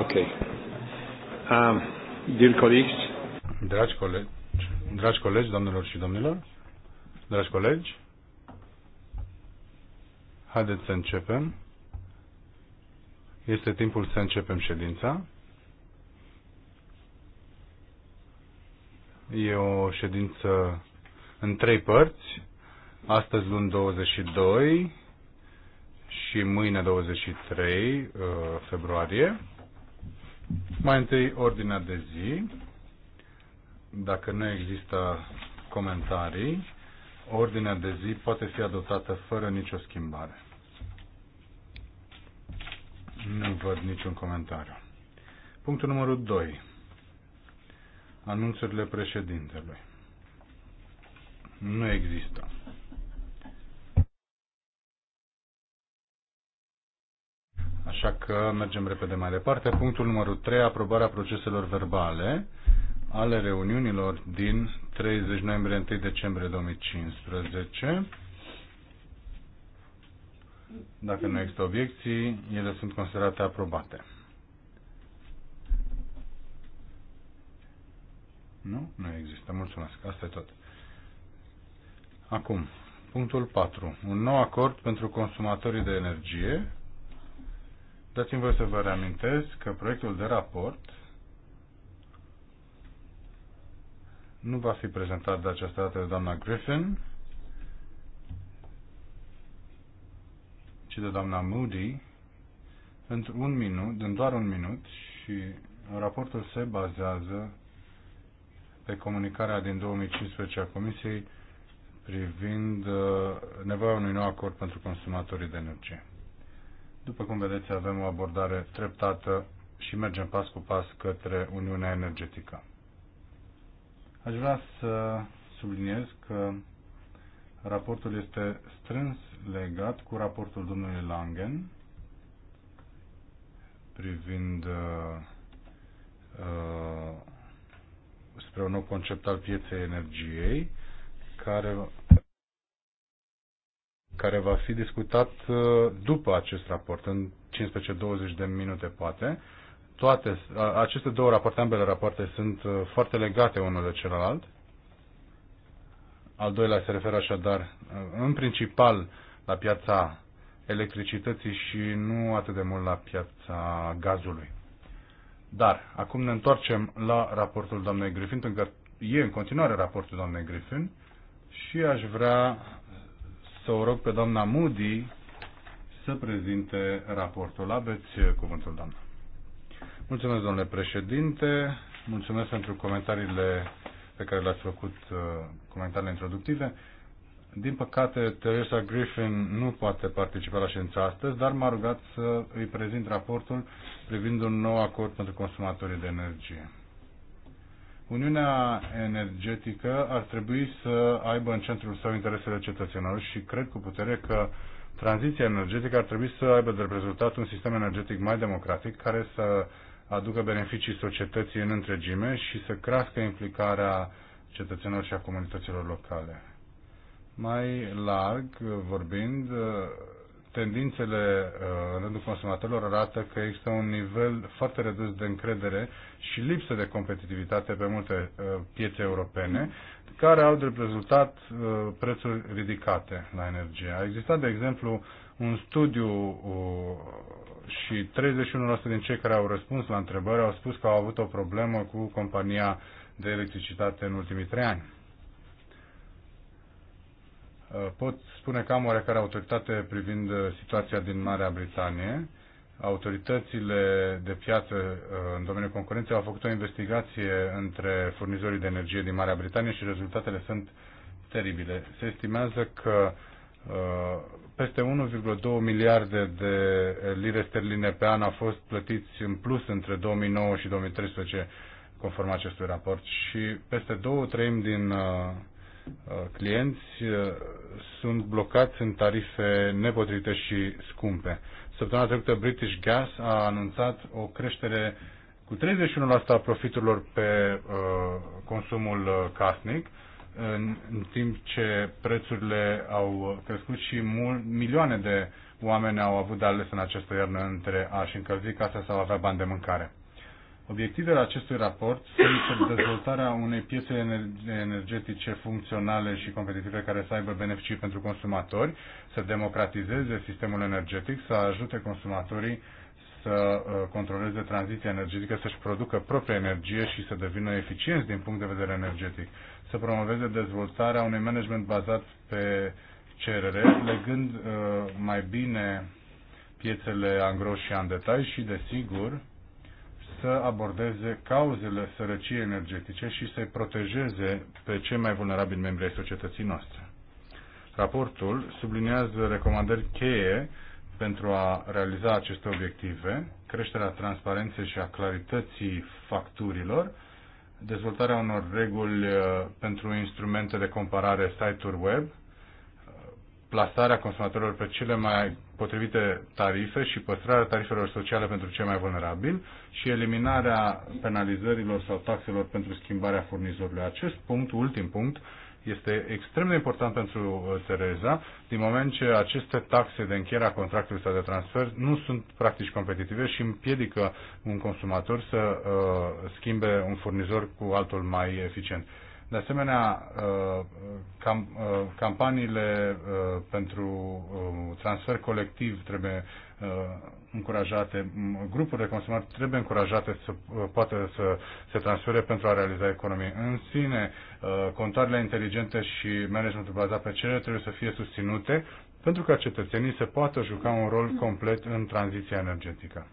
Ok. Um, dear colleagues. Dragi colegi, dragi colegi, doamnelor și domnilor, dragi colegi, haideți să începem. Este timpul să începem ședința. E o ședință în trei părți. Astăzi, luni 22, și mâine 23 uh, februarie. Mai întâi, ordinea de zi. Dacă nu există comentarii, ordinea de zi poate fi adoptată fără nicio schimbare. Nu văd niciun comentariu. Punctul numărul 2. Anunțurile președintelui. Nu există. Așa că mergem repede mai departe. Punctul numărul 3, aprobarea proceselor verbale ale reuniunilor din 30 noiembrie 1 decembrie 2015. Dacă nu există obiecții, ele sunt considerate aprobate. Nu? Nu există. Mulțumesc. Asta e tot. Acum, punctul 4. Un nou acord pentru consumatorii de energie Dați-mi voi să vă reamintesc că proiectul de raport nu va fi prezentat de această dată de doamna Griffin, ci de doamna Moody, pentru un minut, în doar un minut și raportul se bazează pe comunicarea din 2015 a Comisiei privind uh, nevoia unui nou acord pentru consumatorii de energie. După cum vedeți, avem o abordare treptată și mergem pas cu pas către Uniunea Energetică. Aș vrea să subliniez că raportul este strâns legat cu raportul domnului Langen privind uh, uh, spre un nou concept al pieței energiei care care va fi discutat uh, după acest raport, în 15-20 de minute poate. Toate, aceste două rapoarte, ambele rapoarte sunt uh, foarte legate unul de celălalt. Al doilea se referă așadar uh, în principal la piața electricității și nu atât de mult la piața gazului. Dar acum ne întoarcem la raportul doamnei Griffin, pentru că e în continuare raportul doamnei Griffin și aș vrea să o rog pe doamna Moody să prezinte raportul. Aveți cuvântul, doamna. Mulțumesc, domnule președinte. Mulțumesc pentru comentariile pe care le-ați făcut, uh, comentariile introductive. Din păcate, Teresa Griffin nu poate participa la ședința astăzi, dar m-a rugat să îi prezint raportul privind un nou acord pentru consumatorii de energie. Uniunea energetică ar trebui să aibă în centrul său interesele cetățenilor și cred cu putere că tranziția energetică ar trebui să aibă de rezultat un sistem energetic mai democratic care să aducă beneficii societății în întregime și să crească implicarea cetățenilor și a comunităților locale. Mai larg vorbind, tendințele uh, în rândul consumatorilor arată că există un nivel foarte redus de încredere și lipsă de competitivitate pe multe uh, piețe europene, care au drept rezultat uh, prețuri ridicate la energie. A existat, de exemplu, un studiu și 31% din cei care au răspuns la întrebări au spus că au avut o problemă cu compania de electricitate în ultimii trei ani. Uh, pot spune că am oarecare autoritate privind uh, situația din Marea Britanie. Autoritățile de piață uh, în domeniul concurenței au făcut o investigație între furnizorii de energie din Marea Britanie și rezultatele sunt teribile. Se estimează că peste 1,2 miliarde de lire sterline pe an au fost plătiți în plus între 2009 și 2013 conform acestui raport și peste două treimi din Uh, clienți uh, sunt blocați în tarife nepotrivite și scumpe. Săptămâna trecută British Gas a anunțat o creștere cu 31% a profiturilor pe uh, consumul casnic, în, timp ce prețurile au crescut și mul, milioane de oameni au avut de ales în această iarnă între a-și încălzi casa sau avea bani de mâncare. Obiectivele acestui raport sunt dezvoltarea unei piețe energetice funcționale și competitive care să aibă beneficii pentru consumatori, să democratizeze sistemul energetic, să ajute consumatorii să uh, controleze tranziția energetică, să-și producă propria energie și să devină eficienți din punct de vedere energetic, să promoveze dezvoltarea unui management bazat pe cerere, legând uh, mai bine piețele angro și în detalii și, desigur, să abordeze cauzele sărăciei energetice și să-i protejeze pe cei mai vulnerabili membri ai societății noastre. Raportul subliniază recomandări cheie pentru a realiza aceste obiective, creșterea transparenței și a clarității facturilor, dezvoltarea unor reguli uh, pentru instrumente de comparare site-uri web, plasarea consumatorilor pe cele mai potrivite tarife și păstrarea tarifelor sociale pentru cei mai vulnerabili și eliminarea penalizărilor sau taxelor pentru schimbarea furnizorului. Acest punct, ultim punct, este extrem de important pentru uh, Tereza, din moment ce aceste taxe de încheiere a contractului sau de transfer nu sunt practici competitive și împiedică un consumator să uh, schimbe un furnizor cu altul mai eficient. Uh, de asemenea, uh, cam, uh, campaniile uh, pentru transfer colectiv trebuie încurajate, grupurile consumatori trebuie încurajate să poată să se transfere pentru a realiza economie. În sine, contoarele inteligente și managementul bazat pe cele trebuie să fie susținute pentru ca cetățenii să poată juca un rol complet în tranziția energetică.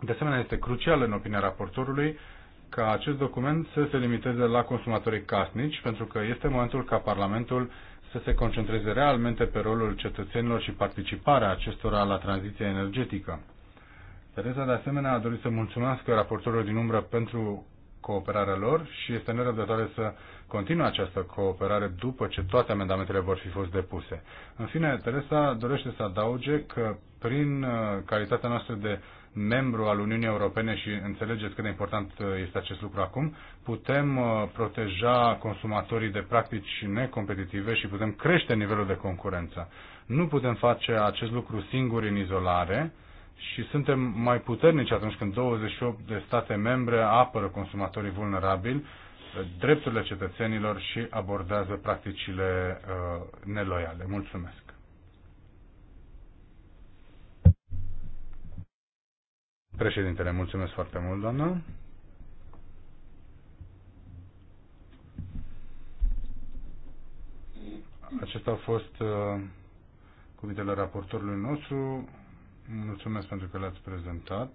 De asemenea, este crucial, în opinia raportorului, ca acest document să se limiteze la consumatorii casnici, pentru că este momentul ca Parlamentul să se concentreze realmente pe rolul cetățenilor și participarea acestora la tranziția energetică. Tereza, de asemenea, a dorit să mulțumesc raportorilor din umbră pentru cooperarea lor și este nerăbdătoare să continue această cooperare după ce toate amendamentele vor fi fost depuse. În fine, Teresa dorește să adauge că prin uh, calitatea noastră de membru al Uniunii Europene și înțelegeți cât de important uh, este acest lucru acum, putem uh, proteja consumatorii de practici necompetitive și putem crește nivelul de concurență. Nu putem face acest lucru singuri în izolare și suntem mai puternici atunci când 28 de state membre apără consumatorii vulnerabili, uh, drepturile cetățenilor și abordează practicile neloiale. Mulțumesc! Președintele, mulțumesc foarte mult, doamnă. Acestea au fost uh, cuvintele raportorului nostru. Mulțumesc pentru că le-ați prezentat.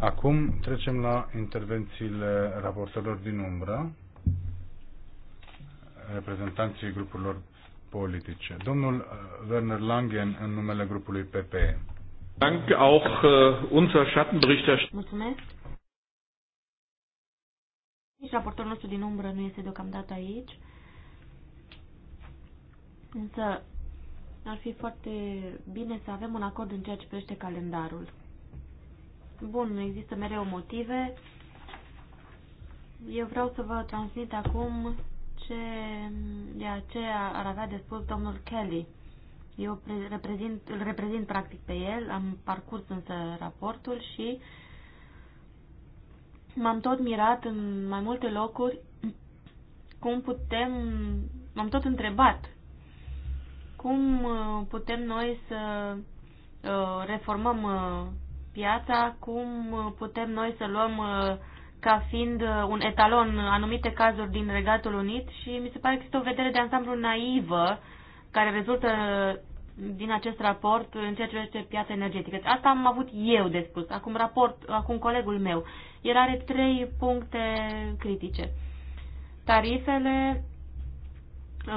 Acum trecem la intervențiile raportorilor din umbră, reprezentanții grupurilor politice. Domnul uh, Werner Langen, în numele grupului PPE. Dank auch uh, unser Schattenberichterstatter. Mulțumesc. Nici raportorul nostru din umbră nu este deocamdată aici. Însă ar fi foarte bine să avem un acord în ceea ce privește calendarul. Bun, există mereu motive. Eu vreau să vă transmit acum ce, de ce ar avea de spus domnul Kelly. Eu reprezint, îl reprezint practic pe el, am parcurs însă raportul și m-am tot mirat în mai multe locuri cum putem, m-am tot întrebat cum uh, putem noi să uh, reformăm uh, piața, cum putem noi să luăm uh, ca fiind uh, un etalon anumite cazuri din Regatul Unit și mi se pare că este o vedere de ansamblu naivă care rezultă din acest raport în ceea ce privește piața energetică. Asta am avut eu de spus, acum, raport, acum colegul meu. El are trei puncte critice. Tarifele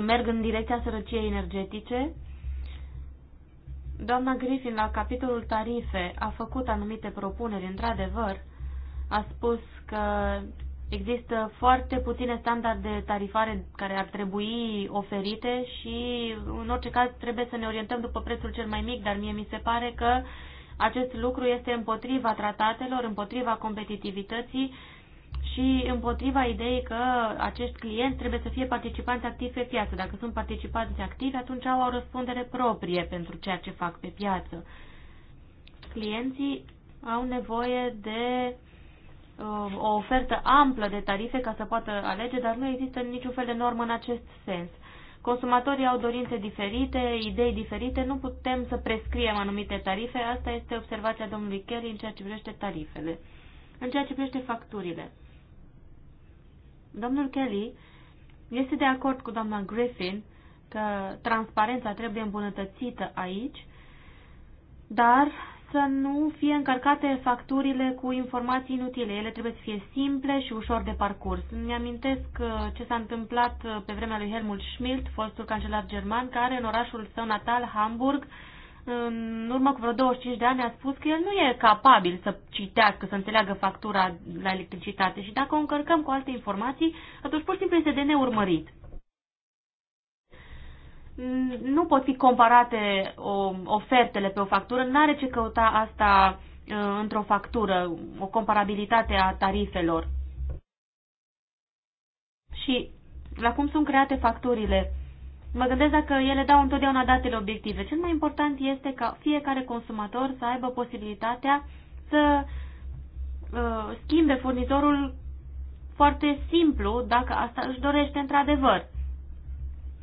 merg în direcția sărăciei energetice. Doamna Griffin, la capitolul tarife, a făcut anumite propuneri, într-adevăr, a spus că există foarte puține standarde tarifare care ar trebui oferite și în orice caz trebuie să ne orientăm după prețul cel mai mic, dar mie mi se pare că acest lucru este împotriva tratatelor, împotriva competitivității și împotriva ideii că acești clienți trebuie să fie participanți activi pe piață. Dacă sunt participanți activi, atunci au o răspundere proprie pentru ceea ce fac pe piață. Clienții au nevoie de Um, o ofertă amplă de tarife ca să poată alege, dar nu există niciun fel de normă în acest sens. Consumatorii au dorințe diferite, idei diferite, nu putem să prescriem anumite tarife, asta este observația domnului Kelly în ceea ce privește tarifele. În ceea ce privește facturile. Domnul Kelly este de acord cu doamna Griffin că transparența trebuie îmbunătățită aici, dar să nu fie încărcate facturile cu informații inutile. Ele trebuie să fie simple și ușor de parcurs. Îmi amintesc uh, ce s-a întâmplat uh, pe vremea lui Helmut Schmidt, fostul cancelar german, care în orașul său natal, Hamburg, în urmă cu vreo 25 de ani a spus că el nu e capabil să citească, să înțeleagă factura la electricitate și dacă o încărcăm cu alte informații, atunci pur și simplu este de neurmărit. Mm, nu pot fi comparate um, ofertele pe o factură, nu are ce căuta asta uh, într-o factură, o comparabilitate a tarifelor. Și la cum sunt create facturile, mă gândesc dacă ele dau întotdeauna datele obiective. Cel mai important este ca fiecare consumator să aibă posibilitatea să uh, schimbe furnizorul foarte simplu, dacă asta își dorește într-adevăr.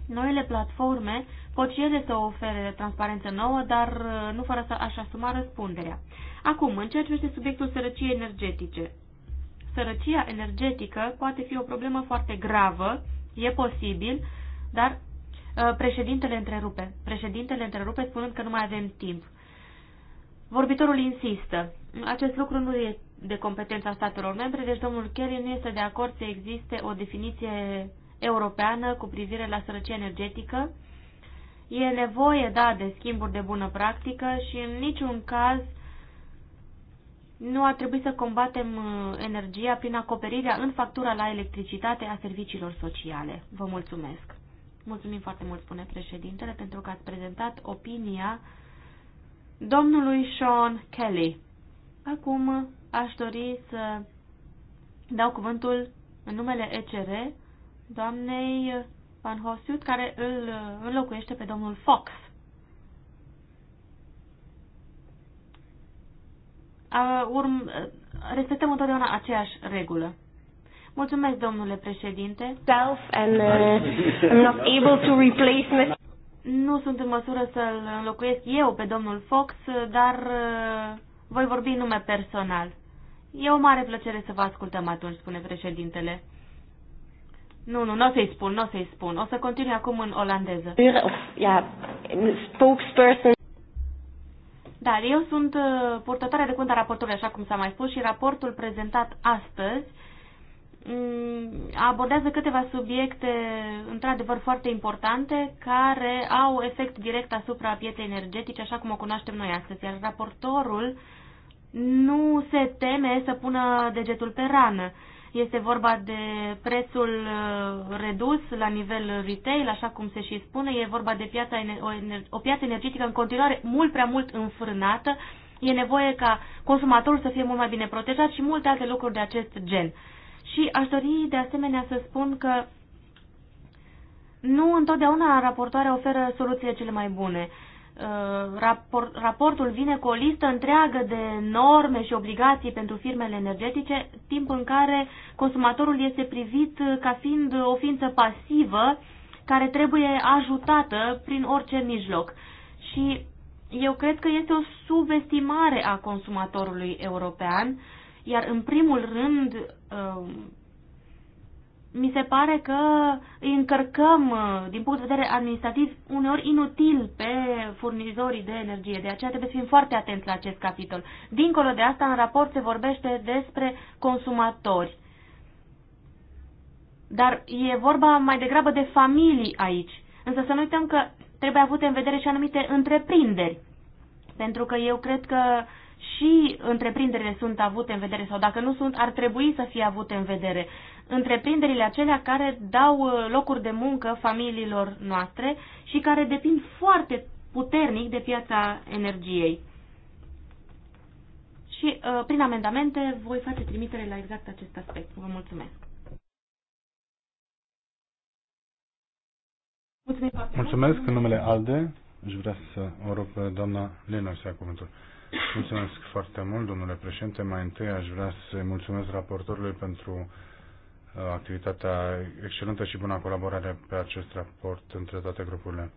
Noile platforme pot și ele să ofere transparență nouă, dar uh, nu fără să aș asuma răspunderea. Acum, în ceea ce este subiectul sărăciei energetice. Sărăcia energetică poate fi o problemă foarte gravă, e posibil, dar uh, președintele întrerupe. Președintele întrerupe spunând că nu mai avem timp. Vorbitorul insistă. Acest lucru nu e de competența statelor membre, deci domnul Kelly nu este de acord să existe o definiție europeană cu privire la sărăcie energetică. E nevoie, da, de schimburi de bună practică și în niciun caz nu ar trebui să combatem uh, energia prin acoperirea în factura la electricitate a serviciilor sociale. Vă mulțumesc! Mulțumim foarte mult, spune președintele, pentru că ați prezentat opinia domnului Sean Kelly. Acum aș dori să dau cuvântul în numele ECR doamnei Van Hossiut, care îl uh, înlocuiește pe domnul Fox. Urm, uh, respectăm întotdeauna aceeași regulă. Mulțumesc, domnule președinte. Self and uh, I'm not able to replace me. Nu sunt în măsură să-l înlocuiesc eu pe domnul Fox, dar uh, voi vorbi în nume personal. E o mare plăcere să vă ascultăm atunci, spune președintele. Nu, nu, nu o să-i spun, nu o să-i spun. O să continui acum în olandeză. spokesperson. Dar eu sunt uh, purtătoare de cont a raportului, așa cum s-a mai spus, și raportul prezentat astăzi mm, abordează câteva subiecte într-adevăr foarte importante care au efect direct asupra pieței energetice, așa cum o cunoaștem noi astăzi. Iar raportorul nu se teme să pună degetul pe rană. Este vorba de prețul uh, redus la nivel retail, așa cum se și spune. E vorba de piața, o piață energetică în continuare mult prea mult înfrânată. E nevoie ca consumatorul să fie mult mai bine protejat și multe alte lucruri de acest gen. Și aș dori de asemenea să spun că nu întotdeauna raportoarea oferă soluțiile cele mai bune. Uh, rapor, raportul vine cu o listă întreagă de norme și obligații pentru firmele energetice, timp în care consumatorul este privit ca fiind o ființă pasivă care trebuie ajutată prin orice mijloc. Și eu cred că este o subestimare a consumatorului european, iar în primul rând uh, mi se pare că îi încărcăm, uh, din punct de vedere administrativ, uneori inutil pe furnizorii de energie. De aceea trebuie să fim foarte atenți la acest capitol. Dincolo de asta, în raport se vorbește despre consumatori. Dar e vorba mai degrabă de familii aici. Însă să nu uităm că trebuie avute în vedere și anumite întreprinderi. Pentru că eu cred că uh, și întreprinderile sunt avute în vedere sau dacă nu sunt, ar trebui să fie avute în vedere. Întreprinderile acelea care dau uh, locuri de muncă familiilor noastre și care depind foarte puternic de piața energiei. Și uh, prin amendamente voi face trimitere la exact acest aspect. Vă mulțumesc. Mulțumesc, mulțumesc în numele ALDE. își vrea să o rog pe doamna Lenor să ia cuvântul. Mulțumesc foarte mult, domnule președinte. Mai întâi aș vrea să mulțumesc raportorului pentru uh, activitatea excelentă și bună colaborare pe acest raport între toate grupurile.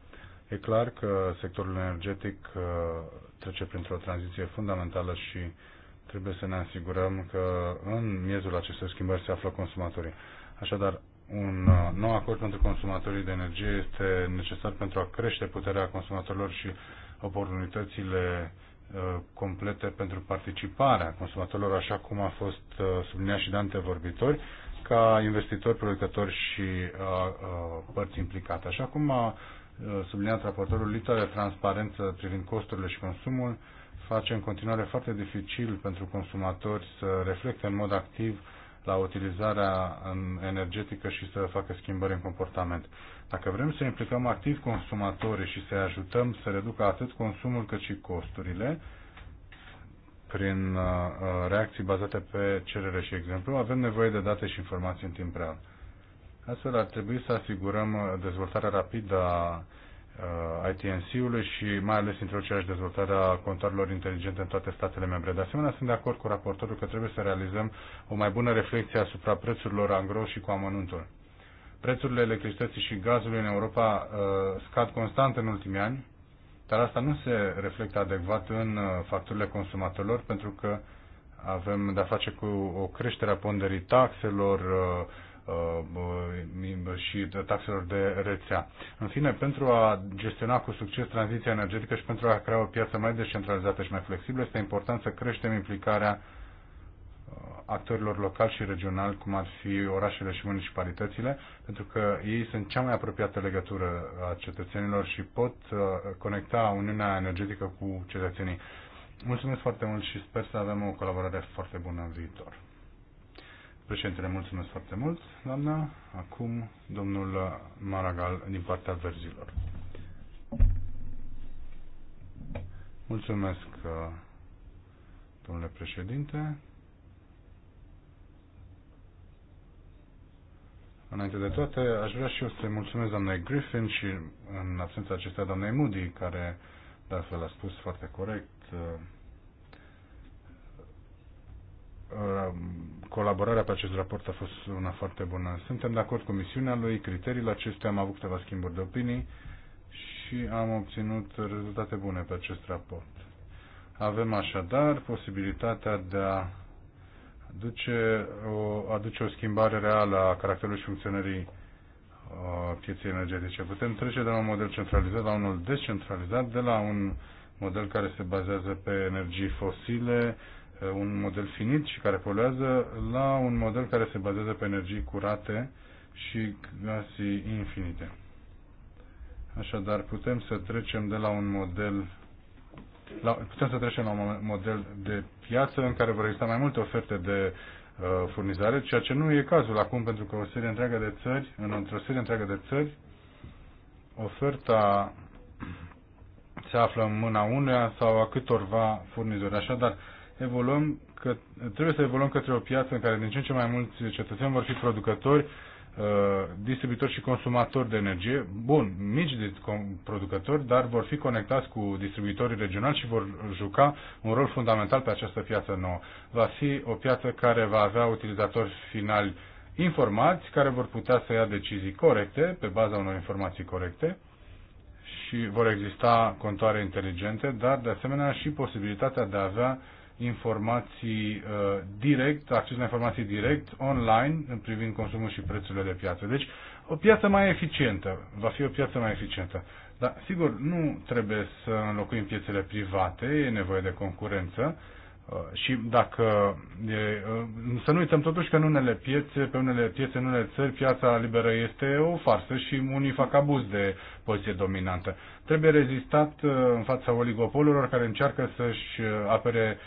E clar că sectorul energetic uh, trece printr-o tranziție fundamentală și trebuie să ne asigurăm că în miezul acestor schimbări se află consumatorii. Așadar, un uh, nou acord pentru consumatorii de energie este necesar pentru a crește puterea consumatorilor și oportunitățile Uh, complete pentru participarea consumatorilor, așa cum a fost uh, subliniat și de antevorbitori, ca investitori, producători și uh, părți implicate. Așa cum a subliniat raportorul, lipsa de transparență privind costurile și consumul face în continuare foarte dificil pentru consumatori să reflecte în mod activ la utilizarea energetică și să facă schimbări în comportament. Dacă vrem să implicăm activ consumatorii și să-i ajutăm să reducă atât consumul cât și costurile, prin uh, uh, reacții bazate pe cerere și exemplu, avem nevoie de date și informații în timp real. Astfel ar trebui să asigurăm uh, dezvoltarea rapidă a Uh, ITNC-ului și mai ales introducerea și dezvoltarea contoarelor inteligente în toate statele membre. De asemenea, sunt de acord cu raportorul că trebuie să realizăm o mai bună reflexie asupra prețurilor angro și cu amănuntul. Prețurile electricității și gazului în Europa uh, scad constant în ultimii ani, dar asta nu se reflectă adecvat în uh, facturile consumatorilor pentru că avem de-a face cu o creștere a ponderii taxelor, uh, Uh, uh, uh, și taxelor de rețea. În fine, pentru a gestiona cu succes tranziția energetică și pentru a crea o piață mai descentralizată și mai flexibilă, este important să creștem implicarea actorilor locali și regionali, cum ar fi orașele și municipalitățile, pentru că ei sunt cea mai apropiată legătură a cetățenilor și pot conecta Uniunea Energetică cu cetățenii. Mulțumesc foarte mult și sper să avem o colaborare foarte bună în viitor. Președintele, mulțumesc foarte mult, doamna. Acum, domnul Maragal, din partea verzilor. Mulțumesc, uh, domnule președinte. Înainte de toate, aș vrea și eu să mulțumesc doamnei Griffin și în absența acestea doamnei Moody, care de altfel a spus foarte corect uh, Ehm, colaborarea pe acest raport a fost una foarte bună. Suntem de acord cu misiunea lui, criteriile acestea, am avut câteva schimburi de opinii și am obținut rezultate bune pe acest raport. Avem așadar posibilitatea de a aduce o, aduce o schimbare reală a caracterului și funcționării uh, pieței energetice. Putem trece de la un model centralizat la unul descentralizat, de la un model care se bazează pe energii fosile, Uh, un model finit și care poluează la un model care se bazează pe energii curate și gasii infinite. Așadar, putem să trecem de la un model la, putem să trecem la un model de piață în care vor exista mai multe oferte de uh, furnizare, ceea ce nu e cazul acum, pentru că o serie întreagă de țări, în, într-o serie întreagă de țări, oferta se află în mâna uneia sau a câtorva furnizori. Așadar, uh, evoluăm că, trebuie să evoluăm către o piață în care din ce în ce mai mulți cetățeni vor fi producători, uh, distribuitori și consumatori de energie, bun, mici producători, dar vor fi conectați cu distribuitorii regionali și vor juca un rol fundamental pe această piață nouă. Va fi o piață care va avea utilizatori finali informați, care vor putea să ia decizii corecte, pe baza unor informații corecte și vor exista contoare inteligente, dar de asemenea și posibilitatea de a avea uh, informații uh, direct, acces la informații direct, online, în privind consumul și prețurile de piață. Deci, o piață mai eficientă, va fi o piață mai eficientă. Dar, sigur, nu trebuie să înlocuim piețele private, e nevoie de concurență, uh, Uh, și dacă uh, să nu uităm totuși că în unele piețe, pe unele piețe, în unele țări, piața liberă este o farsă și unii fac abuz de poziție dominantă. Trebuie rezistat uh, în fața oligopolurilor care încearcă să-și apere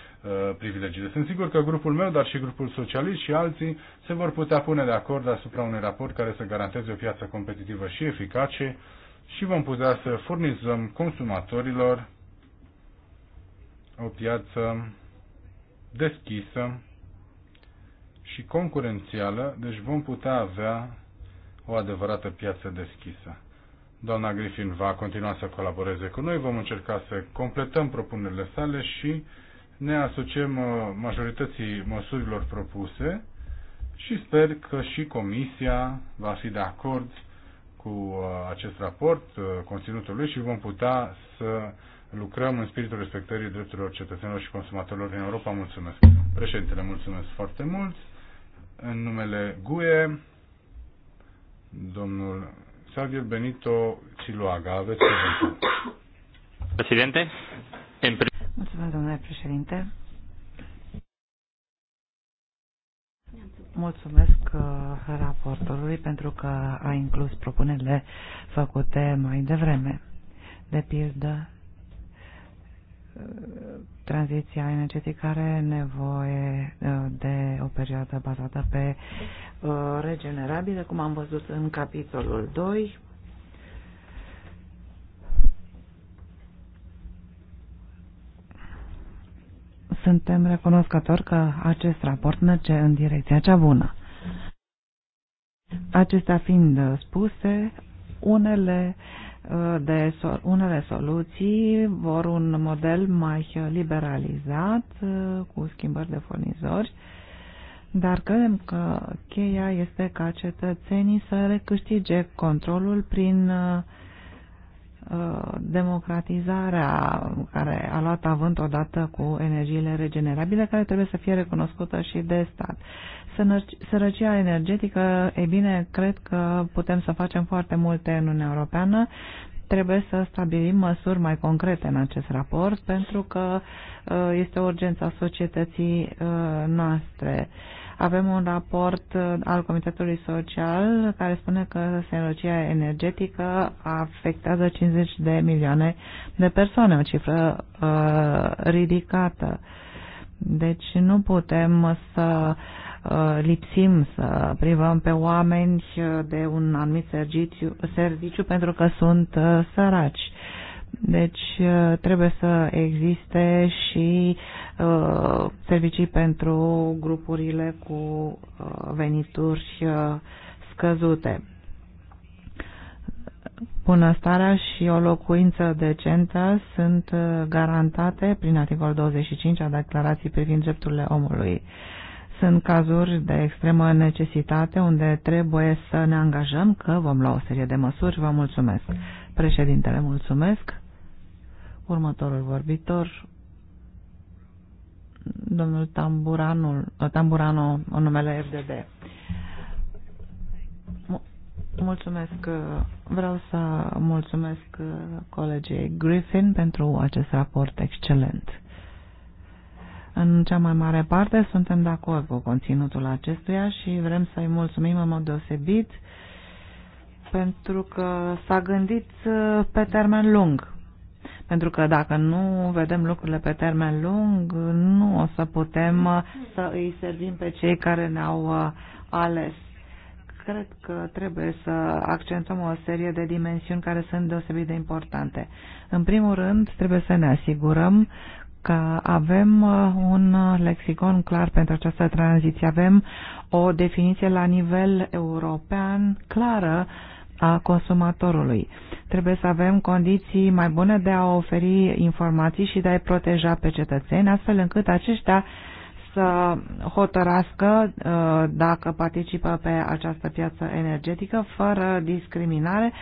privilegiile. Sunt sigur că grupul meu, dar și grupul socialist și alții se vor putea pune de acord asupra unui raport care să garanteze o piață competitivă și eficace și vom putea să furnizăm consumatorilor o piață deschisă și concurențială, deci vom putea avea o adevărată piață deschisă. Doamna Griffin va continua să colaboreze cu noi, vom încerca să completăm propunerile sale și ne asociem uh, majorității măsurilor propuse și sper că și Comisia va fi de acord cu uh, acest raport, uh, conținutul lui și vom putea să lucrăm în spiritul respectării drepturilor cetățenilor și consumatorilor în Europa. Mulțumesc. Președintele, mulțumesc foarte mult. În numele GUE, domnul Xavier Benito Ciluaga. Aveți cuvântul. Președinte, în Mulțumesc, domnule președinte. Mulțumesc uh, raportorului pentru că a inclus propunerile făcute mai devreme. De pildă, tranziția energetică are nevoie uh, de o perioadă bazată pe uh, regenerabile, cum am văzut în capitolul 2. Suntem recunoscători că acest raport merge în direcția cea bună. Acestea fiind spuse, unele uh, de unele soluții vor un model mai liberalizat uh, cu schimbări de furnizori, dar credem că cheia este ca cetățenii să recâștige controlul prin uh, uh, democratizarea care a luat avânt odată cu energiile regenerabile, care trebuie să fie recunoscută și de stat. Sărăcia energetică, e bine, cred că putem să facem foarte multe în Uniunea Europeană. Trebuie să stabilim măsuri mai concrete în acest raport, pentru că uh, este o urgență a societății uh, noastre. Avem un raport uh, al Comitetului Social care spune că sărăcia energetică afectează 50 de milioane de persoane, o cifră ridicată. Deci nu putem să uh, Uh, lipsim să privăm pe oameni uh, de un anumit serviciu, serviciu pentru că sunt uh, săraci. Deci trebuie să existe și uh, servicii pentru grupurile cu uh, venituri uh, scăzute. Bunăstarea și o locuință decentă sunt garantate prin articolul 25 a declarației privind drepturile omului. Uh, sunt cazuri de extremă necesitate unde trebuie să ne angajăm că vom lua o serie de măsuri. Vă mulțumesc. Președintele, mulțumesc. Următorul vorbitor, domnul Tamburanul, Tamburano, în numele FDD. Mulțumesc. Vreau să mulțumesc colegii Griffin pentru acest raport excelent. În cea mai mare parte suntem de acord cu conținutul acestuia și vrem să-i mulțumim în mod deosebit pentru că s-a gândit uh, pe termen lung. Pentru că dacă nu vedem lucrurile pe termen lung, nu o să putem uh, să îi servim pe cei care ne-au uh, ales. Cred că trebuie să accentuăm o serie de dimensiuni care sunt deosebit de importante. În primul rând, trebuie să ne asigurăm că avem uh, un uh, lexicon clar pentru această tranziție. Avem o definiție la nivel european clară a consumatorului. Trebuie să avem condiții mai bune de a oferi informații și de a-i proteja pe cetățeni, astfel încât aceștia să hotărască uh, dacă participă pe această piață energetică fără discriminare,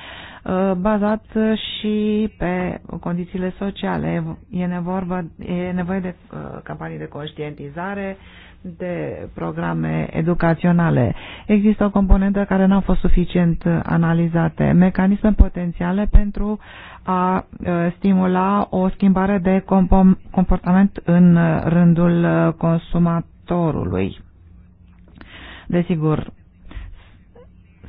uh, bazat și pe condițiile sociale. E, nevorbă, e nevoie de uh, campanii de conștientizare, de programe educaționale. Există o componentă care nu a fost suficient analizate, mecanisme potențiale pentru a uh, stimula o schimbare de comportament în rândul uh, consumatorului. Desigur,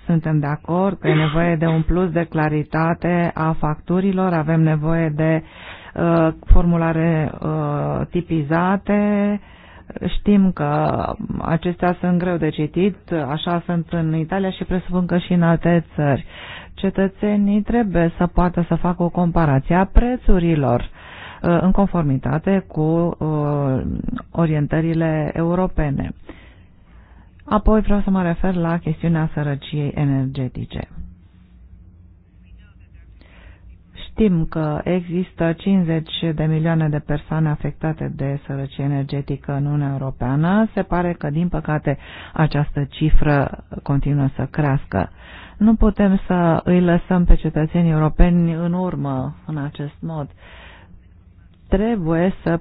suntem de acord că e nevoie de un plus de claritate a facturilor, avem nevoie de uh, formulare uh, tipizate, uh, Știm că acestea sunt greu de citit, așa sunt în Italia și presupun că și în alte țări. Cetățenii trebuie să poată să facă o comparație a prețurilor uh, în conformitate cu uh, orientările europene. Apoi vreau să mă refer la chestiunea sărăciei energetice. Știm că există 50 de milioane de persoane afectate de sărăcie energetică în Uniunea Europeană. Se pare că, din păcate, această cifră continuă să crească. Nu putem să îi lăsăm pe cetățenii europeni în urmă în acest mod. Trebuie să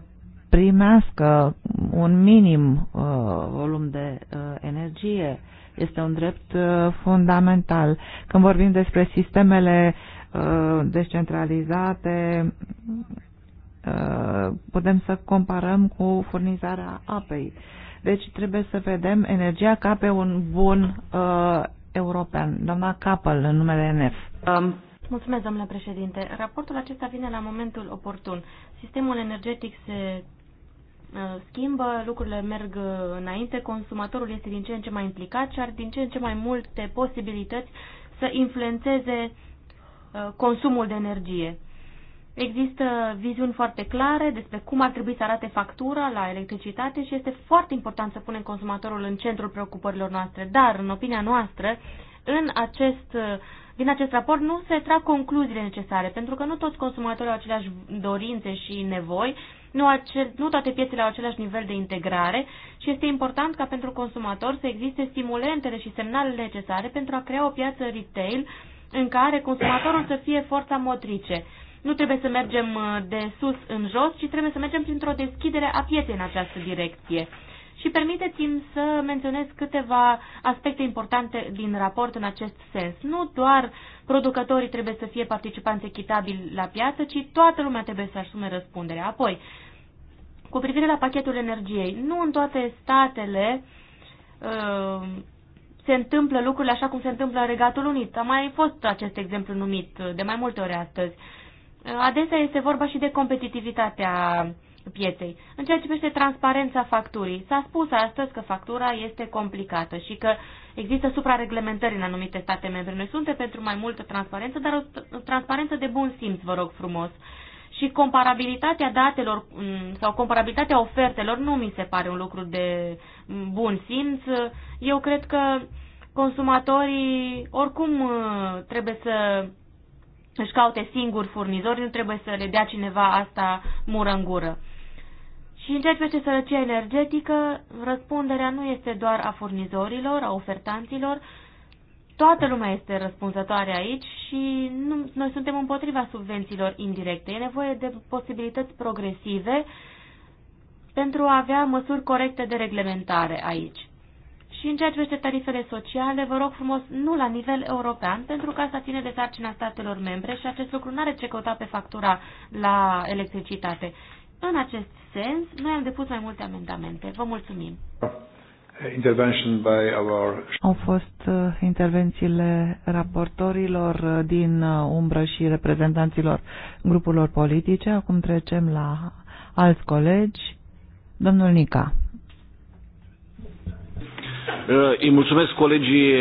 primească un minim uh, volum de uh, energie. Este un drept uh, fundamental. Când vorbim despre sistemele uh, Uh, descentralizate, uh, putem să comparăm cu furnizarea apei. Deci trebuie să vedem energia ca pe un bun uh, european. Doamna Capăl, în numele NF. Um. Mulțumesc, domnule președinte. Raportul acesta vine la momentul oportun. Sistemul energetic se uh, schimbă, lucrurile merg înainte, consumatorul este din ce în ce mai implicat și are din ce în ce mai multe posibilități să influențeze Uh, consumul de energie. Există viziuni foarte clare despre cum ar trebui să arate factura la electricitate și este foarte important să punem consumatorul în centrul preocupărilor noastre. Dar, în opinia noastră, în acest, uh, din acest raport nu se trag concluziile necesare, pentru că nu toți consumatorii au aceleași dorințe și nevoi, nu, acel, nu toate piețele au același nivel de integrare și este important ca pentru consumator să existe stimulentele și semnalele necesare pentru a crea o piață retail uh, în care consumatorul să fie forța motrice. Nu trebuie să mergem uh, de sus în jos, ci trebuie să mergem printr-o deschidere a pieței în această direcție. Și permiteți-mi să menționez câteva aspecte importante din raport în acest sens. Nu doar producătorii trebuie să fie participanți echitabili la piață, ci toată lumea trebuie să asume răspunderea. Apoi, cu privire la pachetul energiei, nu în toate statele uh, se întâmplă lucrurile așa cum se întâmplă în Regatul Unit. A mai fost acest exemplu numit uh, de mai multe ori astăzi. Uh, adesea este vorba și de competitivitatea pieței. În ceea ce privește transparența facturii, s-a spus astăzi că factura este complicată și că există suprareglementări în anumite state membre. Noi suntem pentru mai multă transparență, dar o transparență de bun simț, vă rog frumos și comparabilitatea datelor mm, sau comparabilitatea ofertelor nu mi se pare un lucru de mm, bun simț. Eu cred că consumatorii oricum mm, trebuie să își caute singuri furnizori, nu trebuie să le dea cineva asta mură în gură. Și în ceea ce face sărăcia energetică, răspunderea nu este doar a furnizorilor, a ofertanților, Toată lumea este răspunzătoare aici și nu, noi suntem împotriva subvențiilor indirecte. E nevoie de posibilități progresive pentru a avea măsuri corecte de reglementare aici. Și în ceea ce privește tarifele sociale, vă rog frumos, nu la nivel european, pentru că asta ține de sarcina statelor membre și acest lucru nu are ce căuta pe factura la electricitate. În acest sens, noi am depus mai multe amendamente. Vă mulțumim! Da. Uh, intervention by our... Au fost uh, intervențiile raportorilor uh, din umbră și reprezentanților grupurilor politice. Acum trecem la alți colegi. Domnul Nica. Îi mulțumesc colegii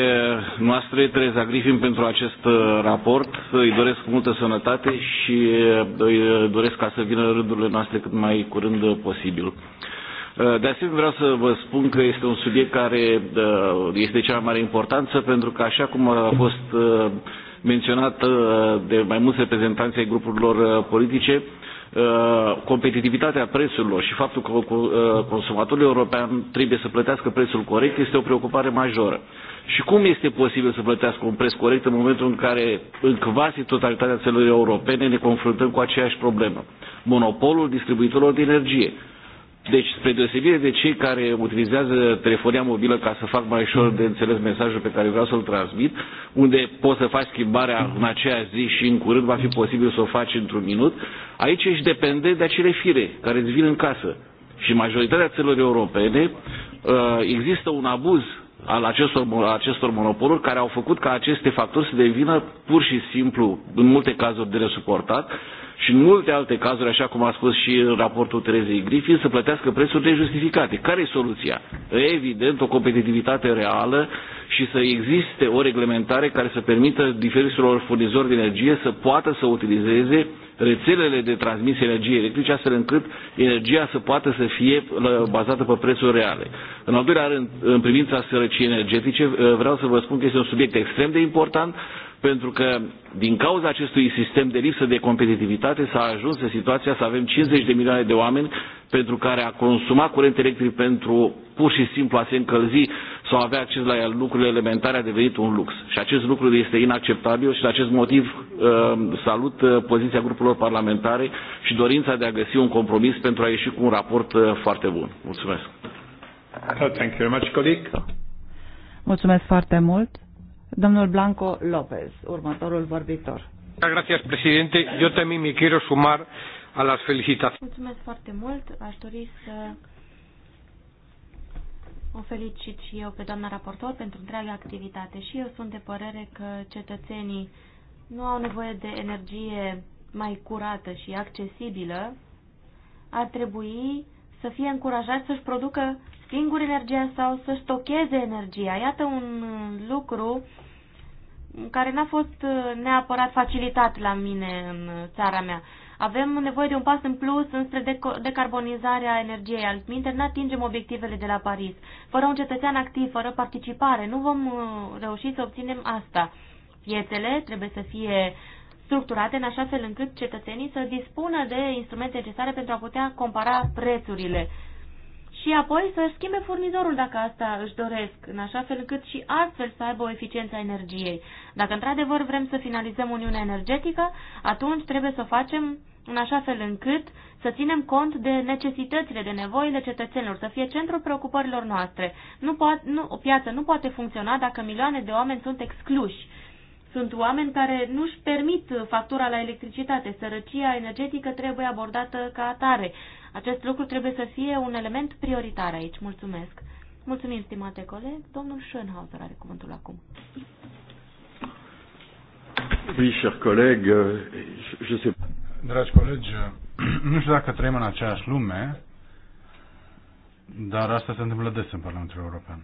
noastre, Tereza Griffin, pentru acest raport. Îi doresc multă sănătate și îi doresc ca să vină rândurile noastre cât mai curând posibil. Uh, de asemenea, vreau să vă spun că este un subiect care uh, este de cea mai mare importanță, pentru că, așa cum a fost uh, menționat de mai mulți reprezentanți ai grupurilor politice, competitivitatea prețurilor și faptul că consumatorul european trebuie să plătească prețul corect este o preocupare majoră. Și cum este posibil să plătească un preț corect în momentul în care în quasi totalitatea țărilor europene ne confruntăm cu aceeași problemă? Monopolul distribuitorilor de energie, deci, spre deosebire de cei care utilizează telefonia mobilă ca să fac mai ușor de înțeles mesajul pe care vreau să-l transmit, unde poți să faci schimbarea în aceea zi și în curând va fi posibil să o faci într-un minut, aici ești dependent de acele fire care îți vin în casă. Și majoritatea țărilor europene uh, există un abuz al acestor, acestor monopoluri care au făcut ca aceste factori să devină pur și simplu, în multe cazuri, de resuportat și în multe alte cazuri, așa cum a spus și în raportul Terezei Griffin, să plătească prețuri nejustificate. Care e soluția? Evident, o competitivitate reală și să existe o reglementare care să permită diferiților furnizori de energie să poată să utilizeze rețelele de transmisie energie electrice, astfel încât energia să poată să fie bazată pe prețuri reale. În al doilea rând, în privința sărăciei energetice, vreau să vă spun că este un subiect extrem de important pentru că din cauza acestui sistem de lipsă de competitivitate s-a ajuns în situația să avem 50 de milioane de oameni pentru care a consuma curent electric pentru pur și simplu a se încălzi sau avea acces la lucrurile elementare a devenit un lux. Și acest lucru este inacceptabil și de acest motiv uh, salut uh, poziția grupurilor parlamentare și dorința de a găsi un compromis pentru a ieși cu un raport uh, foarte bun. Mulțumesc! Mulțumesc foarte mult! Domnul Blanco López, următorul vorbitor. Gracias, presidente. Eu también me quiero sumar a las felicitaciones. Mulțumesc foarte mult. Aș dori să o felicit și eu pe doamna raportor pentru întreaga activitate și eu sunt de părere că cetățenii nu au nevoie de energie mai curată și accesibilă, ar trebui să fie încurajați să-și producă Singur energia sau să stocheze energia. Iată un lucru care n-a fost uh, neapărat facilitat la mine în țara mea. Avem nevoie de un pas în plus înspre decarbonizarea energiei, altminte nu atingem obiectivele de la Paris. Fără un cetățean activ, fără participare, nu vom uh, reuși să obținem asta. Piețele trebuie să fie structurate în așa fel încât cetățenii să dispună de instrumente necesare pentru a putea compara prețurile și apoi să schimbe furnizorul dacă asta își doresc, în așa fel încât și astfel să aibă o eficiență a energiei. Dacă într-adevăr vrem să finalizăm Uniunea Energetică, atunci trebuie să o facem în așa fel încât să ținem cont de necesitățile, de nevoile cetățenilor, să fie centrul preocupărilor noastre. Nu poate, nu, o piață nu poate funcționa dacă milioane de oameni sunt excluși sunt oameni care nu-și permit factura la electricitate. Sărăcia energetică trebuie abordată ca atare. Acest lucru trebuie să fie un element prioritar aici. Mulțumesc. Mulțumim, stimate coleg. Domnul Schönhauser are cuvântul acum. Oui, cher je sais Dragi colegi, nu știu dacă trăim în aceeași lume, dar asta se întâmplă des în Parlamentul European.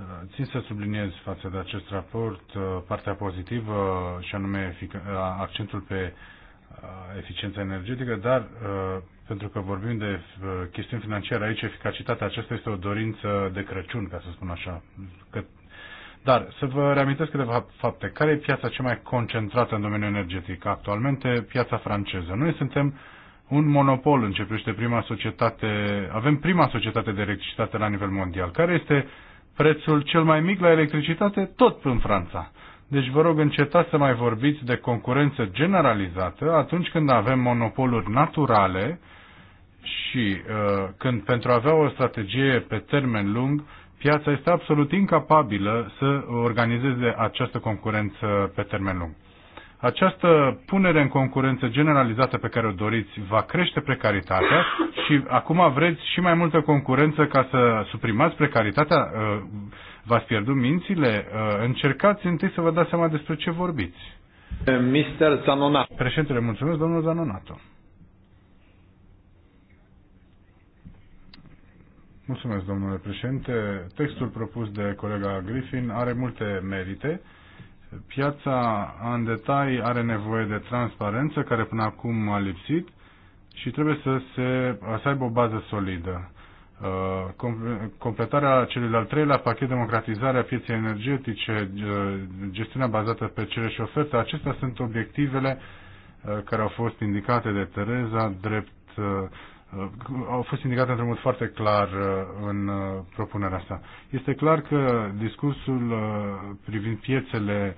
Eh, țin să subliniez față de acest raport eh, partea pozitivă și anume accentul pe eh, eficiența energetică, dar pentru că vorbim de chestiuni financiare aici, eficacitatea aceasta este o dorință de Crăciun, ca să spun așa. Că, dar să vă reamintesc câteva fapte. Care e piața cea mai concentrată în domeniul energetic? Actualmente piața franceză. Noi suntem un monopol în ce prima societate, avem prima societate de electricitate la nivel mondial. Care este uh, prețul cel mai mic la electricitate tot în Franța. Deci vă rog încetați să mai vorbiți de concurență generalizată atunci când avem monopoluri naturale și uh, când pentru a avea o strategie pe termen lung, piața este absolut incapabilă să organizeze această concurență pe termen lung această punere în concurență generalizată pe care o doriți va crește precaritatea și acum vreți și mai multă concurență ca să suprimați precaritatea? Uh, v-ați pierdut mințile? Uh, încercați întâi să vă dați seama despre ce vorbiți. Mr. Zanonato. Președintele, mulțumesc, domnul Zanonato. Mulțumesc, domnule președinte. Textul propus de colega Griffin are multe merite Piața în detalii are nevoie de transparență, care până acum a lipsit, și trebuie să, se, să aibă o bază solidă. Uh, completarea celui de-al treilea pachet, democratizarea pieței energetice, uh, gestiunea bazată pe cele și oferte, acestea sunt obiectivele uh, care au fost indicate de Tereza drept Uh, au fost indicate într-un mod foarte clar uh, în uh, propunerea asta. Este clar că discursul privind piețele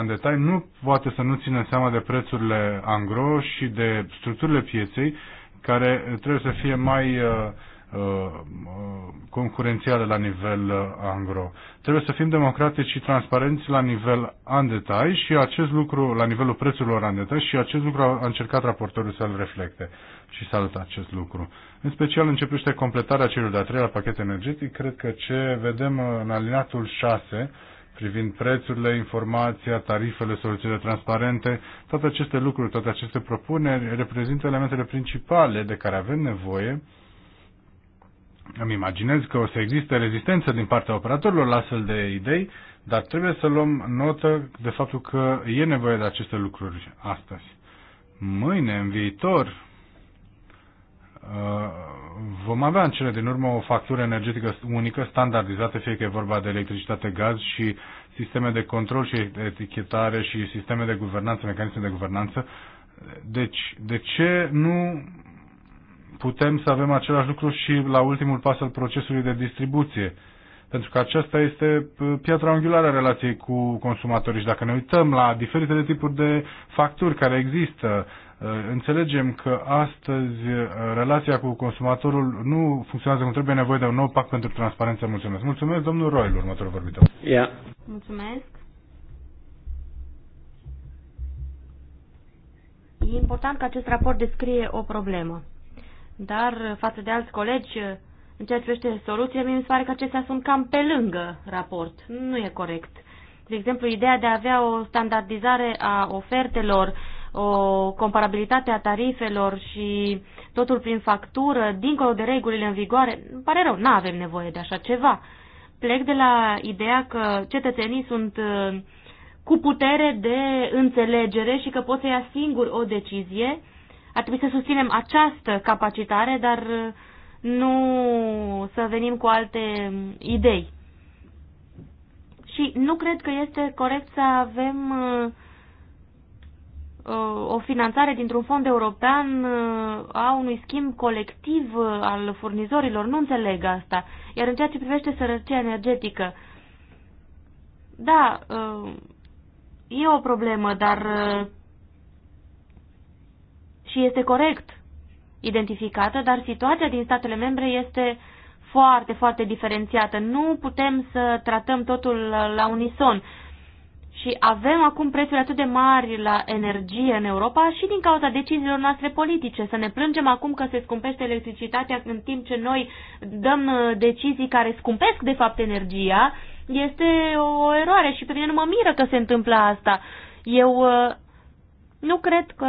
în detaliu nu poate să nu țină seama de prețurile angro și de structurile pieței care trebuie să fie mai concurențiale la nivel angro. Trebuie să fim democratici și transparenți la nivel în detaliu și acest lucru, la nivelul prețurilor în detaliu și acest lucru a încercat raportorul să-l reflecte și salută acest lucru. În special începește completarea celor de-a treilea pachet energetic. Cred că ce vedem în alinatul 6, privind prețurile, informația, tarifele, soluțiile transparente, toate aceste lucruri, toate aceste propuneri reprezintă elementele principale de care avem nevoie. Îmi imaginez că o să existe rezistență din partea operatorilor la astfel de idei, dar trebuie să luăm notă de faptul că e nevoie de aceste lucruri astăzi. Mâine, în viitor, Uh, vom avea în cele din urmă o factură energetică unică, standardizată, fie că e vorba de electricitate, gaz și sisteme de control și etichetare și sisteme de guvernanță, mecanisme de guvernanță. Deci, de ce nu putem să avem același lucru și la ultimul pas al procesului de distribuție? Pentru că aceasta este uh, piatra angulară a relației cu consumatorii și dacă ne uităm la diferitele tipuri de facturi care există, Uh, înțelegem că astăzi uh, relația cu consumatorul nu funcționează cum trebuie, nevoie de un nou pact pentru transparență. Mulțumesc. Mulțumesc, domnul Roil, următorul vorbitor. Yeah. Mulțumesc. E important că acest raport descrie o problemă. Dar, uh, față de alți colegi, în ceea ce privește soluțiile, mi se pare că acestea sunt cam pe lângă raport. Nu e corect. De exemplu, ideea de a avea o standardizare a ofertelor o comparabilitate a tarifelor și totul prin factură, dincolo de regulile în vigoare, îmi pare rău, nu avem nevoie de așa ceva. Plec de la ideea că cetățenii sunt uh, cu putere de înțelegere și că pot să ia singur o decizie. Ar trebui să susținem această capacitare, dar uh, nu să venim cu alte um, idei. Și nu cred că este corect să avem uh, Uh, o finanțare dintr-un fond european uh, a unui schimb colectiv uh, al furnizorilor. Nu înțeleg asta. Iar în ceea ce privește sărăcia energetică, da, e o problemă, dar și este corect identificată, dar situația din statele membre este foarte, foarte diferențiată. Nu putem să tratăm totul la unison. Și avem acum prețuri atât de mari la energie în Europa și din cauza deciziilor noastre politice. Să ne plângem acum că se scumpește electricitatea în timp ce noi dăm uh, decizii care scumpesc de fapt energia, este o eroare și pe mine nu mă miră că se întâmplă asta. Eu uh, nu cred că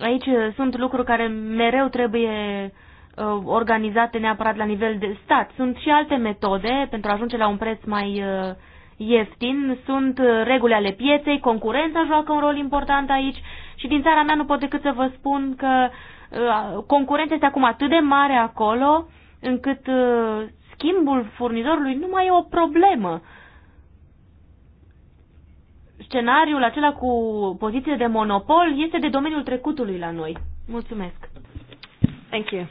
aici sunt lucruri care mereu trebuie Uh, organizate neapărat la nivel de stat. Sunt și alte metode pentru a ajunge la un preț mai uh, ieftin. Sunt uh, reguli ale pieței, concurența joacă un rol important aici și din țara mea nu pot decât să vă spun că concurența este acum atât de mare acolo încât schimbul furnizorului nu mai e o problemă. Scenariul acela cu poziție de monopol este de domeniul trecutului la noi. Mulțumesc. Thank you.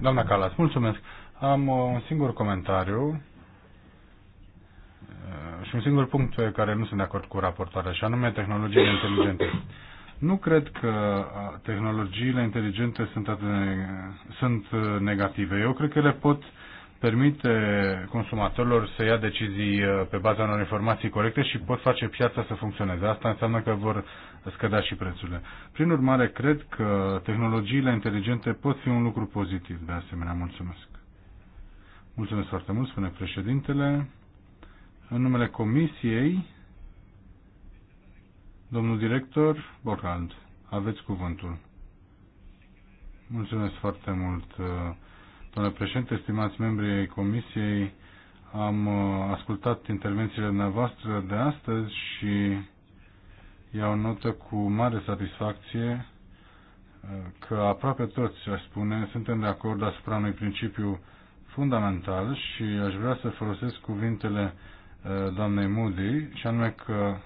Doamna Calas, mulțumesc. Am un singur comentariu eh, și un singur punct pe care nu sunt de acord cu raportoarea, și anume tehnologiile inteligente. Nu cred că tehnologiile inteligente sunt, atât de, sunt eh, negative. Eu cred că ele pot permite consumatorilor să ia decizii eh, pe baza unor informații corecte și pot face piața să funcționeze. Asta înseamnă că vor scădea și prețurile. Prin urmare, cred că tehnologiile inteligente pot fi un lucru pozitiv. De asemenea, mulțumesc. Mulțumesc foarte mult, spune președintele. În numele comisiei, domnul director Borland. aveți cuvântul. Mulțumesc foarte mult, domnule președinte, stimați membrii ai comisiei. Am uh, ascultat intervențiile dumneavoastră de astăzi și Iau notă cu mare satisfacție uh, că aproape toți, aș spune, suntem de acord asupra unui principiu fundamental și aș vrea să folosesc cuvintele uh, doamnei Moody, și anume că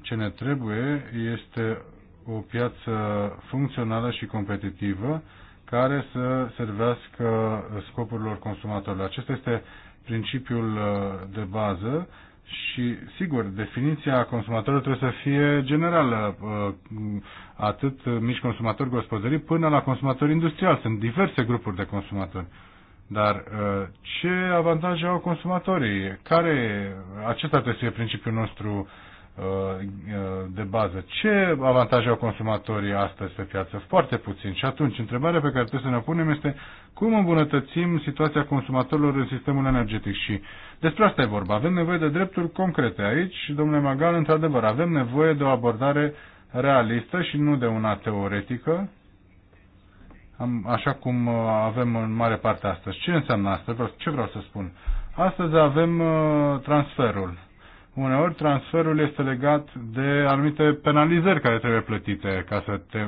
ce ne trebuie este o piață funcțională și competitivă care să servească scopurilor consumatorilor. Acesta este principiul uh, de bază și, sigur, definiția consumatorului trebuie să fie generală, uh, atât mici consumatori gospodării până la consumatori industriali. Sunt diverse grupuri de consumatori. Dar uh, ce avantaje au consumatorii? Care, acesta trebuie să fie principiul nostru Uh, uh, de bază. Ce avantaje au consumatorii astăzi pe piață? Foarte puțin. Și atunci, întrebarea pe care trebuie să ne punem este cum îmbunătățim situația consumatorilor în sistemul energetic și despre asta e vorba. Avem nevoie de drepturi concrete aici, domnule Magal, într-adevăr, avem nevoie de o abordare realistă și nu de una teoretică, așa cum uh, avem în mare parte astăzi. Ce înseamnă asta? Ce vreau să spun? Astăzi avem transferul uneori transferul este legat de anumite penalizări care trebuie plătite ca să te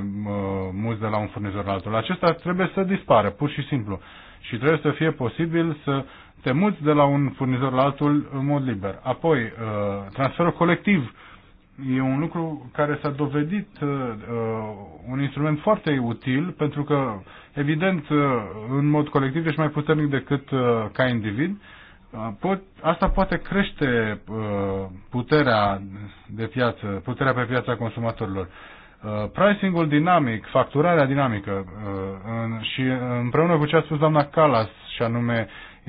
muți de la un furnizor la altul. Acesta trebuie să dispară, pur și simplu. Și trebuie să fie posibil să te muți de la un furnizor la altul în mod liber. Apoi, uh, transferul colectiv e un lucru care s-a dovedit uh, uh, un instrument foarte util, pentru că, evident, în mod colectiv ești mai puternic decât ca individ, pot, asta poate crește uh, puterea de piață, puterea pe piața consumatorilor. Uh, pricing-ul dinamic, facturarea dinamică uh, în, și împreună cu ce a spus doamna Calas și anume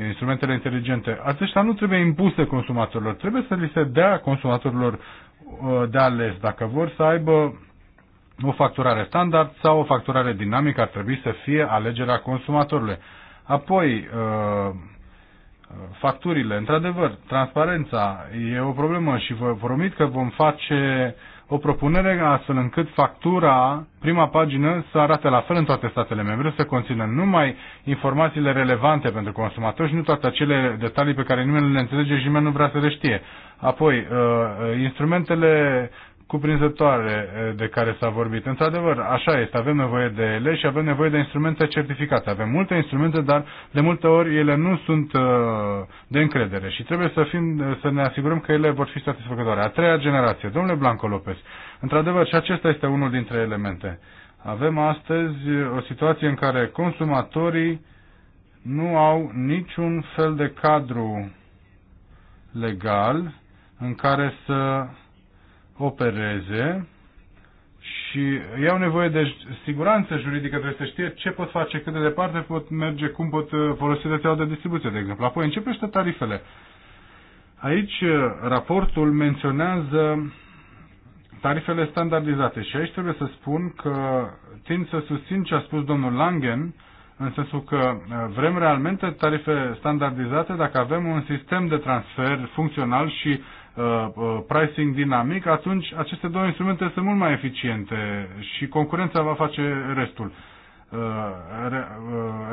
instrumentele inteligente, aceștia nu trebuie impuse consumatorilor, trebuie să li se dea consumatorilor uh, de ales dacă vor să aibă o facturare standard sau o facturare dinamică ar trebui să fie alegerea consumatorului. Apoi, uh, facturile. Într-adevăr, transparența e o problemă și vă promit că vom face o propunere astfel încât factura, prima pagină, să arate la fel în toate statele membre, să conțină numai informațiile relevante pentru consumatori și nu toate acele detalii pe care nimeni nu le înțelege și nimeni nu vrea să le știe. Apoi, uh, uh, instrumentele cuprinzătoare de care s-a vorbit. Într-adevăr, așa este, avem nevoie de ele și avem nevoie de instrumente certificate. Avem multe instrumente, dar de multe ori ele nu sunt de încredere și trebuie să, fim, să ne asigurăm că ele vor fi satisfăcătoare. A treia generație, domnule Blanco Lopez, într-adevăr și acesta este unul dintre elemente. Avem astăzi o situație în care consumatorii nu au niciun fel de cadru legal în care să opereze și iau nevoie de siguranță juridică, trebuie să știe ce pot face, cât de departe pot merge, cum pot uh, folosi rețeaua de distribuție, de exemplu. Apoi începește tarifele. Aici uh, raportul menționează tarifele standardizate și aici trebuie să spun că tind să susțin ce a spus domnul Langen, în sensul că uh, vrem realmente tarife standardizate dacă avem un sistem de transfer funcțional și Uh, pricing dinamic, atunci aceste două instrumente sunt mult mai eficiente și concurența va face restul. Uh, uh,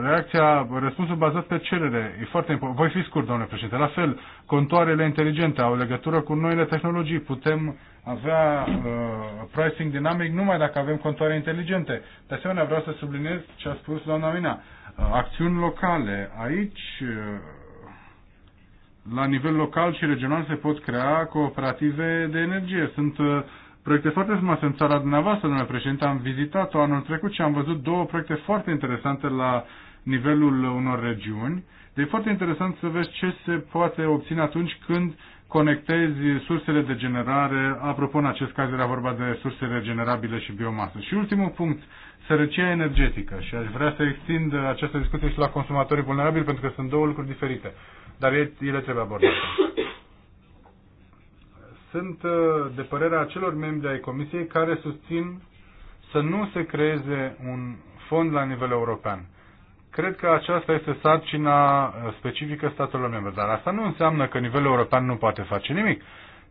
reacția, răspunsul bazat pe cerere e foarte important. Voi fi scurt, domnule președinte. La fel, contoarele inteligente au legătură cu noile tehnologii. Putem avea uh, pricing dinamic numai dacă avem contoare inteligente. De asemenea, vreau să subliniez ce a spus doamna Mina. Acțiuni locale. Aici uh, la nivel local și regional se pot crea cooperative de energie. Sunt uh, proiecte foarte frumoase în țara dumneavoastră, domnule președinte. Am vizitat-o anul trecut și am văzut două proiecte foarte interesante la nivelul unor regiuni. Deci e foarte interesant să vezi ce se poate obține atunci când conectezi sursele de generare. Apropo, în acest caz era vorba de surse regenerabile și biomasă. Și ultimul punct, sărăcia energetică. Și aș vrea să extind această discuție și la consumatorii vulnerabili, pentru că sunt două lucruri diferite dar ele trebuie abordate. Sunt uh, de părerea celor membri ai Comisiei care susțin să nu se creeze un fond la nivel european. Cred că aceasta este sarcina uh, specifică statelor membre, dar asta nu înseamnă că nivelul european nu poate face nimic.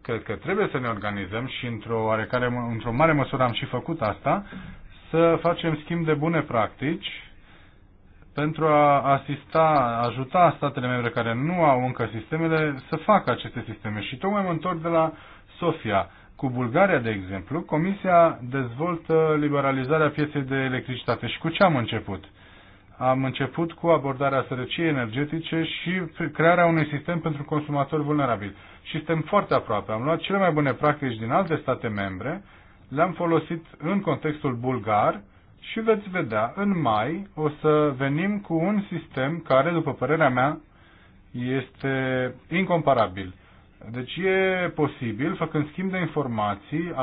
Cred că trebuie să ne organizăm și într-o, oarecare, într-o mare măsură am și făcut asta, să facem schimb de bune practici pentru a asista, ajuta statele membre care nu au încă sistemele să facă aceste sisteme. Și tocmai mă întorc de la Sofia. Cu Bulgaria, de exemplu, Comisia dezvoltă liberalizarea pieței de electricitate. Și cu ce am început? Am început cu abordarea sărăciei energetice și crearea unui sistem pentru consumatori vulnerabili. Și suntem foarte aproape. Am luat cele mai bune practici din alte state membre, le-am folosit în contextul bulgar și veți vedea, în mai o să venim cu un sistem care, după părerea mea, este incomparabil. Deci e posibil, făcând schimb de informații,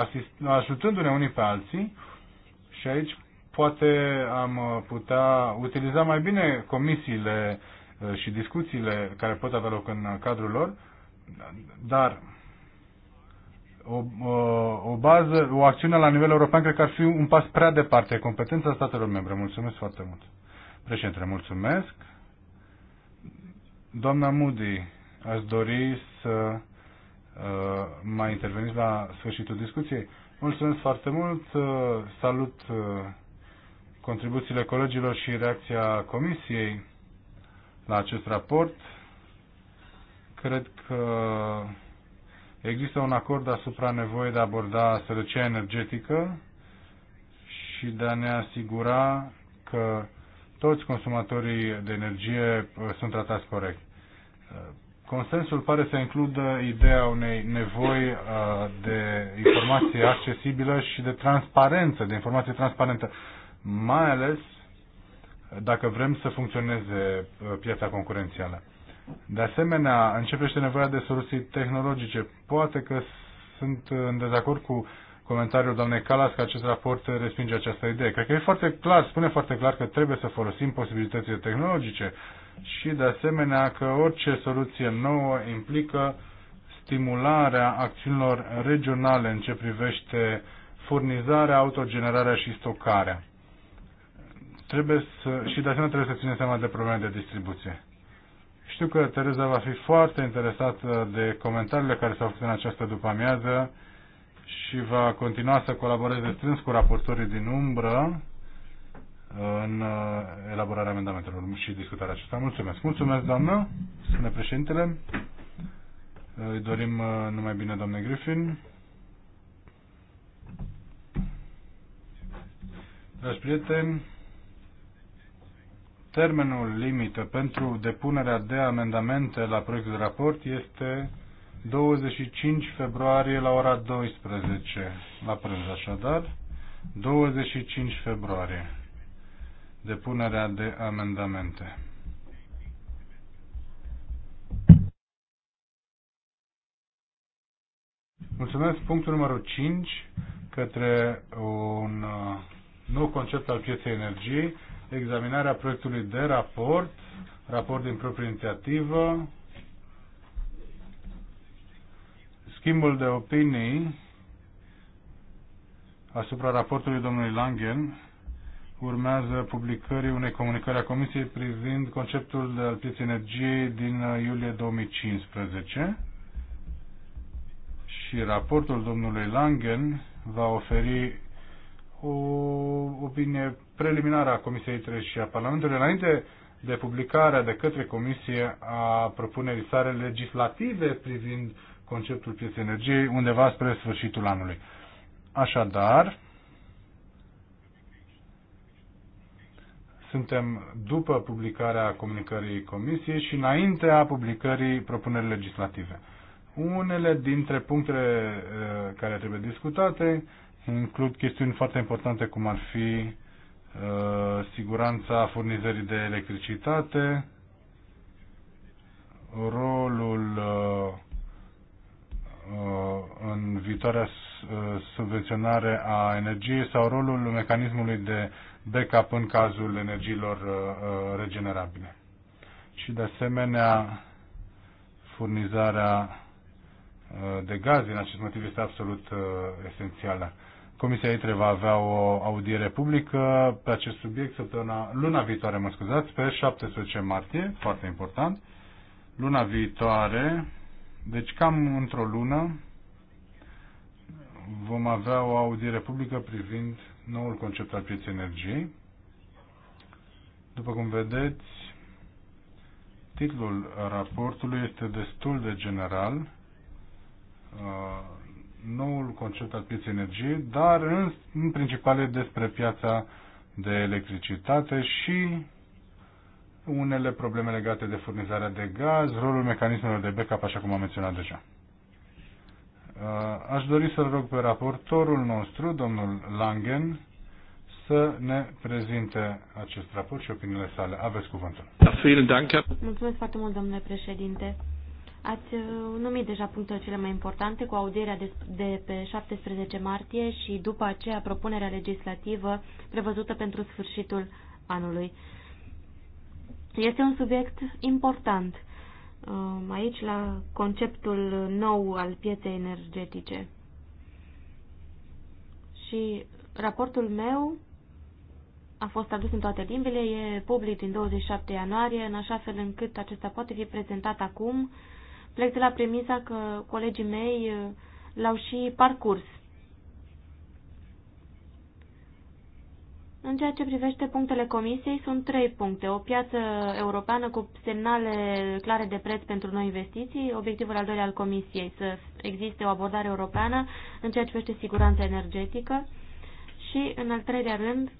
ajutându-ne unii pe alții, și aici poate am putea utiliza mai bine comisiile uh, și discuțiile care pot avea loc în uh, cadrul lor, dar o, o, o bază, o acțiune la nivel european, cred că ar fi un pas prea departe. Competența statelor membre. Mulțumesc foarte mult. Președinte, mulțumesc. Doamna Moody, aș dori să uh, mai interveniți la sfârșitul discuției. Mulțumesc foarte mult. Uh, salut uh, contribuțiile colegilor și reacția Comisiei la acest raport. Cred că Există un acord asupra nevoie de a aborda sărăcia energetică și de a ne asigura că toți consumatorii de energie uh, sunt tratați corect. Uh, consensul pare să includă ideea unei nevoi uh, de informație accesibilă și de transparență, de informație transparentă, mai ales dacă vrem să funcționeze piața concurențială. De asemenea, începește nevoia de soluții tehnologice. Poate că sunt în dezacord cu comentariul doamnei Calas că acest raport respinge această idee. Cred că e foarte clar, spune foarte clar că trebuie să folosim posibilitățile tehnologice și de asemenea că orice soluție nouă implică stimularea acțiunilor regionale în ce privește furnizarea, autogenerarea și stocarea. Trebuie să, și de asemenea trebuie să ținem seama de probleme de distribuție. Știu că Tereza va fi foarte interesată de comentariile care s-au făcut în această după-amiază și va continua să colaboreze strâns cu raportorii din umbră uh, în uh, elaborarea amendamentelor și discutarea acestea. Mulțumesc. Mulțumesc, doamnă, spune președintele. Uh, îi dorim numai bine, doamne Griffin. Dragi prieteni, Termenul limită pentru depunerea de amendamente la proiectul de raport este 25 februarie la ora 12 la prânz, așadar 25 februarie depunerea de amendamente. Mulțumesc. Punctul numărul 5 către un uh, nou concept al pieței energiei examinarea proiectului de raport, raport din proprie inițiativă, schimbul de opinii asupra raportului domnului Langen urmează publicării unei comunicări a Comisiei privind conceptul de al pieței energiei din iulie 2015 și raportul domnului Langen va oferi o opinie preliminară a Comisiei 3 și a Parlamentului înainte de publicarea de către Comisie a propunerii sale legislative privind conceptul pieței energiei undeva spre sfârșitul anului. Așadar, suntem după publicarea comunicării Comisiei și înaintea publicării propunerii legislative. Unele dintre punctele eh, care trebuie discutate includ chestiuni foarte importante cum ar fi uh, siguranța furnizării de electricitate, rolul uh, uh în viitoarea uh, subvenționare a energiei sau rolul mecanismului de backup în cazul energiilor uh, regenerabile. Și de asemenea, furnizarea de gaze, în acest motiv, este absolut esențială. Comisia ITRE va avea o audiere publică pe acest subiect săptămâna, luna viitoare, mă scuzați, pe 17 martie, foarte important. Luna viitoare, deci cam într-o lună, vom avea o audiere publică privind noul concept al pieței energiei. După cum vedeți, titlul raportului este destul de general uh, noul concept al pieței energiei, dar în, în principal despre piața de electricitate și unele probleme legate de furnizarea de gaz, rolul mecanismelor de backup, așa cum am menționat deja. Uh, aș dori să-l rog pe raportorul nostru, domnul Langen, să ne prezinte acest raport și opiniile sale. Aveți cuvântul. Da, Mulțumesc foarte mult, domnule președinte. Ați uh, numit deja punctele cele mai importante cu audierea de, de pe 17 martie și după aceea propunerea legislativă prevăzută pentru sfârșitul anului. Este un subiect important uh, aici la conceptul nou al pieței energetice. Și raportul meu a fost adus în toate limbile, e public din 27 ianuarie, în așa fel încât acesta poate fi prezentat acum Plec de la premisa că colegii mei uh, l-au și parcurs. În ceea ce privește punctele comisiei, sunt trei puncte. O piață europeană cu semnale clare de preț pentru noi investiții, obiectivul al doilea al comisiei, să existe o abordare europeană în ceea ce privește siguranța energetică și, în al treilea rând,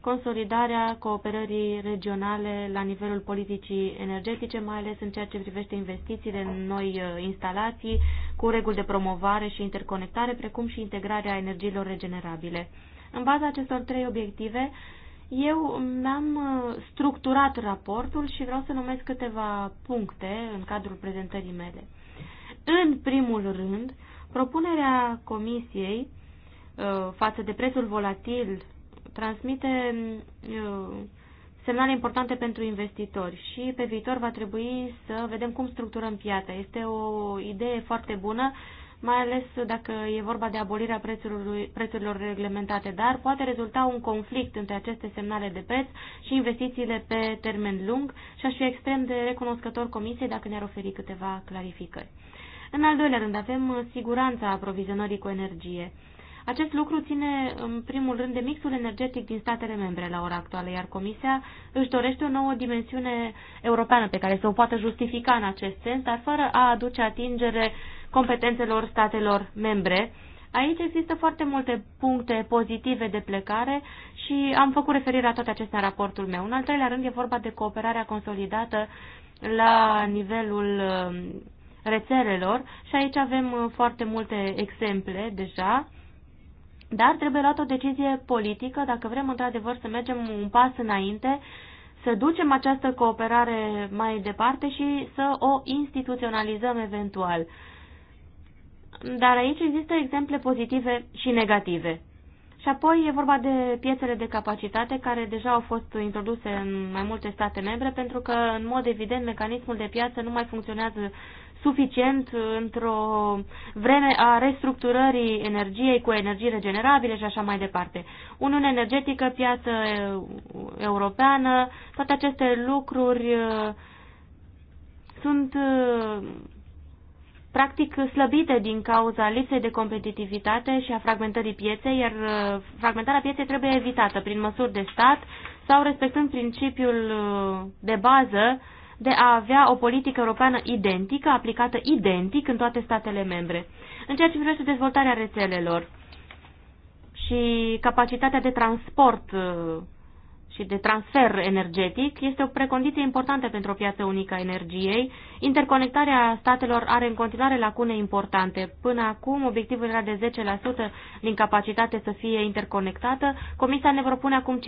consolidarea cooperării regionale la nivelul politicii energetice, mai ales în ceea ce privește investițiile în noi uh, instalații, cu reguli de promovare și interconectare, precum și integrarea energiilor regenerabile. În baza acestor trei obiective, eu mi-am uh, structurat raportul și vreau să numesc câteva puncte în cadrul prezentării mele. În primul rând, propunerea Comisiei uh, față de prețul volatil transmite uh, semnale importante pentru investitori și pe viitor va trebui să vedem cum structurăm piața. Este o idee foarte bună, mai ales dacă e vorba de abolirea prețurilor, reglementate, dar poate rezulta un conflict între aceste semnale de preț și investițiile pe termen lung și aș fi extrem de recunoscător Comisiei dacă ne-ar oferi câteva clarificări. În al doilea rând avem siguranța aprovizionării cu energie. Acest lucru ține în primul rând de mixul energetic din statele membre la ora actuală, iar Comisia își dorește o nouă dimensiune europeană pe care să o poată justifica în acest sens, dar fără a aduce atingere competențelor statelor membre. Aici există foarte multe puncte pozitive de plecare și am făcut referire la toate acestea în raportul meu. În al treilea rând e vorba de cooperarea consolidată la nivelul um, rețelelor și aici avem uh, foarte multe exemple deja. Dar trebuie luat o decizie politică dacă vrem într-adevăr să mergem un pas înainte, să ducem această cooperare mai departe și să o instituționalizăm eventual. Dar aici există exemple pozitive și negative. Și apoi e vorba de piețele de capacitate care deja au fost introduse în mai multe state membre pentru că, în mod evident, mecanismul de piață nu mai funcționează suficient într-o vreme a restructurării energiei cu energii regenerabile și așa mai departe. Uniune energetică, piață europeană, toate aceste lucruri sunt practic slăbite din cauza lipsei de competitivitate și a fragmentării pieței, iar fragmentarea pieței trebuie evitată prin măsuri de stat sau respectând principiul de bază de a avea o politică europeană identică, aplicată identic în toate statele membre. În ceea ce privește dezvoltarea rețelelor și capacitatea de transport uh, și de transfer energetic este o precondiție importantă pentru o piață unică a energiei. Interconectarea statelor are în continuare lacune importante. Până acum, obiectivul era de 10% din capacitate să fie interconectată. Comisia ne propune acum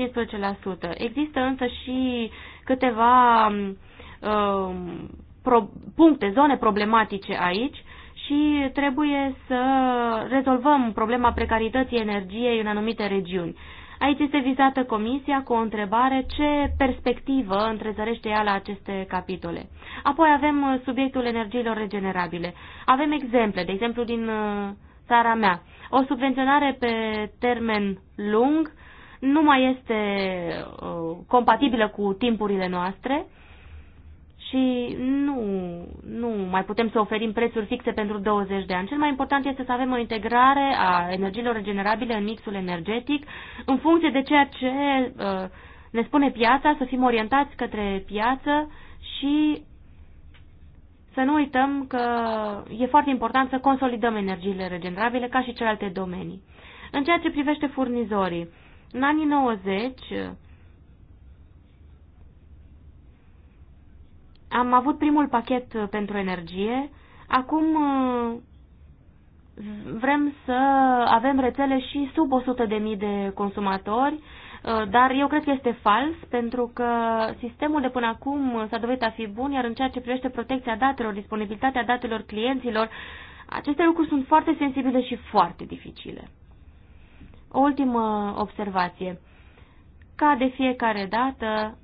15%. Există însă și câteva um, Um, pro, puncte, zone problematice aici și trebuie să rezolvăm problema precarității energiei în anumite regiuni. Aici este vizată comisia cu o întrebare ce perspectivă întrezărește ea la aceste capitole. Apoi avem uh, subiectul energiilor regenerabile. Avem exemple, de exemplu din uh, țara mea. O subvenționare pe termen lung nu mai este uh, compatibilă cu timpurile noastre și nu, nu mai putem să oferim prețuri fixe pentru 20 de ani. Cel mai important este să avem o integrare a energiilor regenerabile în mixul energetic în funcție de ceea ce uh, ne spune piața, să fim orientați către piață și să nu uităm că e foarte important să consolidăm energiile regenerabile ca și celelalte domenii. În ceea ce privește furnizorii, în anii 90 Am avut primul pachet uh, pentru energie, acum uh, vrem să avem rețele și sub 100.000 de consumatori, uh, dar eu cred că este fals, pentru că sistemul de până acum s-a dovedit a fi bun, iar în ceea ce privește protecția datelor, disponibilitatea datelor clienților, aceste lucruri sunt foarte sensibile și foarte dificile. O ultimă observație. Ca de fiecare dată,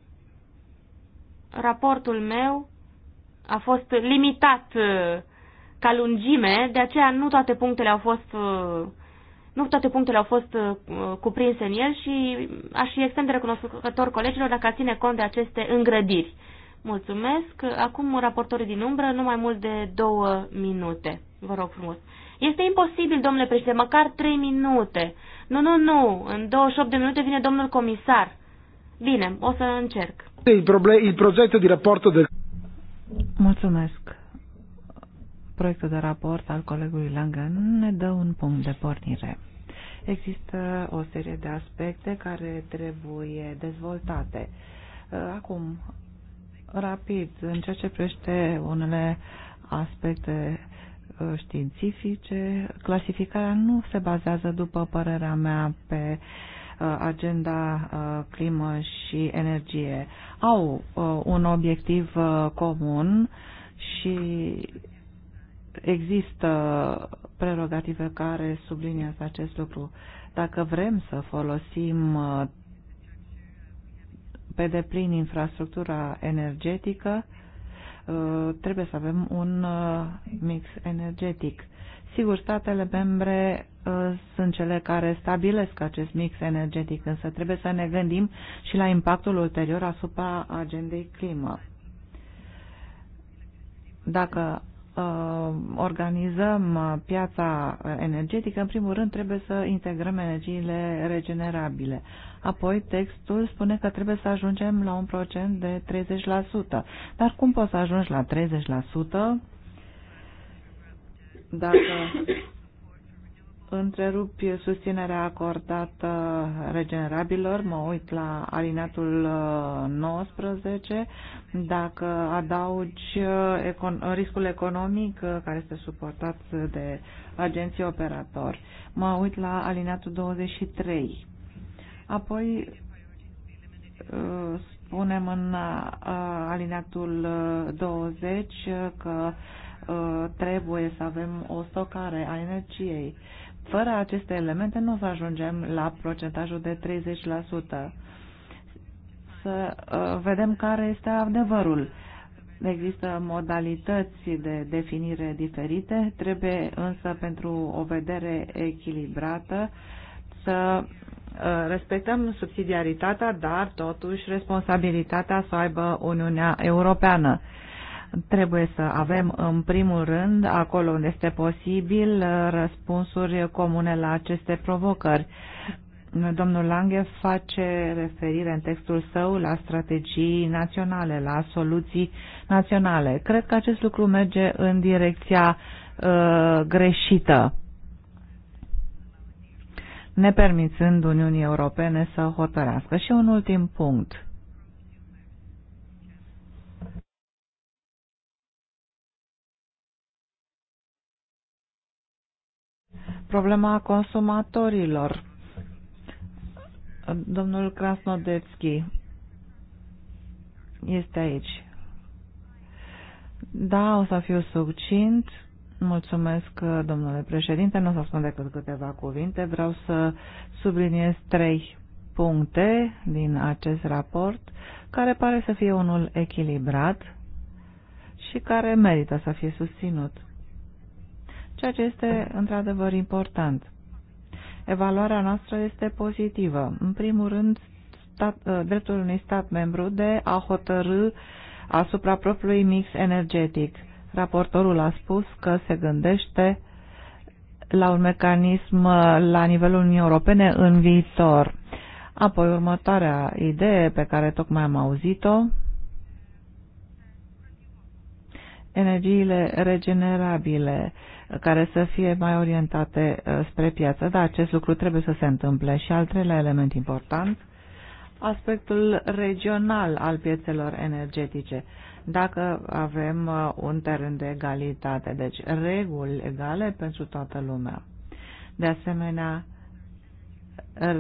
raportul meu a fost limitat uh, ca lungime, de aceea nu toate punctele au fost uh, nu toate punctele au fost uh, cuprinse în el și aș fi extrem de recunoscător colegilor dacă ține cont de aceste îngrădiri. Mulțumesc. Acum raportorii din umbră, nu mai mult de două minute. Vă rog frumos. Este imposibil, domnule președinte, măcar trei minute. Nu, nu, nu. În 28 de minute vine domnul comisar. Bine, o să încerc. Il, il progetto di rapporto del... Mulțumesc. Proiectul de raport al colegului Langen ne dă un punct de pornire. Există o serie de aspecte care trebuie dezvoltate. Uh, acum, rapid, în ceea ce privește unele aspecte uh, științifice, clasificarea nu se bazează, după părerea mea, pe uh, Uh, agenda uh, climă și energie au uh, un obiectiv comun și există prerogative care subliniază acest lucru. Dacă vrem să folosim pe deplin infrastructura energetică, trebuie să avem un mix energetic. Sigur, statele membre Uh, sunt cele care stabilesc acest mix energetic, însă trebuie să ne gândim și la impactul ulterior asupra agendei climă. Dacă uh, organizăm piața energetică, în primul rând trebuie să integrăm energiile regenerabile. Apoi textul spune că trebuie să ajungem la un procent de 30%. Dar cum poți să ajungi la 30% dacă întrerupi susținerea acordată regenerabilor, mă uit la alinatul 19, uh, dacă adaugi uh, econ uh, riscul economic care este suportat de agenții operatori, mă uit la alinatul 23. Apoi spunem în alineatul 20 că trebuie să avem o stocare a energiei. Fără aceste elemente nu o să ajungem la procentajul de 30%. Să uh, vedem care este adevărul. Există modalități de definire diferite, trebuie însă pentru o vedere echilibrată să uh, respectăm subsidiaritatea, dar totuși responsabilitatea să aibă Uniunea Europeană. Trebuie să avem, în primul rând, acolo unde este posibil, uh, răspunsuri comune la aceste provocări. Domnul Lange face referire în textul său la strategii naționale, la soluții naționale. Cred că acest lucru merge în direcția uh, greșită, nepermițând Uniunii Europene să hotărească. Și un ultim punct. problema consumatorilor. Domnul Krasnodevski este aici. Da, o să fiu succint. Mulțumesc, domnule președinte. Nu o să spun decât câteva cuvinte. Vreau să subliniez trei puncte din acest raport, care pare să fie unul echilibrat și care merită să fie susținut ceea ce este într-adevăr important. Evaluarea noastră este pozitivă. În primul rând, stat, ă, dreptul unui stat membru de a hotărâ asupra propriului mix energetic. Raportorul a spus că se gândește la un mecanism ă, la nivelul Uniunii Europene în viitor. Apoi, următoarea idee pe care tocmai am auzit-o, energiile regenerabile, care să fie mai orientate uh, spre piață, dar acest lucru trebuie să se întâmple. Și al treilea element important, aspectul regional al piețelor energetice. Dacă avem uh, un teren de egalitate, deci reguli egale pentru toată lumea. De asemenea,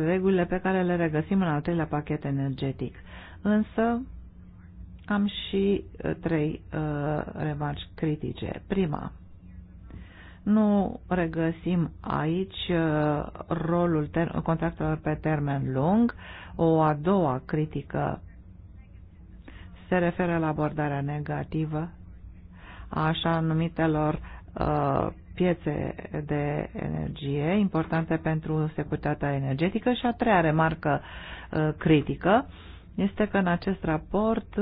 regulile pe care le regăsim în al treilea pachet energetic. Însă, am și uh, trei uh, remarci critice. Prima, nu regăsim aici uh, rolul contractelor pe termen lung. O a doua critică se referă la abordarea negativă a așa numitelor uh, piețe de energie importante pentru securitatea energetică și a treia remarcă uh, critică este că în acest raport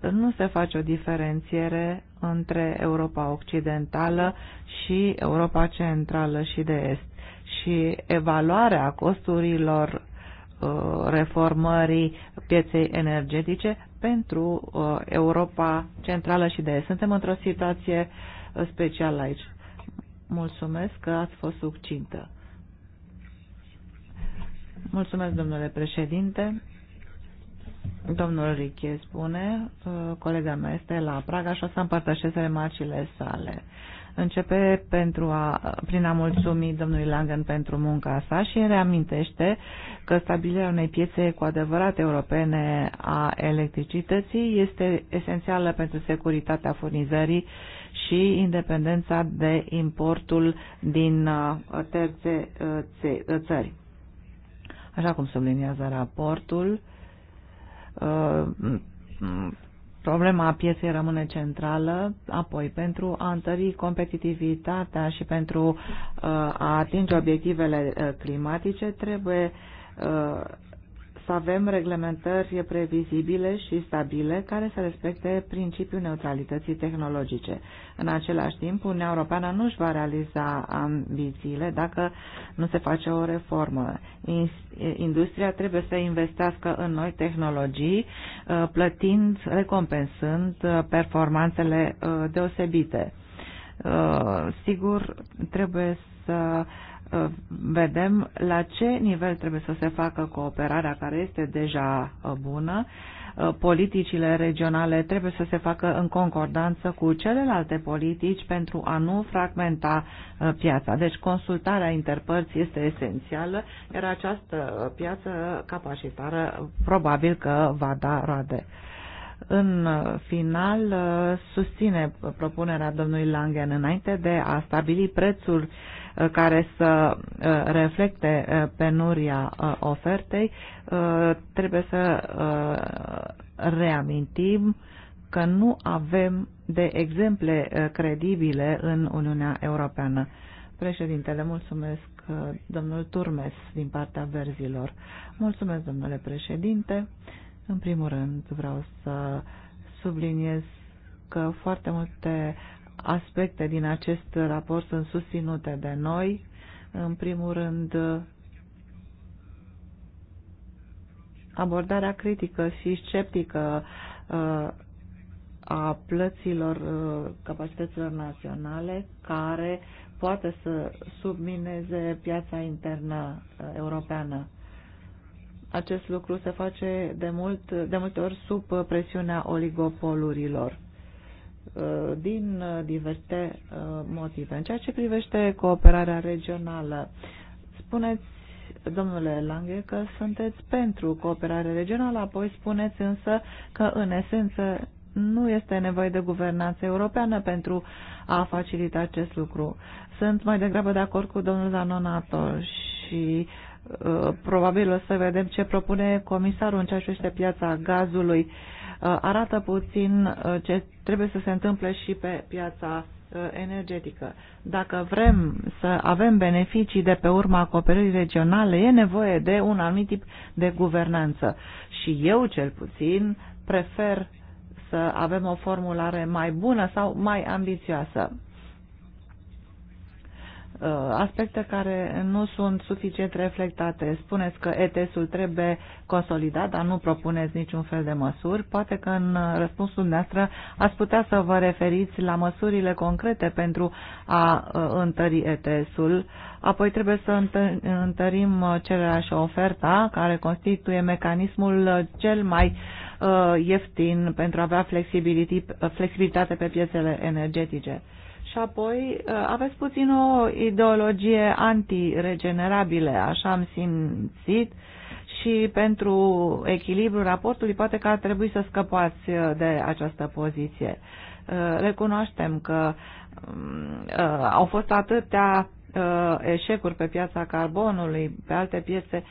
nu se face o diferențiere între Europa Occidentală și Europa Centrală și de Est. Și evaluarea costurilor uh, reformării pieței energetice pentru uh, Europa Centrală și de Est. Suntem într-o situație uh, specială aici. Mulțumesc că ați fost succintă. Mulțumesc, domnule președinte. Domnul Riche spune, uh, colega mea este la Praga și o să împărtășesc remarcile sale. Începe pentru a, prin a mulțumi domnului Langen pentru munca sa și reamintește că stabilirea unei piețe cu adevărat europene a electricității este esențială pentru securitatea furnizării și independența de importul din uh, terțe uh, țări. Așa cum subliniază raportul, problema pieței rămâne centrală, apoi pentru a întări competitivitatea și pentru uh, a atinge obiectivele uh, climatice trebuie uh, să avem reglementări previzibile și stabile care să respecte principiul neutralității tehnologice. În același timp, Uniunea Europeană nu își va realiza ambițiile dacă nu se face o reformă. Industria trebuie să investească în noi tehnologii, uh, plătind, recompensând uh, performanțele uh, deosebite. Sigur, trebuie să Uh, vedem la ce nivel trebuie să se facă cooperarea care este deja uh, bună. Uh, politicile regionale trebuie să se facă în concordanță cu celelalte politici pentru a nu fragmenta piața. Deci consultarea interpărți este esențială, iar această piață capacitară probabil că va da roade. În final, susține propunerea domnului Langen înainte de a stabili prețul uh, Uh, care să uh, reflecte uh, penuria ofertei, trebuie să reamintim că nu avem de exemple credibile în Uniunea Europeană. Președintele, mulțumesc domnul Turmes din partea verzilor. Mulțumesc, domnule președinte. În primul rând vreau să subliniez că foarte multe aspecte din acest raport sunt susținute de noi. În primul rând, abordarea critică și sceptică uh, a plăților uh, capacităților naționale care poate să submineze piața internă uh, europeană. Acest lucru se face de, mult, de multe ori sub presiunea oligopolurilor. Uh, din uh, diverse uh, motive. În ceea ce privește cooperarea regională, spuneți, domnule Lange, că sunteți pentru cooperare regională, apoi spuneți însă că, în esență, nu este nevoie de guvernanță europeană pentru a facilita acest lucru. Sunt mai degrabă de acord cu domnul Zanonato și uh, probabil o să vedem ce propune comisarul în ceea ce privește piața gazului. Uh, Uh, arată puțin uh, ce trebuie să se întâmple și pe piața uh, energetică. Dacă vrem să avem beneficii de pe urma acoperirii regionale, e nevoie de un anumit tip de guvernanță. Și eu, cel puțin, prefer să avem o formulare mai bună sau mai ambițioasă. Uh, aspecte care nu sunt suficient reflectate. Spuneți că ETS-ul trebuie consolidat, dar nu propuneți niciun fel de măsuri. Poate că în răspunsul dumneavoastră ați putea să vă referiți la măsurile concrete pentru a uh, întări ETS-ul. Apoi trebuie să întărim cererea și oferta, care constituie mecanismul cel mai uh, ieftin pentru a avea flexibilitate pe piețele energetice și apoi uh, aveți puțin o ideologie antiregenerabilă, așa am simțit, și pentru echilibrul raportului poate că ar trebui să scăpați uh, de această poziție. Uh, recunoaștem că um, au fost atâtea eșecuri pe piața carbonului, pe alte piețe,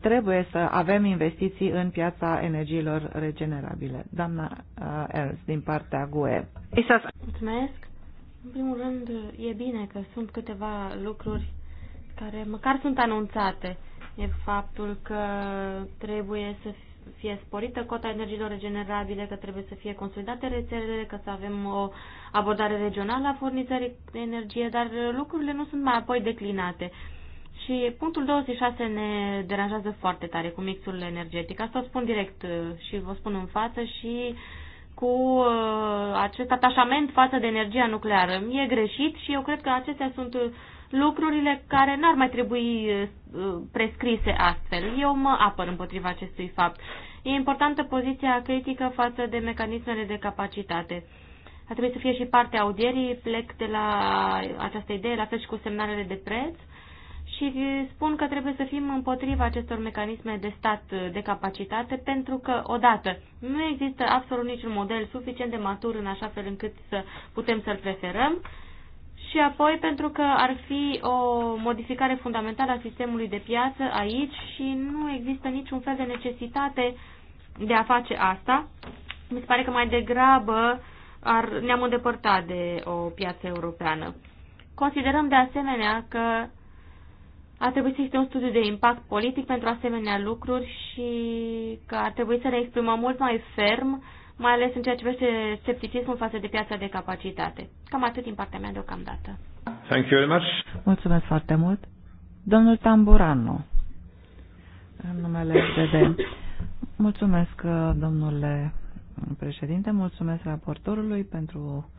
trebuie să avem investiții în piața energiilor regenerabile. Doamna Ernst, din partea GUE. Mulțumesc! În primul rând, e bine că sunt câteva lucruri care măcar sunt anunțate. E faptul că trebuie să fie sporită cota energiilor regenerabile, că trebuie să fie consolidate rețelele, că să avem o abordare regională a furnizării de energie, dar lucrurile nu sunt mai apoi declinate. Și punctul 26 ne deranjează foarte tare cu mixul energetic. Asta o spun direct uh, și vă spun în față și uh, cu uh, acest atașament față de energia nucleară. E greșit și eu cred că acestea sunt lucrurile care n-ar mai trebui uh, prescrise astfel. Eu mă apăr împotriva acestui fapt. E importantă poziția critică față de mecanismele de capacitate. A trebuit să fie și parte audierii, plec de la această idee, la fel și cu semnalele de preț. Uh, și spun că trebuie să fim împotriva acestor mecanisme de stat de capacitate pentru că, odată, nu există absolut niciun model suficient de matur în așa fel încât să putem să-l preferăm și apoi pentru că ar fi o modificare fundamentală a sistemului de piață aici și nu există niciun fel de necesitate de a face asta. Mi se pare că mai degrabă ar, ne-am îndepărtat de o piață europeană. Considerăm de asemenea că ar trebui să existe un studiu de impact politic pentru asemenea lucruri și că ar trebui să ne exprimăm mult mai ferm, mai ales în ceea ce privește scepticismul față de piața de capacitate. Cam atât din partea mea deocamdată. Thank you very much. Mulțumesc foarte mult. Domnul Tamburano, în numele FDD. Mulțumesc, uh, domnule președinte, mulțumesc raportorului pentru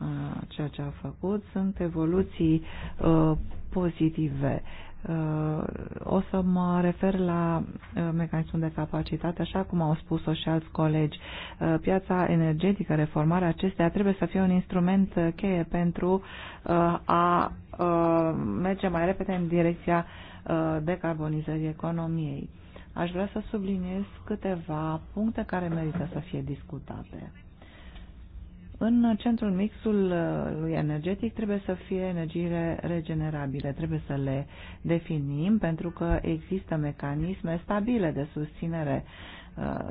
uh, ceea ce a făcut. Sunt evoluții uh, pozitive. Uh, o să mă refer la uh, mecanismul de capacitate, așa cum au spus-o și alți colegi. Uh, piața energetică, reformarea acestea trebuie să fie un instrument cheie pentru a merge mai repede în direcția decarbonizării economiei. Aș vrea să subliniez câteva puncte care merită să fie discutate în centrul mixul uh, lui energetic trebuie să fie energiile regenerabile, trebuie să le definim pentru că există mecanisme stabile de susținere. Uh,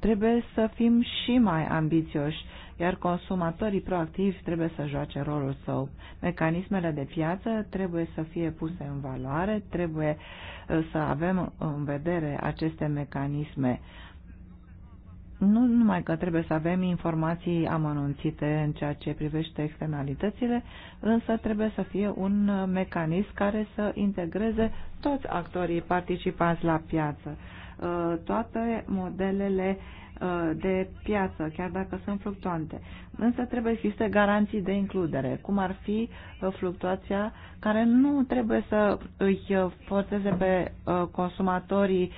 trebuie să fim și mai ambițioși, iar consumatorii proactivi trebuie să joace rolul său. Mecanismele de piață trebuie să fie puse în valoare, trebuie uh, să avem în vedere aceste mecanisme nu numai că trebuie să avem informații amănunțite în ceea ce privește externalitățile, însă trebuie să fie un mecanism care să integreze toți actorii participanți la piață, uh, toate modelele uh, Uh, de piață, chiar dacă sunt fluctuante. Însă trebuie să existe garanții de includere, cum ar fi uh, fluctuația care nu trebuie să îi uh, forțeze pe consumatorii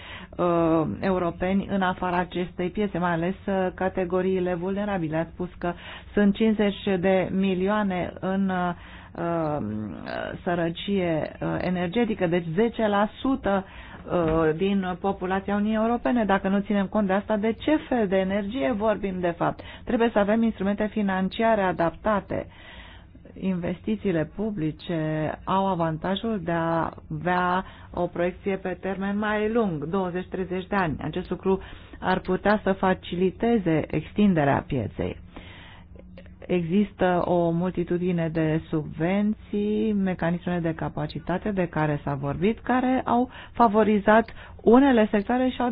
europeni în afara acestei piețe, mai ales categoriile vulnerabile. Ați spus că sunt 50 de milioane în sărăcie energetică, deci 10% Uh, din populația Uniunii Europene. Dacă nu ținem cont de asta, de ce fel de energie vorbim de fapt? Trebuie să avem instrumente financiare adaptate. Investițiile publice au avantajul de a avea o proiecție pe termen mai lung, 20-30 de ani. Acest lucru ar putea să faciliteze extinderea pieței. Există o multitudine de subvenții, mecanisme de capacitate de care s-a vorbit, care au favorizat unele sectoare și au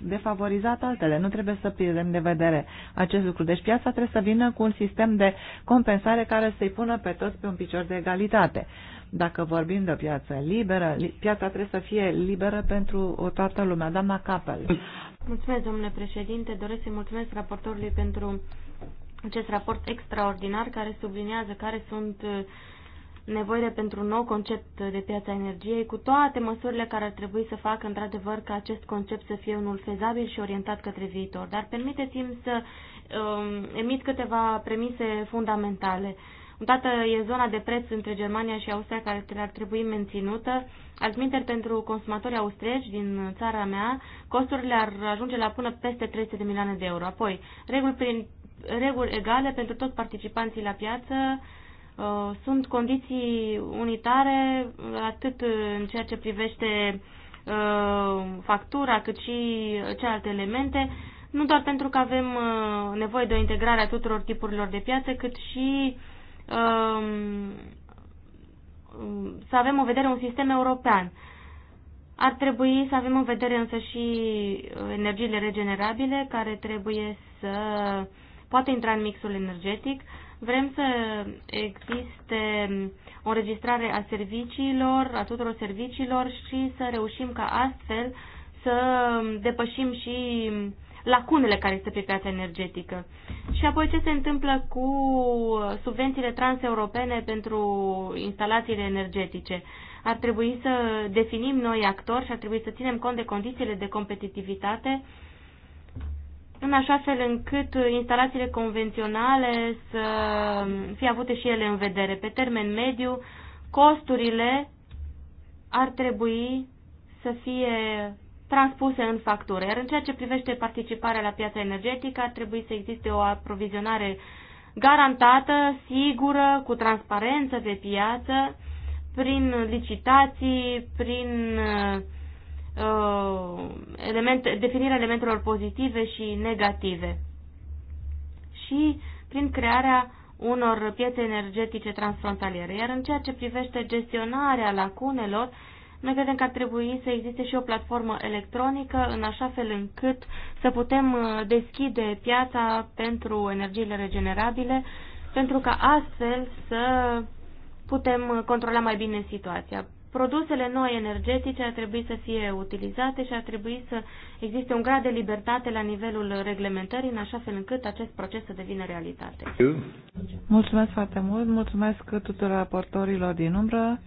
defavorizat altele. Nu trebuie să pierdem de vedere acest lucru. Deci piața trebuie să vină cu un sistem de compensare care să-i pună pe toți pe un picior de egalitate. Dacă vorbim de piață liberă, piața trebuie să fie liberă pentru toată lumea. Doamna Capel. Mulțumesc, domnule președinte. Doresc să-i mulțumesc raportorului pentru acest raport extraordinar care subliniază care sunt uh, nevoile pentru un nou concept de piața energiei, cu toate măsurile care ar trebui să facă într-adevăr ca acest concept să fie unul fezabil și orientat către viitor. Dar permiteți-mi să um, emit câteva premise fundamentale. Odată e zona de preț între Germania și Austria care ar trebui menținută. Altminteri, pentru consumatorii austrieci din țara mea, costurile ar ajunge la până peste 300 de milioane de euro. Apoi, reguli prin reguli egale pentru toți participanții la piață, uh, sunt condiții unitare atât în ceea ce privește uh, factura, cât și celelalte elemente, nu doar pentru că avem uh, nevoie de o integrare a tuturor tipurilor de piață, cât și um, să avem în vedere un sistem european. Ar trebui să avem în vedere însă și energiile regenerabile, care trebuie să uh, poate intra în mixul energetic. Vrem să existe o registrare a serviciilor, a tuturor serviciilor și să reușim ca astfel să depășim și lacunele care este pe piața energetică. Și apoi ce se întâmplă cu subvențiile transeuropene pentru instalațiile energetice? Ar trebui să definim noi actori și ar trebui să ținem cont de condițiile de competitivitate în așa fel încât uh, instalațiile convenționale să um, fie avute și ele în vedere. Pe termen mediu, costurile ar trebui să fie transpuse în factură. Iar în ceea ce privește participarea la piața energetică, ar trebui să existe o aprovizionare garantată, sigură, cu transparență pe piață, prin licitații, prin uh, uh, elemente, definirea elementelor pozitive și negative și prin crearea unor piețe energetice transfrontaliere. Iar în ceea ce privește gestionarea lacunelor, noi credem că ar trebui să existe și o platformă electronică în așa fel încât să putem uh, deschide piața pentru energiile regenerabile, pentru ca astfel să putem controla mai bine situația produsele noi energetice ar trebui să fie utilizate și ar trebui să existe un grad de libertate la nivelul reglementării, în așa fel încât acest proces să devină realitate. Mulțumesc foarte mult, mulțumesc tuturor raportorilor din umbră,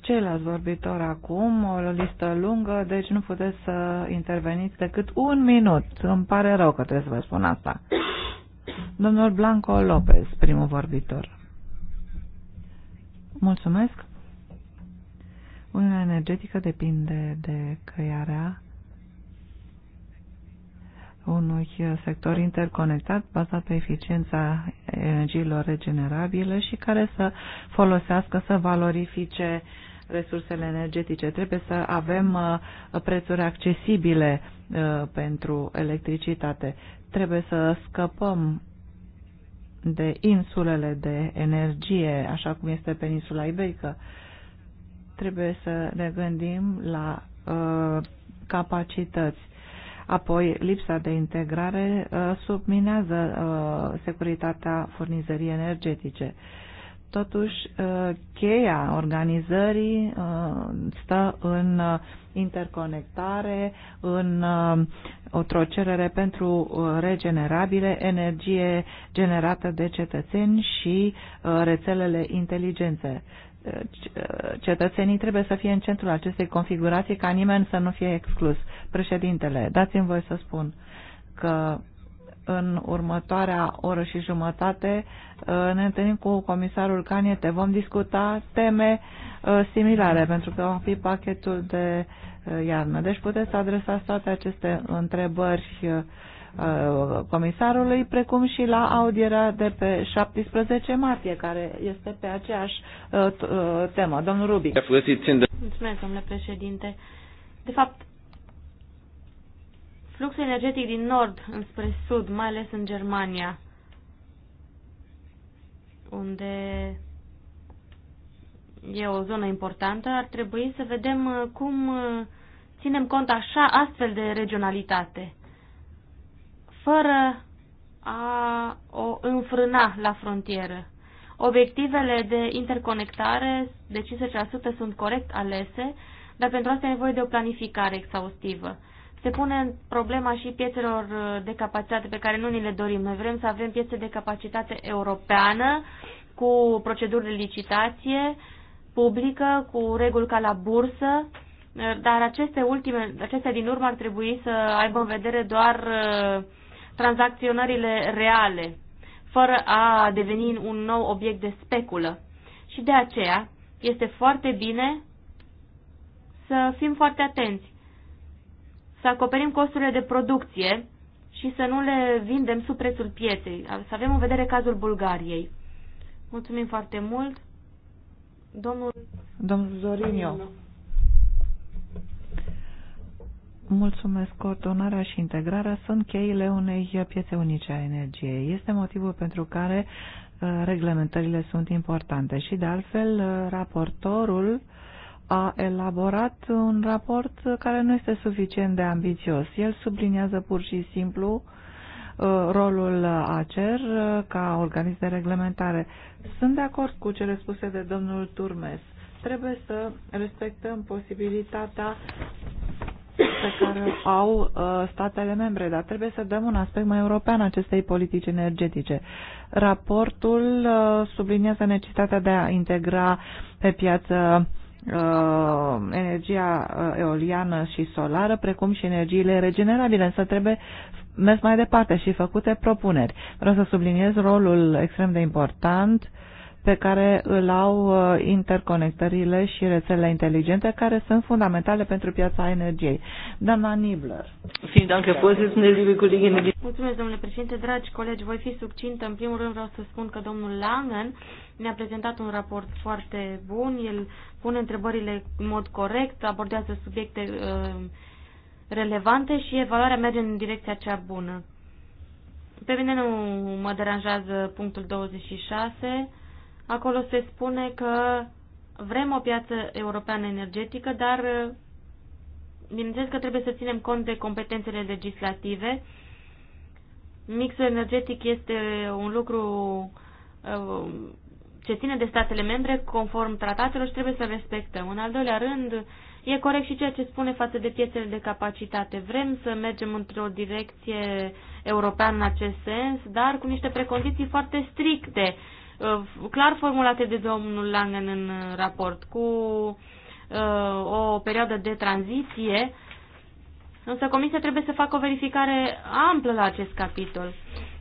ceilalți vorbitori acum, o listă lungă, deci nu puteți să interveniți decât un minut. Îmi pare rău că trebuie să vă spun asta. Domnul Blanco Lopez, primul vorbitor. Mulțumesc. Uniunea energetică depinde de crearea unui sector interconectat bazat pe eficiența energiilor regenerabile și care să folosească, să valorifice resursele energetice. Trebuie să avem uh, prețuri accesibile uh, pentru electricitate. Trebuie să scăpăm de insulele de energie, așa cum este peninsula iberică trebuie să ne gândim la uh, capacități. Apoi, lipsa de integrare uh, subminează uh, securitatea furnizării energetice. Totuși, uh, cheia organizării uh, stă în uh, interconectare, în o trocerere pentru regenerabile, energie generată de cetățeni și rețelele inteligențe cetățenii trebuie să fie în centrul acestei configurații ca nimeni să nu fie exclus. Președintele, dați-mi voi să spun că în următoarea oră și jumătate uh, ne întâlnim cu comisarul Caniete. Vom discuta teme uh, similare, pentru că va fi pachetul de uh, iarnă. Deci puteți adresa toate aceste întrebări Uh, comisarului, precum și la audierea de pe 17 martie, care este pe aceeași uh, uh, temă. Domnul Rubic. Mulțumesc, domnule președinte. De fapt, fluxul energetic din nord înspre sud, mai ales în Germania, unde e o zonă importantă, ar trebui să vedem cum ținem cont așa astfel de regionalitate fără a o înfrâna la frontieră. Obiectivele de interconectare de 50% sunt corect alese, dar pentru asta e nevoie de o planificare exhaustivă. Se pune problema și piețelor de capacitate pe care nu ni le dorim. Noi vrem să avem piețe de capacitate europeană cu proceduri de licitație publică, cu reguli ca la bursă, dar aceste ultime, acestea din urmă ar trebui să aibă în vedere doar uh, tranzacționările reale, fără a deveni un nou obiect de speculă. Și de aceea este foarte bine să fim foarte atenți, să acoperim costurile de producție și să nu le vindem sub prețul pieței, să avem în vedere cazul Bulgariei. Mulțumim foarte mult. Domnul, Domnul Zorinio. Domnul. Mulțumesc. Coordonarea și integrarea sunt cheile unei piețe unice a energiei. Este motivul pentru care uh, reglementările sunt importante și, de altfel, uh, raportorul a elaborat un raport care nu este suficient de ambițios. El subliniază pur și simplu uh, rolul ACER ca organism de reglementare. Sunt de acord cu cele spuse de domnul Turmes. Trebuie să respectăm posibilitatea pe care au au uh, statele membre, dar trebuie să dăm un aspect mai european acestei politici energetice. Raportul uh, subliniază necesitatea de a integra pe piață uh, energia eoliană și solară, precum și energiile regenerabile, însă trebuie mers mai departe și făcute propuneri. Vreau să subliniez rolul extrem de important uh, pe care îl au uh, interconectările și rețelele inteligente care sunt fundamentale pentru piața energiei. Doamna Nibler. Mulțumesc, domnule președinte. Dragi colegi, voi fi succintă. În primul rând vreau să spun că domnul Langen ne-a prezentat un raport foarte bun. El pune întrebările în mod corect, abordează subiecte uh, relevante și evaluarea merge în direcția cea bună. Pe mine nu mă deranjează punctul 26, Acolo se spune că vrem o piață europeană energetică, dar uh, bineînțeles că trebuie să ținem cont de competențele legislative. Mixul energetic este un lucru uh, ce ține de statele membre conform tratatelor și trebuie să respectăm. În al doilea rând, e corect și ceea ce spune față de piețele de capacitate. Vrem să mergem într-o direcție europeană în acest sens, dar cu niște precondiții foarte stricte Uh, clar formulate de domnul Langen în uh, raport, cu uh, o perioadă de tranziție, însă Comisia trebuie să facă o verificare amplă la acest capitol.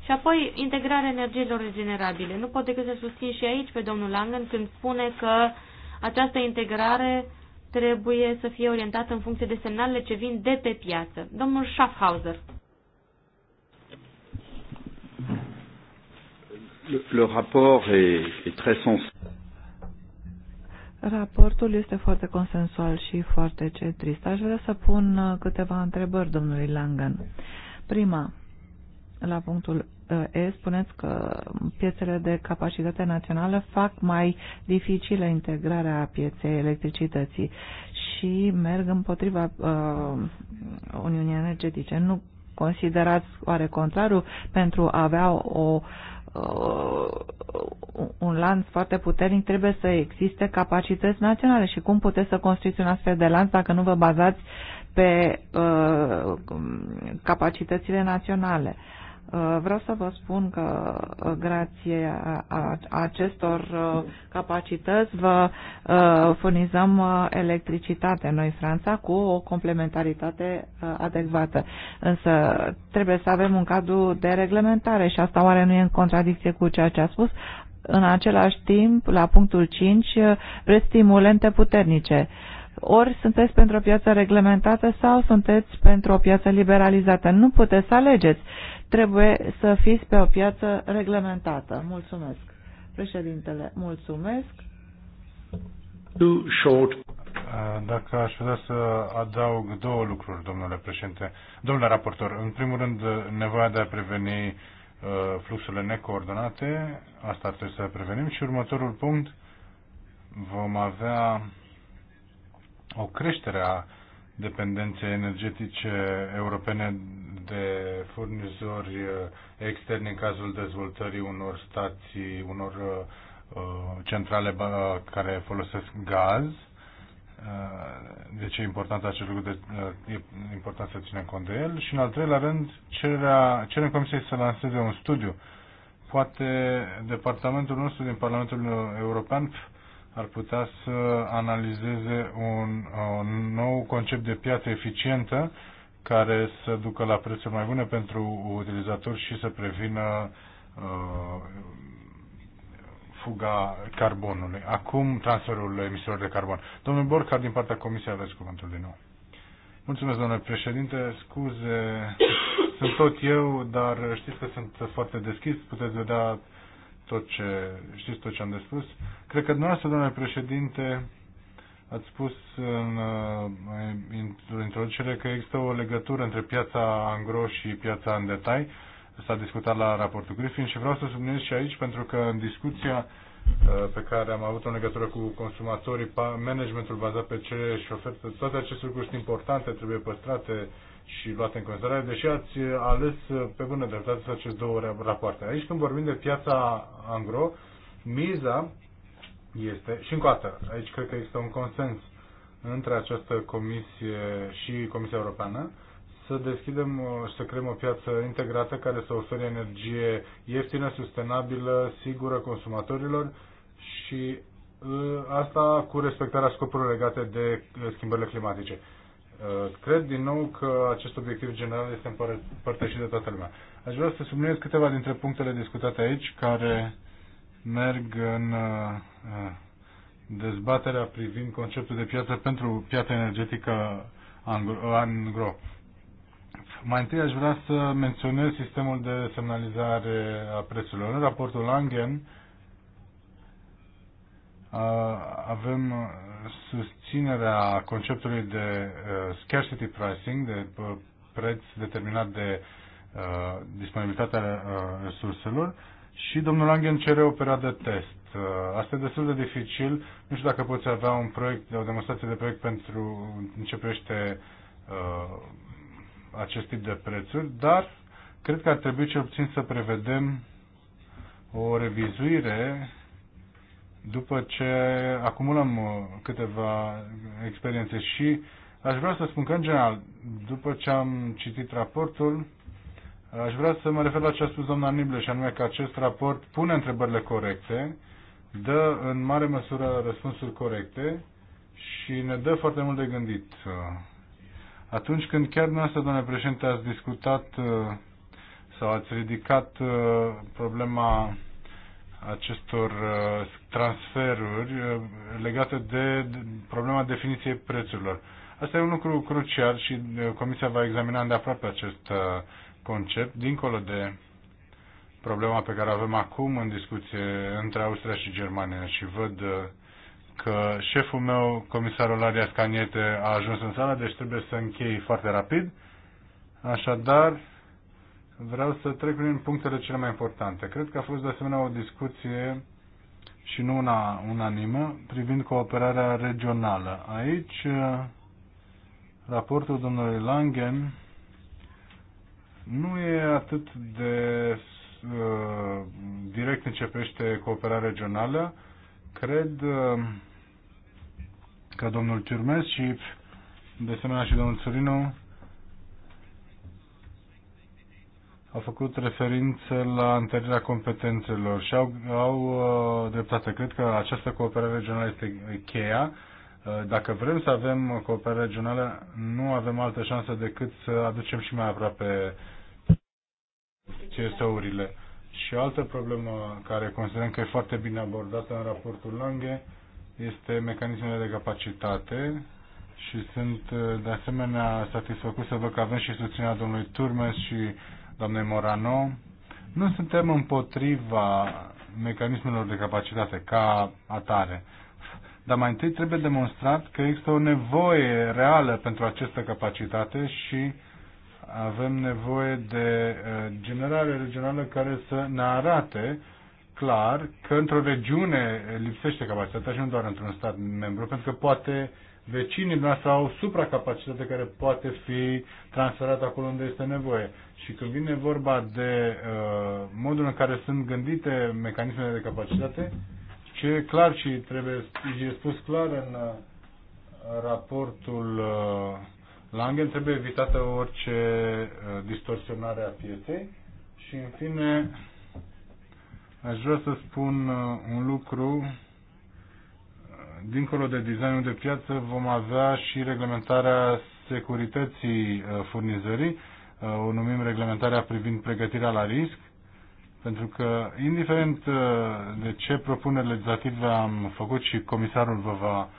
Și apoi, integrarea energiilor regenerabile. Nu pot decât să susțin și aici pe domnul Langen când spune că această integrare trebuie să fie orientată în funcție de semnalele ce vin de pe piață. Domnul Schaffhauser. Le, le rapport est, est très sens. Raportul este foarte consensual și foarte centrist. Aș vrea să pun uh, câteva întrebări domnului Langan. Prima, la punctul uh, E, spuneți că piețele de capacitate națională fac mai dificilă integrarea pieței electricității și merg împotriva uh, Uniunii Energetice. Nu considerați oare contrarul pentru a avea o uh, Uh, un lanț foarte puternic, trebuie să existe capacități naționale. Și cum puteți să construiți un astfel de lanț dacă nu vă bazați pe uh, capacitățile naționale? Uh, vreau să vă spun că uh, grație a acestor uh, capacități vă furnizăm electricitate noi Franța cu o complementaritate adecvată. Însă trebuie să avem un cadru de reglementare și asta oare nu e în contradicție cu ceea ce a spus? În același timp, la punctul 5, vreți stimulente puternice ori sunteți pentru o piață reglementată sau sunteți pentru o piață liberalizată. Nu puteți să alegeți trebuie să fiți pe o piață reglementată. Mulțumesc. Președintele, mulțumesc. short. Eh, dacă aș vrea să adaug două lucruri, domnule președinte, domnule raportor, în primul rând nevoia de a preveni eh, fluxurile necoordonate, asta trebuie să prevenim și următorul punct, vom avea o creștere a dependenței energetice europene de furnizori eh, externi în cazul dezvoltării unor stații, unor eh, centrale care folosesc gaz. Eh, deci e important acest lucru, de, e important să ținem cont de el. Și în al treilea rând, cererea, cerem Comisiei să lanseze un studiu. Poate departamentul nostru din Parlamentul European ar putea să analizeze un, un nou concept de piață eficientă care să ducă la prețuri mai bune pentru utilizatori și să prevină uh, fuga carbonului. Acum transferul emisiilor de carbon. Domnul Borcar, din partea Comisiei, aveți cuvântul din nou. Mulțumesc, domnule președinte. Scuze, sunt tot eu, dar știți că sunt foarte deschis. Puteți vedea tot ce, știți tot ce am de spus. Cred că dumneavoastră, domnule președinte, Ați spus în, uh, în introducere că există o legătură între piața în gros și piața în detai. S-a discutat la raportul Griffin și vreau să subliniez și aici pentru că în discuția uh, pe care am avut-o legătură cu consumatorii, managementul bazat pe cele și ofertă, toate aceste lucruri sunt importante, trebuie păstrate și luate în considerare, deși ați ales pe bună dreptate să aceste două rapoarte. Aici când vorbim de piața angro, miza este, și încă o dată, aici cred că există un consens între această comisie și Comisia Europeană, să deschidem și uh, să creăm o piață integrată care să ofere energie ieftină, sustenabilă, sigură consumatorilor și uh, asta cu respectarea scopurilor legate de uh, schimbările climatice. Cred din nou că acest obiectiv general este împărtășit de toată lumea. Aș vrea să subliniez câteva dintre punctele discutate aici care merg în uh, uh, dezbaterea privind conceptul de piață pentru piața energetică angro. Mai întâi aș vrea să menționez sistemul de semnalizare a prețurilor. În raportul Langen uh, avem susținerea conceptului de scarcity pricing, de preț determinat de disponibilitatea resurselor, și domnul Langen cere o perioadă test. Uh, asta e destul de dificil. Nu știu dacă poți avea un proiect, o demonstrație de proiect pentru începește uh, acest tip de prețuri, dar cred că ar trebui cel puțin să prevedem o revizuire după ce acumulăm uh, câteva experiențe și aș vrea să spun că, în general, după ce am citit raportul, Aș vrea să mă refer la ce a spus doamna Nible și anume că acest raport pune întrebările corecte, dă în mare măsură răspunsuri corecte și ne dă foarte mult de gândit. Atunci când chiar dumneavoastră, domnule președinte, ați discutat uh, sau ați ridicat uh, problema acestor uh, transferuri legate de problema definiției prețurilor. Asta e un lucru crucial și Comisia va examina îndeaproape acest concept, dincolo de problema pe care avem acum în discuție între Austria și Germania și văd uh, că șeful meu, comisarul Arias Caniete, a ajuns în sală, deci trebuie să închei foarte rapid. Așadar, vreau să trec prin punctele cele mai importante. Cred că a fost de asemenea o discuție și nu una unanimă privind cooperarea regională. Aici, uh, raportul domnului Langen nu e atât de uh, direct începește cooperarea regională. Cred uh, că domnul Turmes și de asemenea și domnul Țurinu a făcut referință la întărirea competențelor și au, au uh, dreptate. Cred că această cooperare regională este cheia. Uh, dacă vrem să avem cooperare regională, nu avem altă șansă decât să aducem și mai aproape CSO-urile. Și o altă problemă care considerăm că e foarte bine abordată în raportul Lange este mecanismele de capacitate și sunt uh, de asemenea satisfăcut să văd că avem și susținerea domnului Turmes și doamnei Morano. Nu suntem împotriva mecanismelor de capacitate ca atare, dar mai întâi trebuie demonstrat că există o nevoie reală pentru această capacitate și avem nevoie de eh, generare regională care să ne arate clar că într-o regiune lipsește capacitatea și nu doar într-un stat membru, pentru că poate vecinii noastre au supracapacitate care poate fi transferată acolo unde este nevoie. Și când vine vorba de uh, modul în care sunt gândite mecanismele de capacitate, ce e clar și trebuie e spus clar în uh, raportul uh, la Angel trebuie evitată orice uh, distorsionare a pieței și, în fine, aș vrea să spun uh, un lucru. Uh, dincolo de designul de piață, vom avea și reglementarea securității furnizării, o numim reglementarea privind pregătirea la risc, pentru că, indiferent de ce propuneri legislative am făcut și comisarul vă va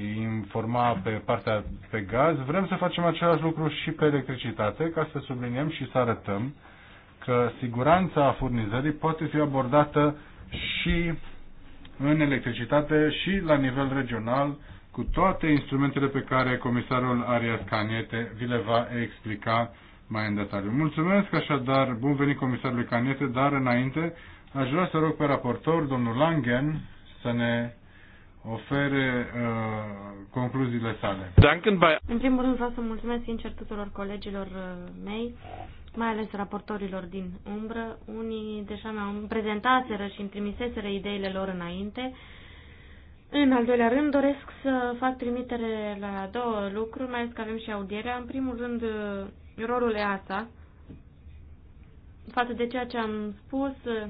informa pe partea pe gaz, vrem să facem același lucru și pe electricitate ca să subliniem și să arătăm că siguranța furnizării poate fi abordată și în electricitate și la nivel regional cu toate instrumentele pe care comisarul Arias Caniete vi le va explica mai în detaliu. Mulțumesc așadar, bun venit comisarului Caniete, dar înainte aș vrea să rog pe raportor, domnul Langen, să ne ofere uh, concluziile sale. În primul rând vreau să mulțumesc sincer tuturor colegilor uh, mei, mai ales raportorilor din umbră. Unii deja mi-au prezentaseră și îmi trimiseseră ideile lor înainte. În al doilea rând, doresc să fac trimitere la două lucruri, mai ales că avem și audierea. În primul rând, uh, rolul EASA, față de ceea ce am spus, uh,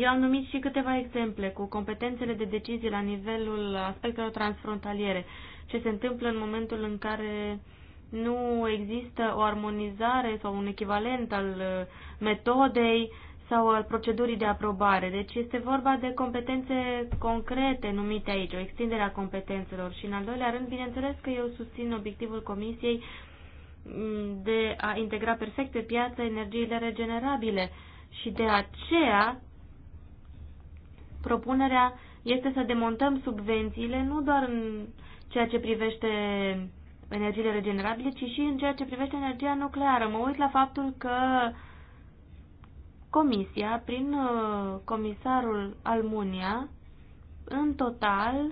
eu am numit și câteva exemple cu competențele de decizie la nivelul aspectelor transfrontaliere, ce se întâmplă în momentul în care nu există o armonizare sau un echivalent al uh, metodei sau al procedurii de aprobare. Deci este vorba de competențe concrete numite aici, o extindere a competențelor. Și în al doilea rând, bineînțeles că eu susțin obiectivul Comisiei mm, de a integra perfect pe piață energiile regenerabile și de aceea Propunerea este să demontăm subvențiile nu doar în ceea ce privește energiile regenerabile, ci și în ceea ce privește energia nucleară. Mă uit la faptul că Comisia, prin uh, comisarul Almunia, în total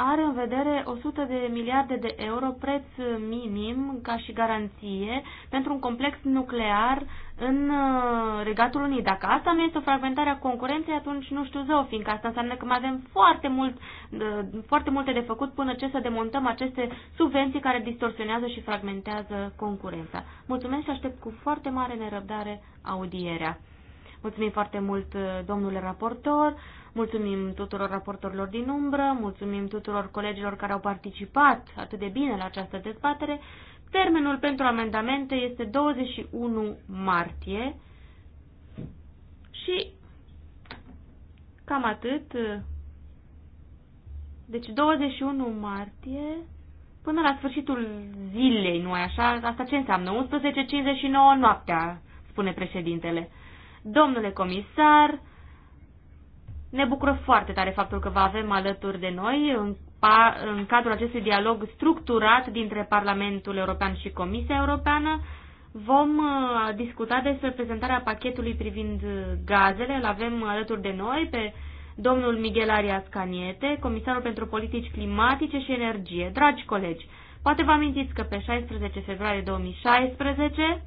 are în vedere 100 de miliarde de euro preț minim ca și garanție pentru un complex nuclear în uh, Regatul Unit. Dacă asta nu este o fragmentare a concurenței, atunci nu știu zău, fiindcă asta înseamnă că mai avem foarte, mult, uh, foarte multe de făcut până ce să demontăm aceste subvenții care distorsionează și fragmentează concurența. Mulțumesc și aștept cu foarte mare nerăbdare audierea. Mulțumim foarte mult, uh, domnule raportor. Mulțumim tuturor raportorilor din umbră, mulțumim tuturor colegilor care au participat atât de bine la această dezbatere. Termenul pentru amendamente este 21 martie și cam atât. Deci 21 martie până la sfârșitul zilei, nu așa? Asta ce înseamnă? 11.59 noaptea, spune președintele. Domnule comisar, ne bucură foarte tare faptul că vă avem alături de noi în, pa, în cadrul acestui dialog structurat dintre Parlamentul European și Comisia Europeană. Vom uh, discuta despre prezentarea pachetului privind gazele. Îl avem alături de noi pe domnul Miguel Arias Caniete, comisarul pentru politici climatice și energie. Dragi colegi, poate vă amintiți că pe 16 februarie 2016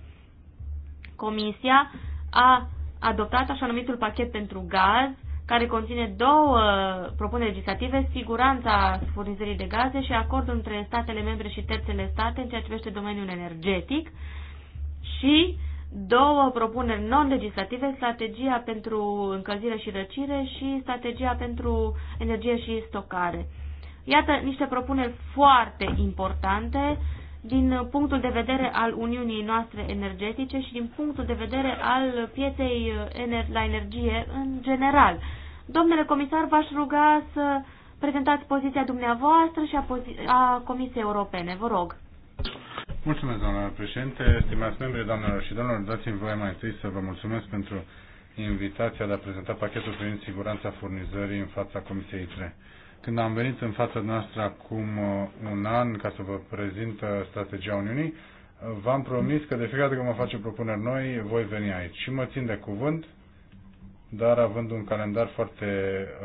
Comisia a adoptat așa numitul pachet pentru gaz, care conține două propuneri legislative, siguranța furnizării de gaze și acordul între statele membre și terțele state în ceea ce privește domeniul energetic și două propuneri non-legislative, strategia pentru încălzire și răcire și strategia pentru energie și stocare. Iată niște propuneri foarte importante din punctul de vedere al Uniunii noastre energetice și din punctul de vedere al pieței la energie în general. Domnule comisar, v-aș ruga să prezentați poziția dumneavoastră și a, a Comisiei Europene. Vă rog. Mulțumesc, domnule președinte. Stimați membri, doamnelor și domnilor, dați-mi voie mai întâi să vă mulțumesc pentru invitația de a prezenta pachetul privind siguranța furnizării în fața Comisiei 3. Când am venit în fața noastră acum uh, un an ca să vă prezint uh, strategia Uniunii, uh, v-am promis că de fiecare dată când mă face propuneri noi, voi veni aici. Și mă țin de cuvânt, dar având un calendar foarte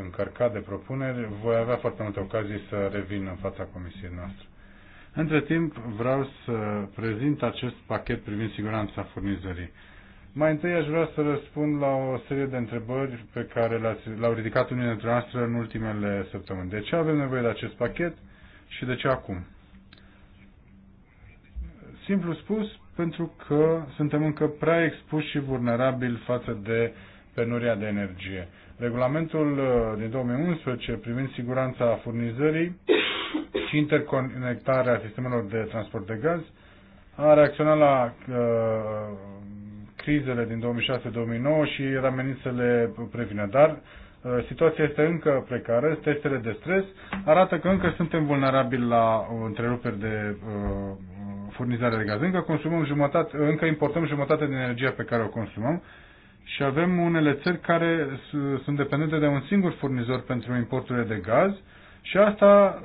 încărcat de propuneri, voi avea foarte multe ocazii să revin în fața comisiei noastre. Între timp, vreau să prezint acest pachet privind siguranța furnizării. Mai întâi aș vrea să răspund la o serie de întrebări pe care le-au ridicat unii dintre noastre în ultimele săptămâni. De ce avem nevoie de acest pachet și de ce acum? Simplu spus, pentru că suntem încă prea expuși și vulnerabili față de uh, penuria de energie. Regulamentul uh, din 2011 privind siguranța furnizării și interconectarea sistemelor de transport de gaz a reacționat la uh, crizele din 2006-2009 și era menit să le prevină. Dar uh, situația este încă precară, testele de stres arată că încă suntem vulnerabili la întreruperi de uh, furnizare de gaz. Încă consumăm jumătate, încă importăm jumătate din energia pe care o consumăm și avem unele țări care sunt dependente de un singur furnizor pentru importurile de gaz și asta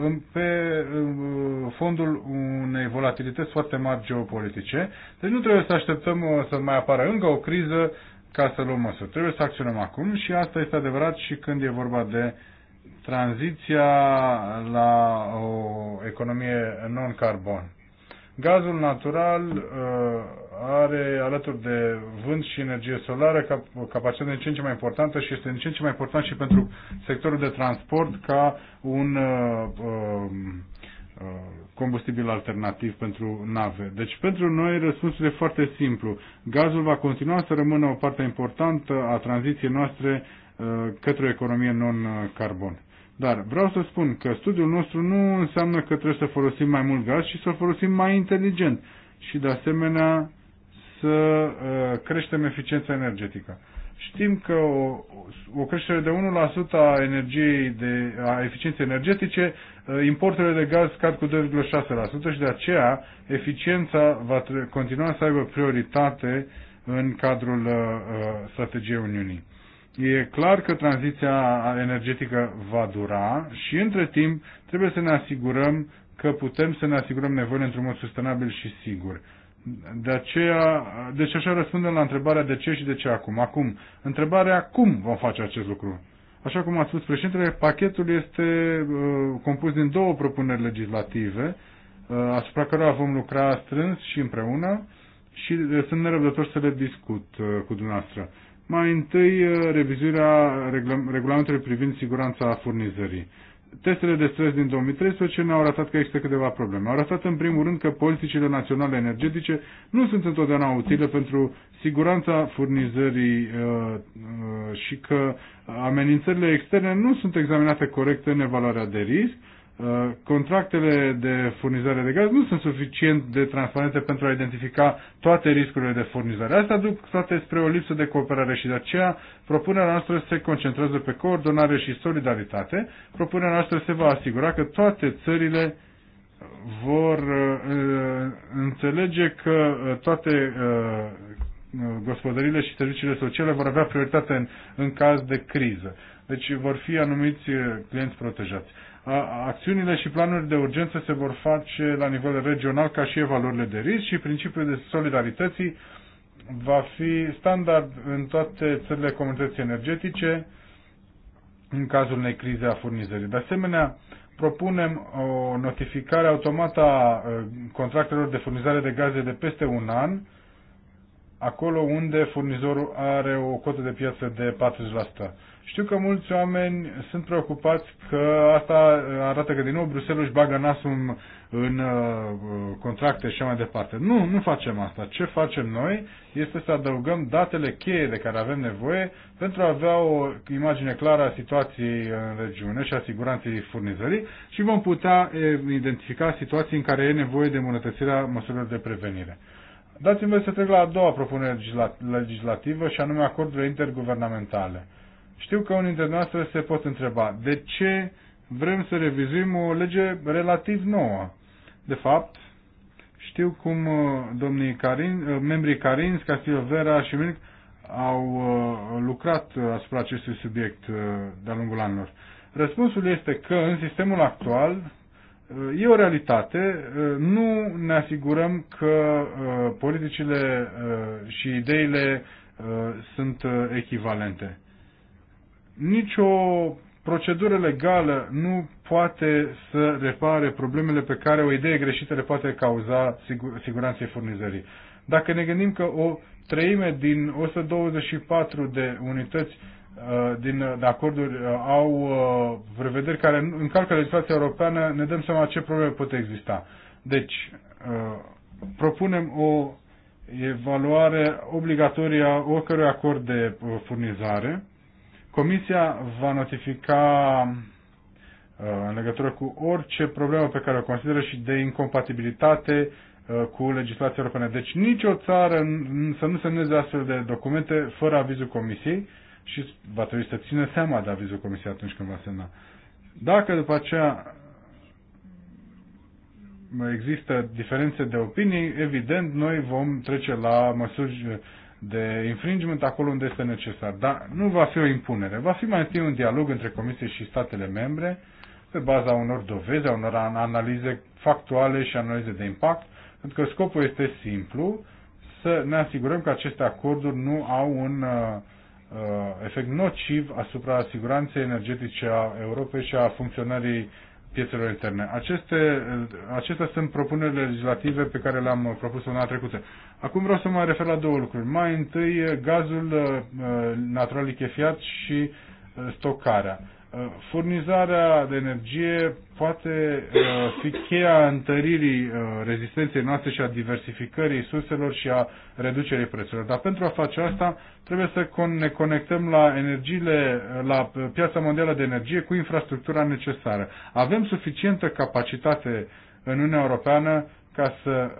uh, pe uh, fondul unei volatilități foarte mari geopolitice. Deci nu trebuie să așteptăm uh, să mai apară încă o criză ca să luăm măsuri. Trebuie să acționăm acum și asta este adevărat și când e vorba de tranziția la o economie non-carbon. Gazul natural are alături de vânt și energie solară capacitatea în ce în ce mai importantă și este în ce în ce mai important și pentru sectorul de transport ca un uh, uh, uh, combustibil alternativ pentru nave. Deci pentru noi răspunsul e foarte simplu. Gazul va continua să rămână o parte importantă a tranziției noastre uh, către o economie non-carbon. Dar vreau să spun că studiul nostru nu înseamnă că trebuie să folosim mai mult gaz, ci să folosim mai inteligent. Și de asemenea să uh, creștem eficiența energetică. Știm că o, o creștere de 1% a energiei de a eficienței energetice, uh, importurile de gaz scad cu 2,6% și de aceea eficiența va continua să aibă prioritate în cadrul uh, strategiei Uniunii. E clar că tranziția energetică va dura și între timp trebuie să ne asigurăm că putem să ne asigurăm nevoile într-un mod sustenabil și sigur. De aceea, deci așa răspundem la întrebarea de ce și de ce acum. Acum, întrebarea cum vom face acest lucru. Așa cum a spus președintele, pachetul este uh, compus din două propuneri legislative, uh, asupra cărora vom lucra strâns și împreună și uh, sunt nerăbdător să le discut uh, cu dumneavoastră. Mai întâi, uh, revizuirea regulamentului privind siguranța furnizării. Testele de stres din 2013 ne-au arătat că există câteva probleme. Au arătat în primul rând că politicile naționale energetice nu sunt întotdeauna utile pentru siguranța furnizării uh, uh, și că amenințările externe nu sunt examinate corect în evaluarea de risc Uh, contractele de furnizare de gaz nu sunt suficient de transparente pentru a identifica toate riscurile de furnizare. Asta duc toate spre o lipsă de cooperare și de aceea propunerea noastră se concentrează pe coordonare și solidaritate. Propunerea noastră se va asigura că toate țările vor uh, uh înțelege că uh, toate uh, gospodările și serviciile sociale vor avea prioritate în, în caz de criză. Deci vor fi anumiți clienți protejați. Uh, acțiunile și planurile de urgență se vor face la nivel regional ca și evaluările de risc și principiul de solidarității va fi standard în toate țările comunității energetice în cazul unei crize a furnizării. De asemenea, propunem o notificare automată a contractelor de furnizare de gaze de peste un an, acolo unde furnizorul are o cotă de piață de 40%. Știu că mulți oameni sunt preocupați că asta arată că din nou Bruxelles își bagă nasul în uh, contracte și mai departe. Nu, nu facem asta. Ce facem noi este să adăugăm datele cheie de care avem nevoie pentru a avea o imagine clară a situației în regiune și a siguranței furnizării și vom putea identifica situații în care e nevoie de îmbunătățirea măsurilor de prevenire. Dați-mi să trec la a doua propunere legislativă și anume acordurile interguvernamentale. Știu că unii dintre noastre se pot întreba de ce vrem să revizuim o lege relativ nouă. De fapt, știu cum uh, domnii Carin, uh, membrii Carins, Castillo Vera și Milk au uh, lucrat asupra acestui subiect de-a lungul anilor. Răspunsul este că în sistemul actual e o realitate, nu ne asigurăm că politicile și ideile sunt echivalente nicio procedură legală nu poate să repare problemele pe care o idee greșită le poate cauza sigur, siguranței furnizării. Dacă ne gândim că o treime din 124 de unități uh, din uh, de acorduri uh, au prevederi care încalcă legislația europeană, ne dăm seama ce probleme pot exista. Deci, propunem o evaluare obligatorie a oricărui acord de furnizare, Comisia va notifica uh, în legătură cu orice problemă pe care o consideră și de incompatibilitate uh, cu legislația europeană. Deci nicio țară să nu semneze astfel de documente fără avizul Comisiei și va trebui să țină seama de avizul Comisiei atunci când va semna. Dacă după aceea există diferențe de opinii, evident, noi vom trece la măsuri de infringement acolo unde este necesar. Dar nu va fi o impunere. Va fi mai întâi un dialog între Comisie și statele membre pe baza unor dovezi, a unor analize factuale și analize de impact, pentru că scopul este simplu, să ne asigurăm că aceste acorduri nu au un uh, uh efect nociv asupra siguranței energetice a Europei și a funcționării piețelor interne. Aceste, acestea sunt propunerile legislative pe care le-am propus luna trecută. Acum vreau să mă refer la două lucruri. Mai întâi, gazul uh, natural lichefiat și uh, stocarea. Uh, furnizarea de energie poate uh, fi cheia întăririi uh, rezistenței noastre și a diversificării surselor și a reducerii prețurilor. Dar pentru a face asta trebuie să ne conectăm la energiile, la piața mondială de energie cu infrastructura necesară. Avem suficientă capacitate în Uniunea Europeană ca să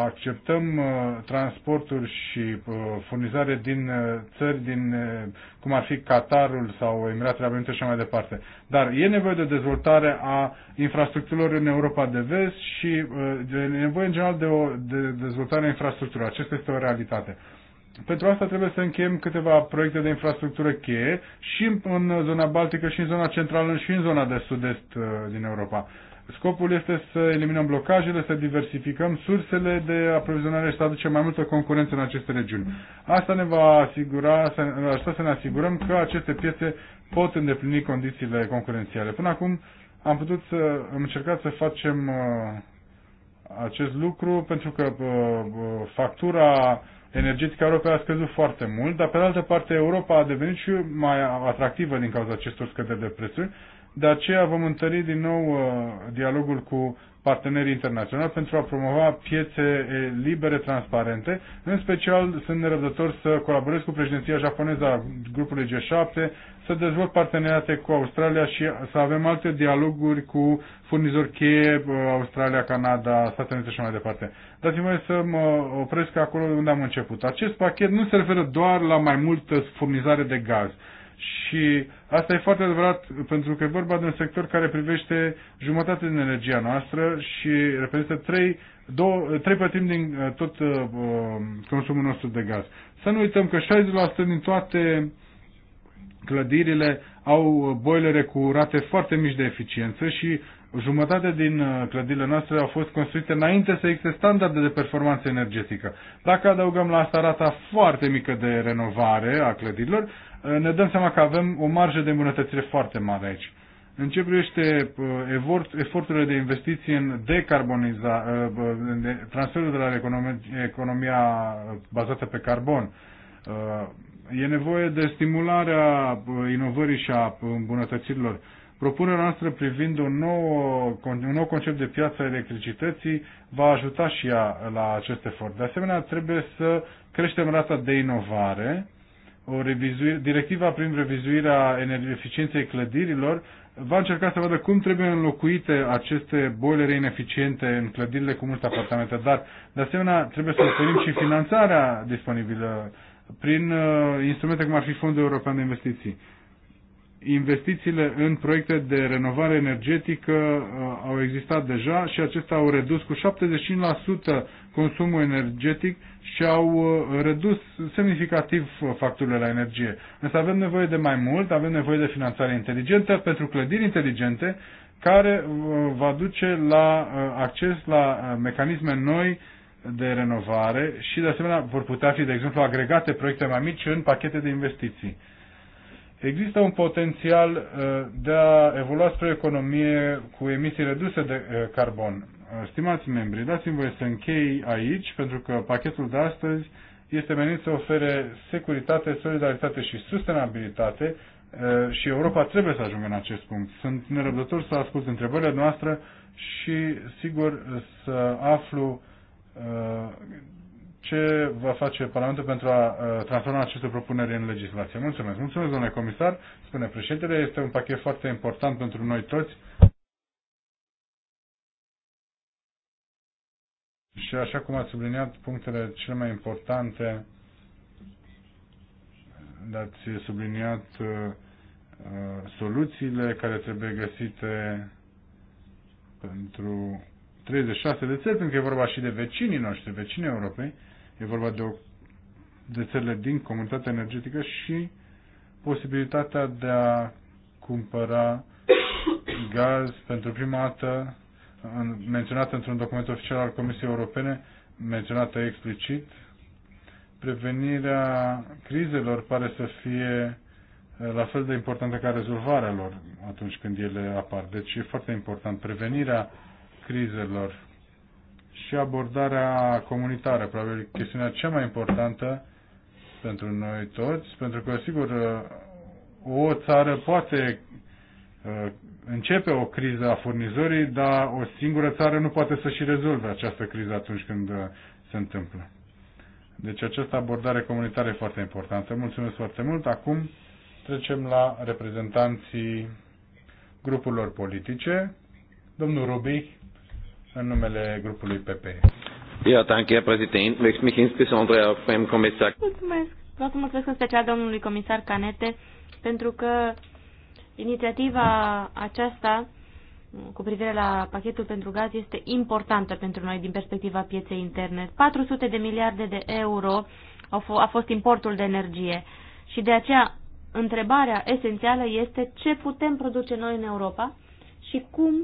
acceptăm uh, transporturi și uh, furnizare din uh, țări din, cum ar fi Qatarul sau Emiratele Unite și așa mai departe. Dar e nevoie de dezvoltare a infrastructurilor în Europa de vest și e nevoie în general de o de dezvoltare a infrastructurilor. Aceasta este o realitate. Pentru asta trebuie să încheiem câteva proiecte de infrastructură cheie și în zona Baltică și în zona centrală și în zona de sud-est din Europa. Scopul este să eliminăm blocajele, să diversificăm sursele de aprovizionare și să aducem mai multă concurență în aceste regiuni. Asta ne va asigura, să, ajuta să ne asigurăm că aceste piețe pot îndeplini condițiile concurențiale. Până acum am putut să am încercat să facem uh, acest lucru pentru că uh, uh, factura energetică europeană a scăzut foarte mult, dar pe de altă parte Europa a devenit și mai atractivă din cauza acestor scăderi de prețuri de aceea vom întări din nou uh, dialogul cu partenerii internaționali pentru a promova piețe libere, transparente. În special, sunt nerăbdători să colaborez cu președinția japoneză a grupului G7, să dezvolt parteneriate cu Australia și să avem alte dialoguri cu furnizori cheie, uh, Australia, Canada, Statele Unite și mai departe. Dați-mi voie să mă opresc acolo unde am început. Acest pachet nu se referă doar la mai multă furnizare de gaz și Asta e foarte adevărat pentru că e vorba de un sector care privește jumătate din energia noastră și reprezintă trei, trei pătim din uh, tot uh, uh, consumul nostru de gaz. Să nu uităm că 60% din toate clădirile au uh, boilere cu rate foarte mici de eficiență și jumătate din clădirile noastre au fost construite înainte să existe standarde de performanță energetică. Dacă adăugăm la asta rata foarte mică de renovare a clădirilor, Eh, ne dăm seama că avem o marjă de îmbunătățire foarte mare aici. În ce privește eh, eforturile de investiții în decarboniza, eh, transferul de la economia, economia bazată pe carbon, e nevoie de stimularea inovării și a îmbunătățirilor. Propunerea noastră privind un nou, un nou concept de piață a electricității va ajuta și ea la acest efort. De asemenea, trebuie să creștem rata de inovare o revizuire, directiva prin revizuirea eficienței clădirilor va încerca să vadă cum trebuie înlocuite aceste boilere ineficiente în clădirile cu multe apartamente, dar de asemenea trebuie să oferim și finanțarea disponibilă prin uh, instrumente cum ar fi Fondul European de Investiții. Investițiile în proiecte de renovare energetică uh, au existat deja și acestea au redus cu 75% consumul energetic și au uh, redus semnificativ uh, facturile la energie. Însă avem nevoie de mai mult, avem nevoie de finanțare inteligentă pentru clădiri inteligente care uh, va duce la acces la mecanisme noi de renovare și de asemenea vor putea fi, de exemplu, agregate proiecte mai mici în pachete de investiții. Există un potențial de a evolua spre economie cu emisii reduse de carbon. Uh, stimați membri, dați-mi voie să închei aici, pentru că pachetul de astăzi este menit să ofere securitate, solidaritate și sustenabilitate uh, și Europa trebuie să ajungă în acest punct. Sunt nerăbdător să ascult întrebările noastre și, sigur, să aflu uh, ce va face Parlamentul pentru a transforma aceste propuneri în legislație. Mulțumesc. Mulțumesc, domnule comisar. Spune președintele, este un pachet foarte important pentru noi toți. Și așa cum a subliniat punctele cele mai importante, ați subliniat uh, uh, soluțiile care trebuie găsite pentru 36 de țări, pentru că e vorba și de vecinii noștri, vecinii europei, e vorba de, o, de țările din comunitatea energetică și posibilitatea de a cumpăra gaz pentru prima dată menționată într-un document oficial al Comisiei Europene, menționată explicit. Prevenirea crizelor pare să fie eh, la fel de importantă ca rezolvarea lor atunci când ele apar. Deci e foarte important prevenirea crizelor și abordarea comunitară, probabil chestiunea cea mai importantă pentru noi toți, pentru că, sigur, eh, o țară poate Uh, începe o criză a furnizorii, dar o singură țară nu poate să și rezolve această criză atunci când uh, se întâmplă. Deci această abordare comunitară e foarte importantă. Mulțumesc foarte mult. Acum trecem la reprezentanții grupurilor politice. Domnul Rubi, în numele grupului PP. Ja, danke, Herr Präsident. Möchte mich insbesondere auch beim Kommissar. Mulțumesc. Vreau să mulțumesc în special domnului comisar Canete pentru că Inițiativa aceasta mm, cu privire la pachetul pentru gaz este importantă pentru noi din perspectiva pieței interne. 400 de miliarde de euro a fost importul de energie și de aceea întrebarea esențială este ce putem produce noi în Europa și cum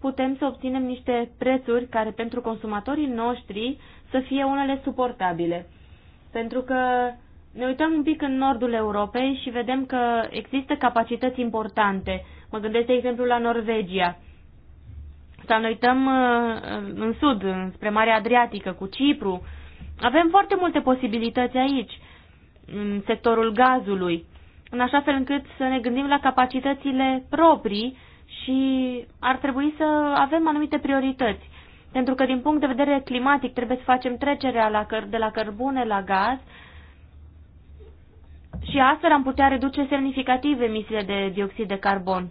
putem să obținem niște prețuri care pentru consumatorii noștri să fie unele suportabile. Pentru că ne uităm un pic în nordul Europei și vedem că există capacități importante. Mă gândesc, de exemplu, la Norvegia. Sau ne uităm uh, în sud, spre Marea Adriatică, cu Cipru. Avem foarte multe posibilități aici, în sectorul gazului, în așa fel încât să ne gândim la capacitățile proprii și ar trebui să avem anumite priorități. Pentru că, din punct de vedere climatic, trebuie să facem trecerea de la cărbune la gaz, și astfel am putea reduce semnificativ emisiile de dioxid de carbon.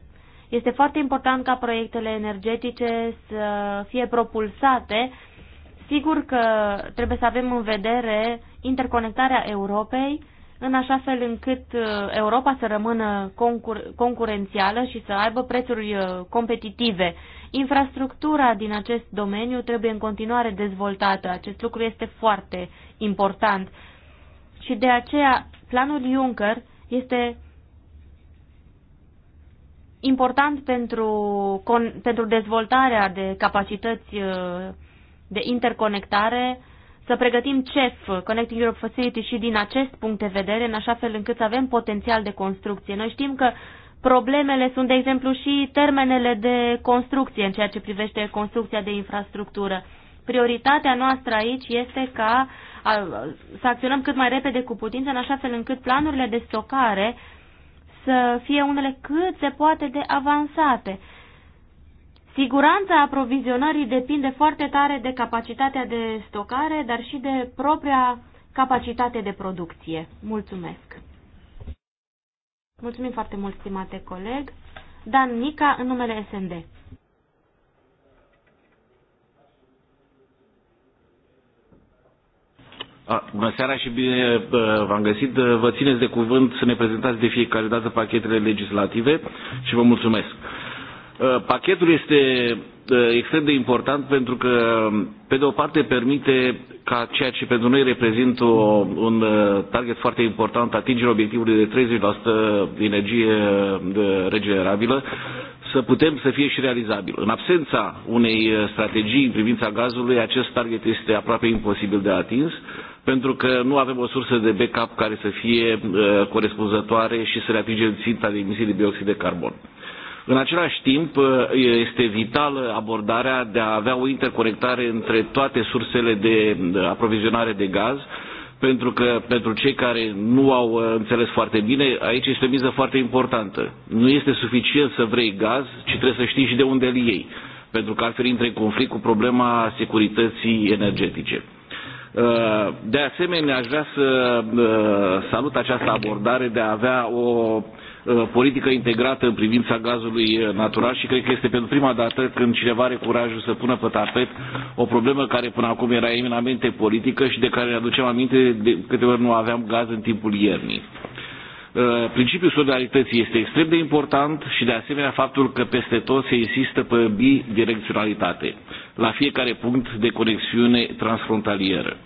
Este foarte important ca proiectele energetice să fie propulsate. Sigur că trebuie să avem în vedere interconectarea Europei, în așa fel încât uh, Europa să rămână concur- concurențială și să aibă prețuri uh, competitive. Infrastructura din acest domeniu trebuie în continuare dezvoltată. Acest lucru este foarte important. Și de aceea Planul Juncker este important pentru, con, pentru dezvoltarea de capacități uh, de interconectare, să pregătim CEF, Connecting Europe Facility, și din acest punct de vedere, în așa fel încât să avem potențial de construcție. Noi știm că problemele sunt, de exemplu, și termenele de construcție în ceea ce privește construcția de infrastructură. Prioritatea noastră aici este ca uh, să acționăm cât mai repede cu putință, în așa fel încât planurile de stocare să fie unele cât se poate de avansate. Siguranța aprovizionării depinde foarte tare de capacitatea de stocare, dar și de propria capacitate de producție. Mulțumesc! Mulțumim foarte mult, stimate coleg! Dan Nica, în numele SND. A, bună seara și bine v-am găsit. Vă țineți de cuvânt să ne prezentați de fiecare dată pachetele legislative și vă mulțumesc. Pachetul este extrem de important pentru că, pe de o parte, permite ca ceea ce pentru noi reprezintă un target foarte important, atingerea obiectivului de 30% energie regenerabilă, să putem să fie și realizabil. În absența unei uh, strategii în privința gazului, acest target este aproape imposibil de atins, pentru că nu avem o sursă de backup care să fie uh, corespunzătoare și să reatinge ținta de emisii de dioxid de carbon. În același timp, uh, este vitală abordarea de a avea o interconectare între toate sursele de uh, aprovizionare de gaz, pentru că pentru cei care nu au uh, înțeles foarte bine, aici este o miză foarte importantă. Nu este suficient să vrei gaz, ci trebuie să știi și de unde îl iei, pentru că altfel intri în conflict cu problema securității energetice. Uh, de asemenea, aș vrea să uh, salut această abordare de a avea o Uh, politică integrată în privința gazului uh, natural și cred că este pentru prima dată când cineva are curajul să pună pe tapet o problemă care până acum era eminamente politică și de care ne aducem aminte de câte ori nu aveam gaz în timpul iernii. Uh, principiul solidarității este extrem de important și de asemenea faptul că peste tot se insistă pe bidirecționalitate la fiecare punct de conexiune transfrontalieră.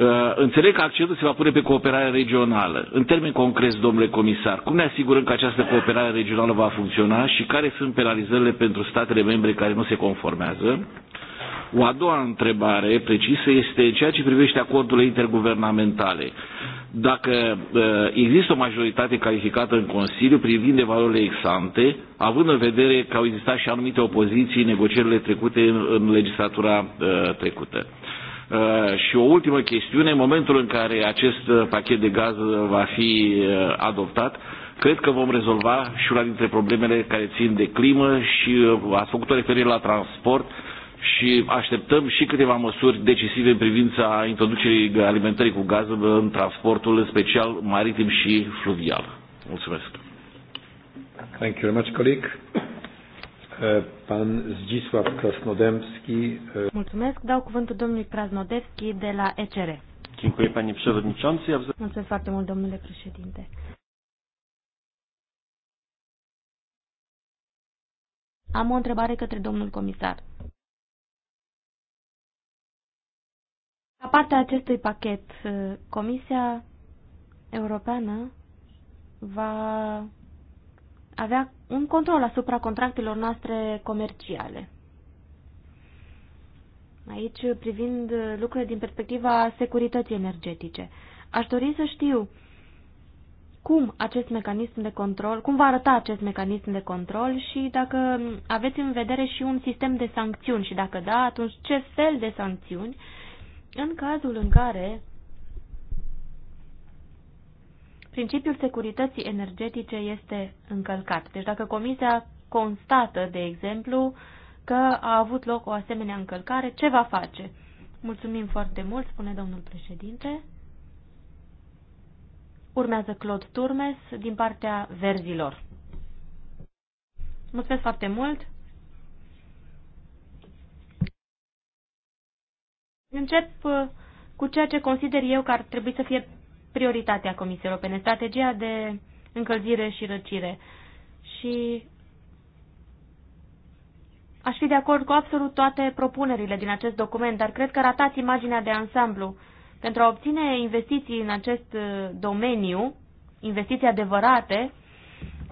Uh, înțeleg că accentul se va pune pe cooperare regională. În termeni concreți, domnule comisar, cum ne asigurăm că această cooperare regională va funcționa și care sunt penalizările pentru statele membre care nu se conformează? O a doua întrebare precisă este ceea ce privește acordurile interguvernamentale. Dacă uh, există o majoritate calificată în Consiliu privind de valorile exante, având în vedere că au existat și anumite opoziții în negocierile trecute în legislatura uh, trecută. Uh, și o ultimă chestiune, în momentul în care acest uh, pachet de gaz uh, va fi adoptat, cred că vom rezolva și una dintre problemele care țin de climă și ați făcut o referire la transport și așteptăm și câteva măsuri decisive în privința introducerii alimentării cu gaz în transportul în special maritim și fluvial. Mulțumesc. Thank you very much, colleague pan Zdzisław Krasnodębski. Mulțumesc. Dau cuvântul domnului Krasnodębski de la ECR. Dziękuję panie przewodniczący. Mulțumesc foarte mult, domnule președinte. Am o întrebare către domnul comisar. La parte acestui pachet, Comisia Europeană va avea un control asupra contractelor noastre comerciale. Aici, privind lucrurile din perspectiva securității energetice, aș dori să știu cum acest mecanism de control, cum va arăta acest mecanism de control și dacă aveți în vedere și un sistem de sancțiuni și dacă da, atunci ce fel de sancțiuni în cazul în care principiul securității energetice este încălcat. Deci dacă Comisia constată, de exemplu, că a avut loc o asemenea încălcare, ce va face? Mulțumim foarte mult, spune domnul președinte. Urmează Claude Turmes din partea verzilor. Mulțumesc foarte mult! Încep uh, cu ceea ce consider eu că ar trebui să fie prioritatea Comisiei Europene, strategia de încălzire și răcire. Și aș fi de acord cu absolut toate propunerile din acest document, dar cred că ratați imaginea de ansamblu. Pentru a obține investiții în acest uh, domeniu, investiții adevărate,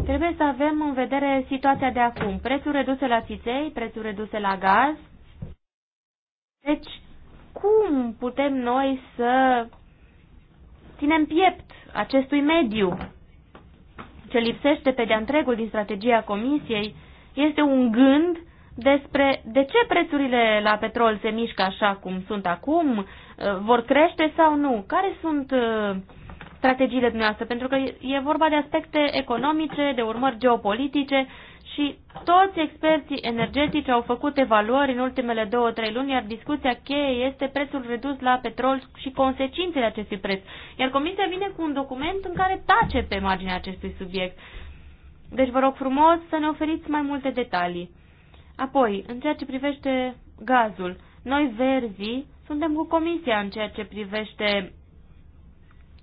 trebuie să avem în vedere situația de acum. Prețuri reduse la țiței, prețuri reduse la gaz. Deci, cum putem noi să ținem piept acestui mediu. Ce lipsește pe de-a întregul din strategia Comisiei este un gând despre de ce prețurile la petrol se mișcă așa cum sunt acum, uh, vor crește sau nu, care sunt uh, strategiile dumneavoastră, pentru că e vorba de aspecte economice, de urmări geopolitice și toți experții energetici au făcut evaluări în ultimele două-trei luni, iar discuția cheie este prețul redus la petrol și consecințele acestui preț. Iar Comisia vine cu un document în care tace pe marginea acestui subiect. Deci vă rog frumos să ne oferiți mai multe detalii. Apoi, în ceea ce privește gazul, noi verzii suntem cu Comisia în ceea ce privește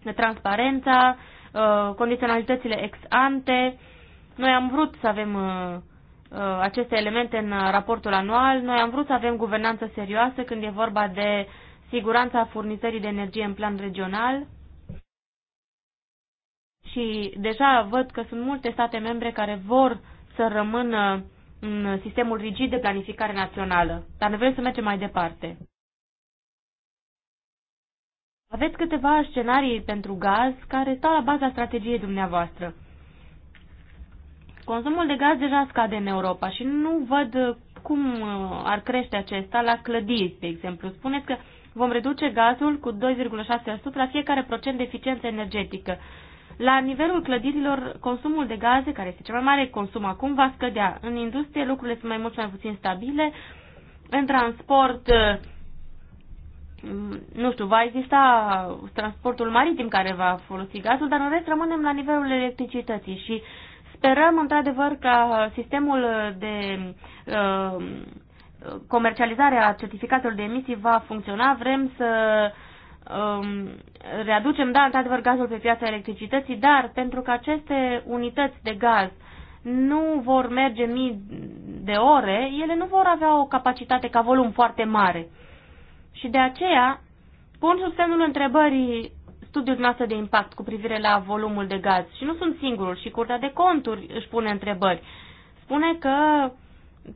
uh, transparența, uh, condiționalitățile ex ante, noi am vrut să avem uh, uh, aceste elemente în uh, raportul anual, noi am vrut să avem guvernanță serioasă când e vorba de siguranța furnizării de energie în plan regional și deja văd că sunt multe state membre care vor să rămână în sistemul rigid de planificare națională, dar ne vrem să mergem mai departe. Aveți câteva scenarii pentru gaz care stau la baza strategiei dumneavoastră. Consumul de gaz deja scade în Europa și nu văd cum uh, ar crește acesta la clădiri, de exemplu. Spuneți că vom reduce gazul cu 2,6% la fiecare procent de eficiență energetică. La nivelul clădirilor, consumul de gaze, care este cel mai mare consum acum, va scădea. În industrie lucrurile sunt mai mult mai puțin stabile. În transport, uh, nu știu, va exista transportul maritim care va folosi gazul, dar în rest rămânem la nivelul electricității și uh, Sperăm, într-adevăr, ca sistemul de uh, comercializare a certificatelor de emisii va funcționa. Vrem să um, readucem, da, într-adevăr, gazul pe piața electricității, dar pentru că aceste unități de gaz nu vor merge mii de ore, ele nu vor avea o capacitate ca volum foarte mare. Și de aceea pun sub semnul întrebării studiul noastră de impact cu privire la volumul de gaz și nu sunt singurul și Curtea de Conturi își pune întrebări. Spune că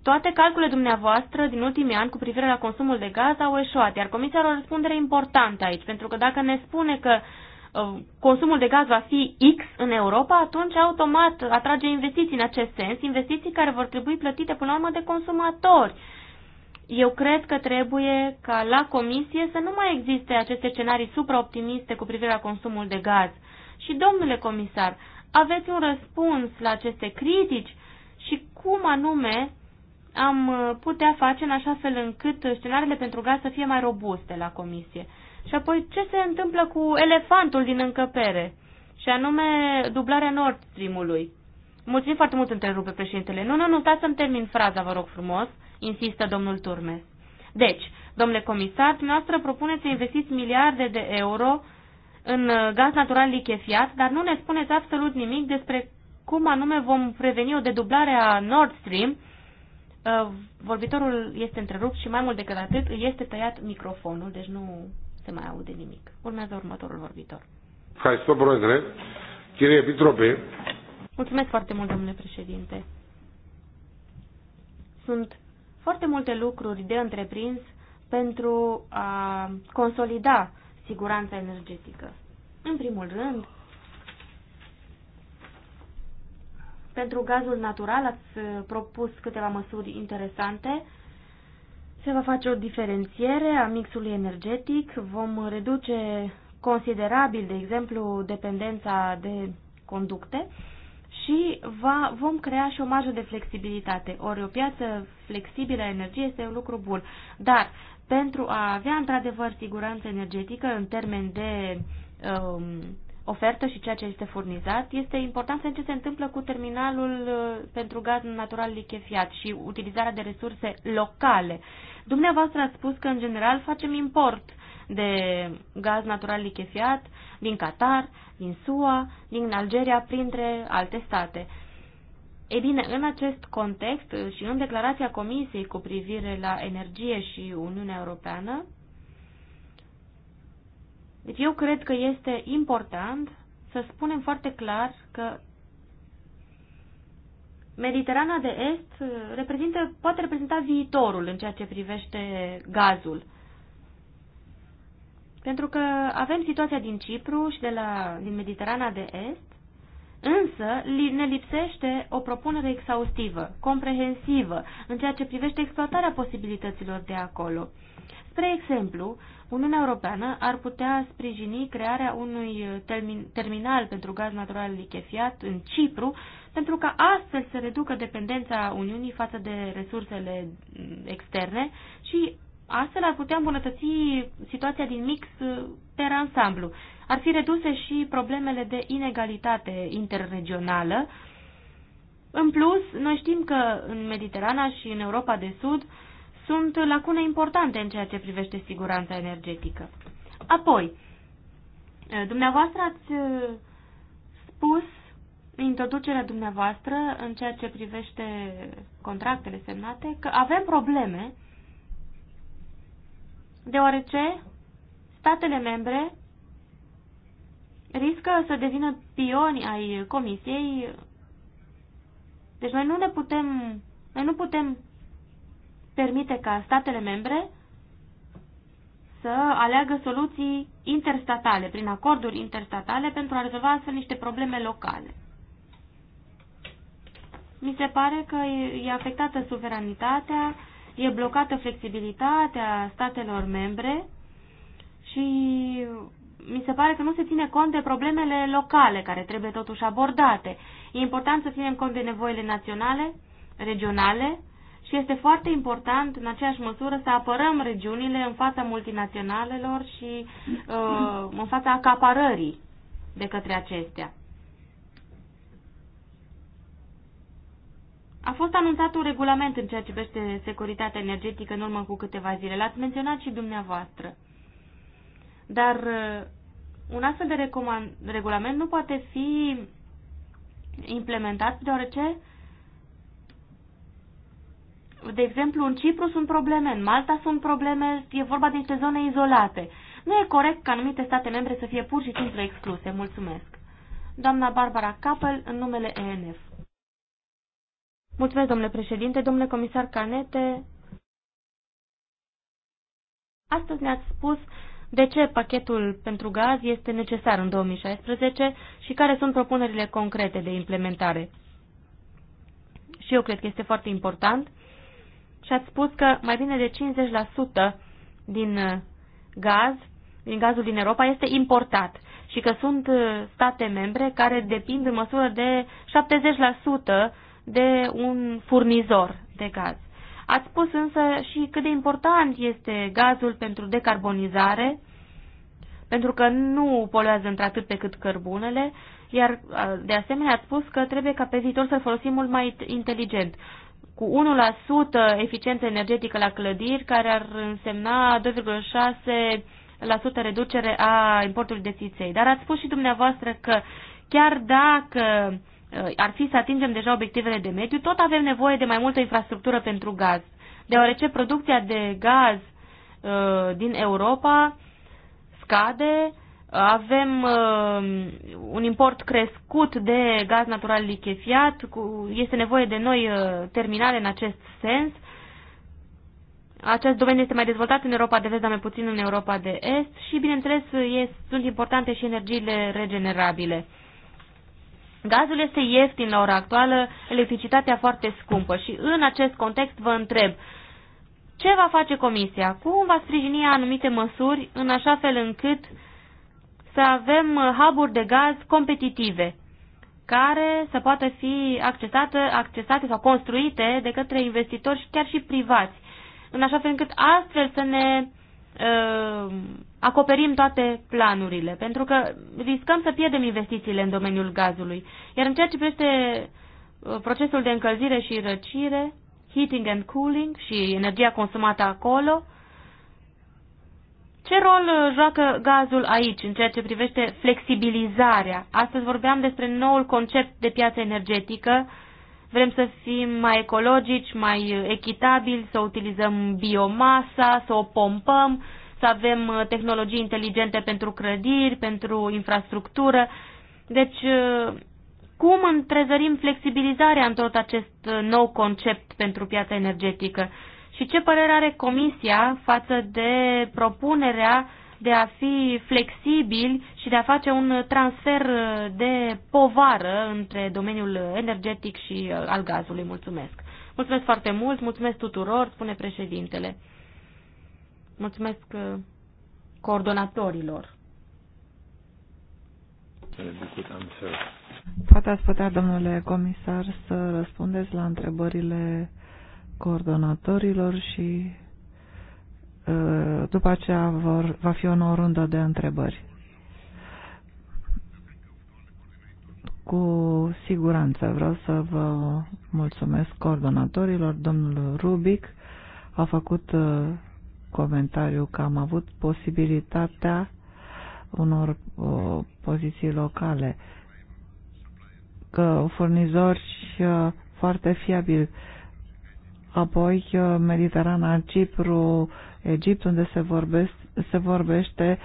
toate calculele dumneavoastră din ultimii ani cu privire la consumul de gaz au eșuat, iar Comisia are o răspundere importantă aici, pentru că dacă ne spune că uh, consumul de gaz va fi X în Europa, atunci automat atrage investiții în acest sens, investiții care vor trebui plătite până la urmă de consumatori. Eu cred că trebuie ca la comisie să nu mai existe aceste scenarii supraoptimiste cu privire la consumul de gaz. Și, domnule comisar, aveți un răspuns la aceste critici și cum anume am putea face în așa fel încât scenariile pentru gaz să fie mai robuste la comisie. Și apoi ce se întâmplă cu elefantul din încăpere, și anume dublarea Nord Stream-ului. Mulțumim foarte mult, întrerupe președintele. Nu, nu, nu, stați să-mi termin fraza, vă rog frumos. Uh, insistă domnul Turmes. Deci, domnule comisar, dumneavoastră propuneți să investiți miliarde de euro în uh, gaz natural lichefiat, dar nu ne spuneți absolut nimic despre cum anume vom preveni o dedublare a Nord Stream. Uh, vorbitorul este întrerupt și mai mult decât atât îi este tăiat microfonul, deci nu se mai aude nimic. Urmează următorul vorbitor. Mulțumesc foarte mult, domnule președinte. Sunt foarte multe lucruri de întreprins pentru a consolida siguranța energetică. În primul rând, pentru gazul natural ați propus câteva măsuri interesante. Se va face o diferențiere a mixului energetic, vom reduce considerabil, de exemplu, dependența de conducte și va, vom crea și o marjă de flexibilitate. Ori o piață flexibilă a energiei este un lucru bun. Dar pentru a avea într-adevăr siguranță energetică în termen de um, ofertă și ceea ce este furnizat, este important să ce se întâmplă cu terminalul uh, pentru gaz natural lichefiat și utilizarea de resurse locale. Dumneavoastră ați spus că, în general, facem import de gaz natural lichefiat din Qatar, din SUA, din Algeria, printre alte state. Ei bine, în acest context și în declarația Comisiei cu privire la energie și Uniunea Europeană, deci eu cred că este important să spunem foarte clar că Mediterana de Est reprezintă, poate reprezenta viitorul în ceea ce privește gazul. Pentru că avem situația din Cipru și de la, din Mediterana de Est, însă ne lipsește o propunere exhaustivă, comprehensivă, în ceea ce privește exploatarea posibilităților de acolo. Spre exemplu, Uniunea Europeană ar putea sprijini crearea unui uh, termin, terminal pentru gaz natural lichefiat în Cipru, pentru ca astfel să reducă dependența Uniunii față de resursele mm, externe și Astfel ar putea îmbunătăți situația din mix uh, per ansamblu. Ar fi reduse și problemele de inegalitate interregională. În plus, noi știm că în Mediterana și în Europa de Sud sunt lacune importante în ceea ce privește siguranța energetică. Apoi, uh, dumneavoastră ați uh, spus introducerea dumneavoastră în ceea ce privește contractele semnate că avem probleme deoarece statele membre riscă să devină pioni ai comisiei. Deci noi nu ne putem, noi nu putem permite ca statele membre să aleagă soluții interstatale, prin acorduri interstatale, pentru a rezolva astfel niște probleme locale. Mi se pare că e afectată suveranitatea e blocată flexibilitatea statelor membre și mi se pare că nu se ține cont de problemele locale care trebuie totuși abordate. E important să ținem cont de nevoile naționale, regionale și este foarte important în aceeași măsură să apărăm regiunile în fața multinaționalelor și uh, în fața acaparării de către acestea. A fost anunțat un regulament în ceea ce privește securitatea energetică în urmă cu câteva zile. L-ați menționat și dumneavoastră. Dar uh, un astfel de regulament nu poate fi implementat deoarece, de exemplu, în Cipru sunt probleme, în Malta sunt probleme, e vorba de niște zone izolate. Nu e corect ca anumite state membre să fie pur și simplu excluse. Mulțumesc. Doamna Barbara Capel, în numele ENF. Mulțumesc, domnule președinte, domnule comisar Canete. Astăzi ne-ați spus de ce pachetul pentru gaz este necesar în 2016 și care sunt propunerile concrete de implementare. Și eu cred că este foarte important. Și ați spus că mai bine de 50% din uh, gaz, din gazul din Europa, este importat și că sunt uh, state membre care depind în măsură de 70% de un furnizor de gaz. Ați spus însă și cât de important este gazul pentru decarbonizare, pentru că nu poluează într-atât pe cât cărbunele, iar de asemenea ați spus că trebuie ca pe viitor să folosim mult mai inteligent cu 1% eficiență energetică la clădiri, care ar însemna 2,6% reducere a importului de țiței. Dar ați spus și dumneavoastră că chiar dacă Uh, ar fi să atingem deja obiectivele de mediu, tot avem nevoie de mai multă infrastructură pentru gaz, deoarece producția de gaz uh, din Europa scade, avem uh, un import crescut de gaz natural lichefiat, este nevoie de noi terminale în acest sens, acest domeniu este mai dezvoltat în Europa de Vest, dar mai puțin în Europa de Est și, bineînțeles, e, sunt importante și energiile regenerabile. Gazul este ieftin la ora actuală, electricitatea foarte scumpă și în acest context vă întreb ce va face Comisia? Cum va sprijini anumite măsuri în așa fel încât să avem hub de gaz competitive care să poată fi accesate, accesate sau construite de către investitori și chiar și privați, în așa fel încât astfel să ne uh, acoperim toate planurile, pentru că riscăm să pierdem investițiile în domeniul gazului. Iar în ceea ce privește uh, procesul de încălzire și răcire, heating and cooling și energia consumată acolo, ce rol uh, joacă gazul aici în ceea ce privește flexibilizarea? Astăzi vorbeam despre noul concept de piață energetică Vrem să fim mai ecologici, mai echitabili, să utilizăm biomasa, să o pompăm, să avem uh, tehnologii inteligente pentru clădiri, pentru infrastructură. Deci, uh, cum întrezărim flexibilizarea în tot acest uh, nou concept pentru piața energetică? Și ce părere are Comisia față de propunerea de a fi flexibili și de a face un transfer uh, de povară între domeniul energetic și uh, al gazului. Mulțumesc! Mulțumesc foarte mult, mulțumesc tuturor, spune președintele. Mulțumesc uh, coordonatorilor. Poate ați putea, domnule comisar, să răspundeți la întrebările coordonatorilor și Eh, după aceea vor, va fi o nouă rundă de întrebări. Cu siguranță vreau să vă mulțumesc coordonatorilor. Domnul Rubic a făcut eh, comentariu că am avut posibilitatea unor o, eh, poziții locale, că furnizori foarte fiabil. apoi Mediterana, Cipru, Egipt, unde se, vorbesc, se vorbește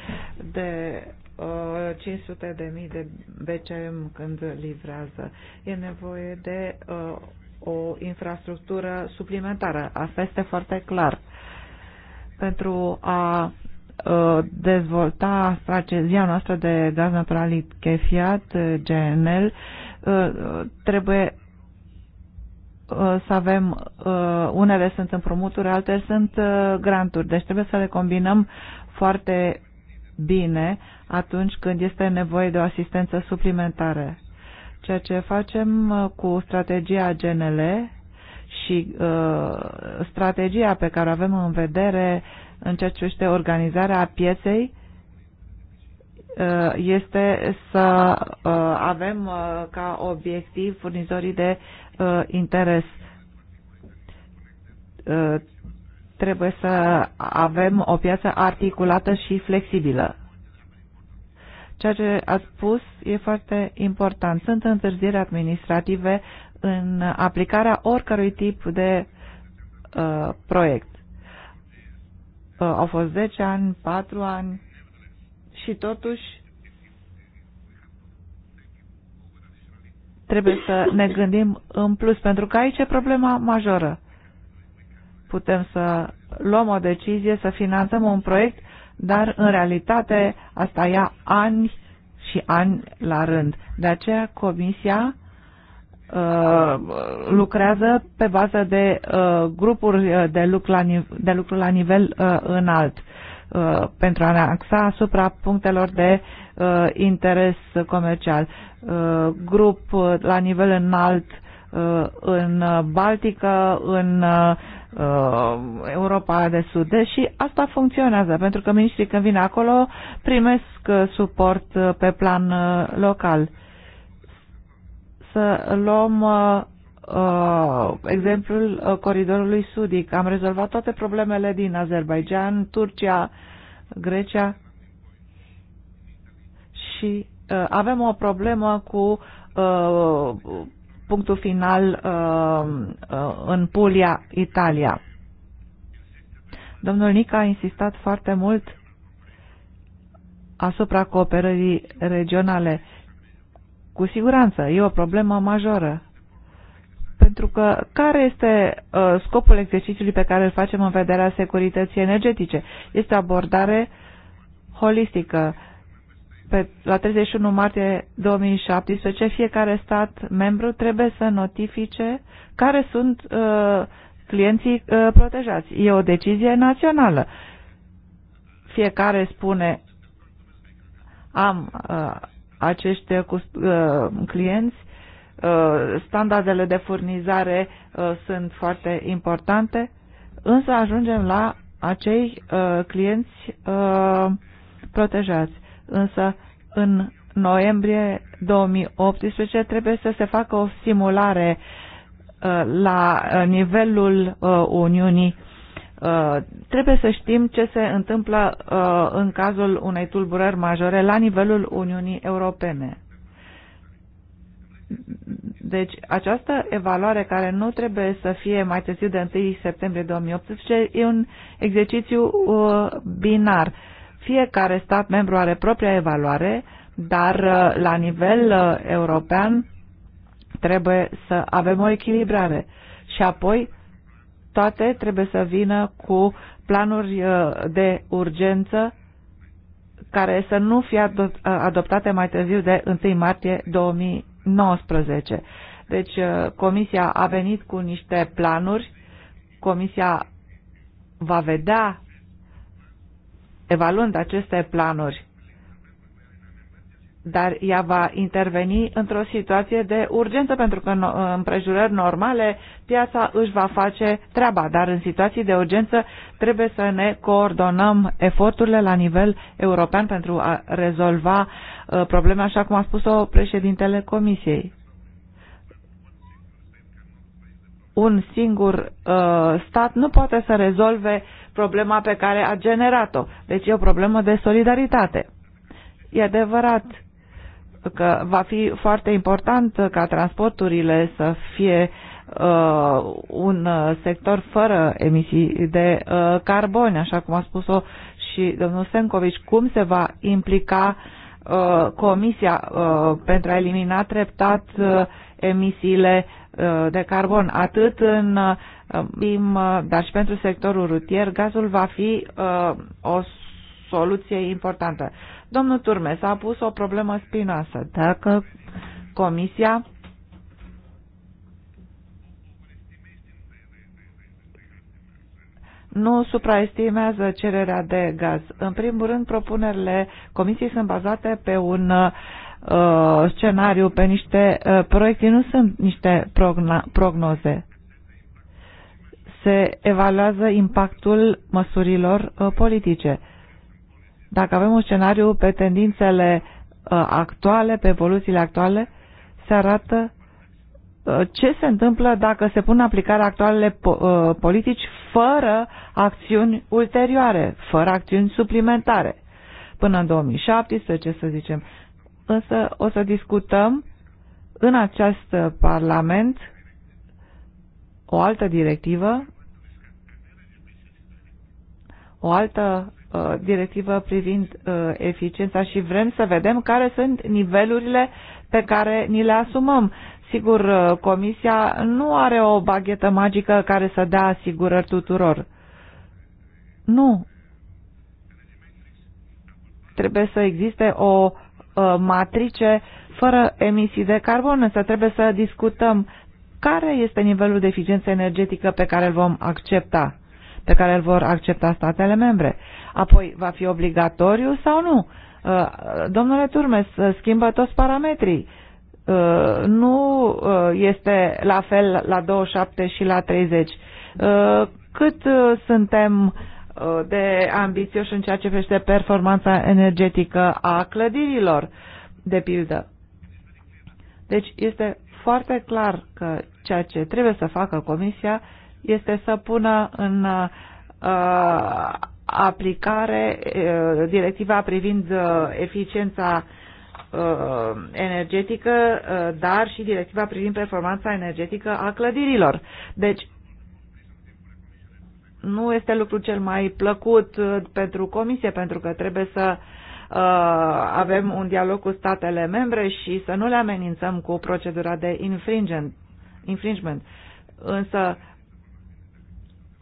de 500 uh, de mii de BCM când livrează. E nevoie de uh, o infrastructură suplimentară. Asta este foarte clar. Pentru a uh, dezvolta strategia noastră de gaz natural chefiat, uh, GNL, trebuie Uh, să avem, uh, unele sunt împrumuturi, altele sunt uh, granturi, deci trebuie să le combinăm foarte bine atunci când este nevoie de o asistență suplimentară. Ceea ce facem cu strategia GNL și strategia pe care o avem în vedere în ceea ce este organizarea pieței Uh, este să uh, avem uh, ca obiectiv furnizorii de interes. Trebuie să avem o piață articulată și flexibilă. Ceea ce ați spus e foarte important. Sunt întârzieri administrative în aplicarea oricărui tip de uh, proiect. Uh, au fost 10 ani, 4 ani, și totuși trebuie să ne gândim în plus, pentru că aici e problema majoră. Putem să luăm o decizie, să finanțăm un proiect, dar în realitate asta ia ani și ani la rând. De aceea Comisia uh, lucrează pe bază de uh, grupuri uh, de lucru la, nivel, de lucru la nivel uh, înalt. Uh, pentru a ne axa asupra punctelor de uh, interes comercial. Uh, grup la nivel înalt în Baltică, în Europa de sud și asta funcționează, pentru că ministrii când vin acolo primesc suport pe plan local. Să luăm uh, exemplul uh, coridorului sudic. Am rezolvat toate problemele din Azerbaijan, Turcia, Grecia și uh, avem o problemă cu uh, punctul final uh, uh, în Puglia, Italia. Domnul Nica a insistat foarte mult asupra cooperării regionale. Cu siguranță, e o problemă majoră pentru că care este uh, scopul exercițiului pe care îl facem în vederea securității energetice? Este abordare holistică. Pe, la 31 martie 2017, fiecare stat membru trebuie să notifice care sunt uh, clienții uh, protejați. E o decizie națională. Fiecare spune am uh, acești uh, uh clienți Uh, standardele de furnizare uh, sunt foarte importante, însă ajungem la acei uh, clienți protejați. Însă în noiembrie 2018 trebuie să se facă o simulare la nivelul Uniunii. Trebuie să știm ce se întâmplă în cazul unei tulburări majore la nivelul Uniunii Europene. Deci această evaluare care nu trebuie să fie mai târziu de 1 septembrie 2018 e un exercițiu uh, binar. Fiecare stat membru are propria evaluare, dar uh, la nivel uh, european trebuie să avem o echilibrare. Și apoi toate trebuie să vină cu planuri de urgență care să nu fie adoptate mai târziu de 1 martie 2018. 19. Deci uh, Comisia a venit cu niște planuri, Comisia va vedea, evaluând aceste planuri, dar ea va interveni într-o situație de urgență, pentru că în împrejurări normale piața își va face treaba, dar în situații de urgență trebuie să ne coordonăm eforturile la nivel european pentru a rezolva uh, probleme, așa cum a spus-o președintele Comisiei. Un singur uh, stat nu poate să rezolve problema pe care a generat-o. Deci e o problemă de solidaritate. E adevărat că va fi foarte important ca transporturile să fie uh, un uh, sector fără emisii de uh, carbon, așa cum a spus-o și domnul Sencovici, cum se va implica uh, Comisia uh, pentru a elimina treptat uh, emisiile uh, de carbon, atât în uh, uh dar și pentru sectorul rutier, gazul va fi uh, o soluție importantă. Domnul Turmes a pus o problemă spinoasă. Dacă Comisia nu supraestimează cererea de gaz. În primul rând, propunerile Comisiei sunt bazate pe un uh, scenariu, pe niște uh, proiecte, nu sunt niște progno prognoze. Se evaluează impactul măsurilor uh, politice. Uh, dacă avem un scenariu pe tendințele uh, actuale, pe evoluțiile actuale, se arată uh, ce se întâmplă dacă se pun în aplicare actualele uh, politici fără acțiuni ulterioare, fără acțiuni suplimentare, până în 2017, să zicem. Însă o să discutăm în acest Parlament o altă directivă o altă uh, directivă privind uh, eficiența și vrem să vedem care sunt nivelurile pe care ni le asumăm. Sigur, uh, Comisia nu are o baghetă magică care să dea asigurări tuturor. Nu. Trebuie să existe o uh, matrice fără emisii de carbon, însă trebuie să discutăm care este nivelul de eficiență energetică pe care îl vom accepta pe care îl vor accepta statele membre. Apoi, va fi obligatoriu sau nu? Uh, domnule Turmes, uh, schimbă toți parametrii. Uh, nu este la fel la 27 și la 30. Cât suntem de ambițioși în ceea ce privește performanța energetică a clădirilor, de pildă? Deci este foarte clar că ceea ce trebuie să facă Comisia este să pună în uh, aplicare uh, directiva privind uh, eficiența energetică, dar și directiva privind performanța energetică a clădirilor. Deci, nu este lucru cel mai plăcut pentru comisie, pentru că trebuie să uh, avem un dialog cu statele membre și să nu le amenințăm cu procedura de infringement. infringement. Însă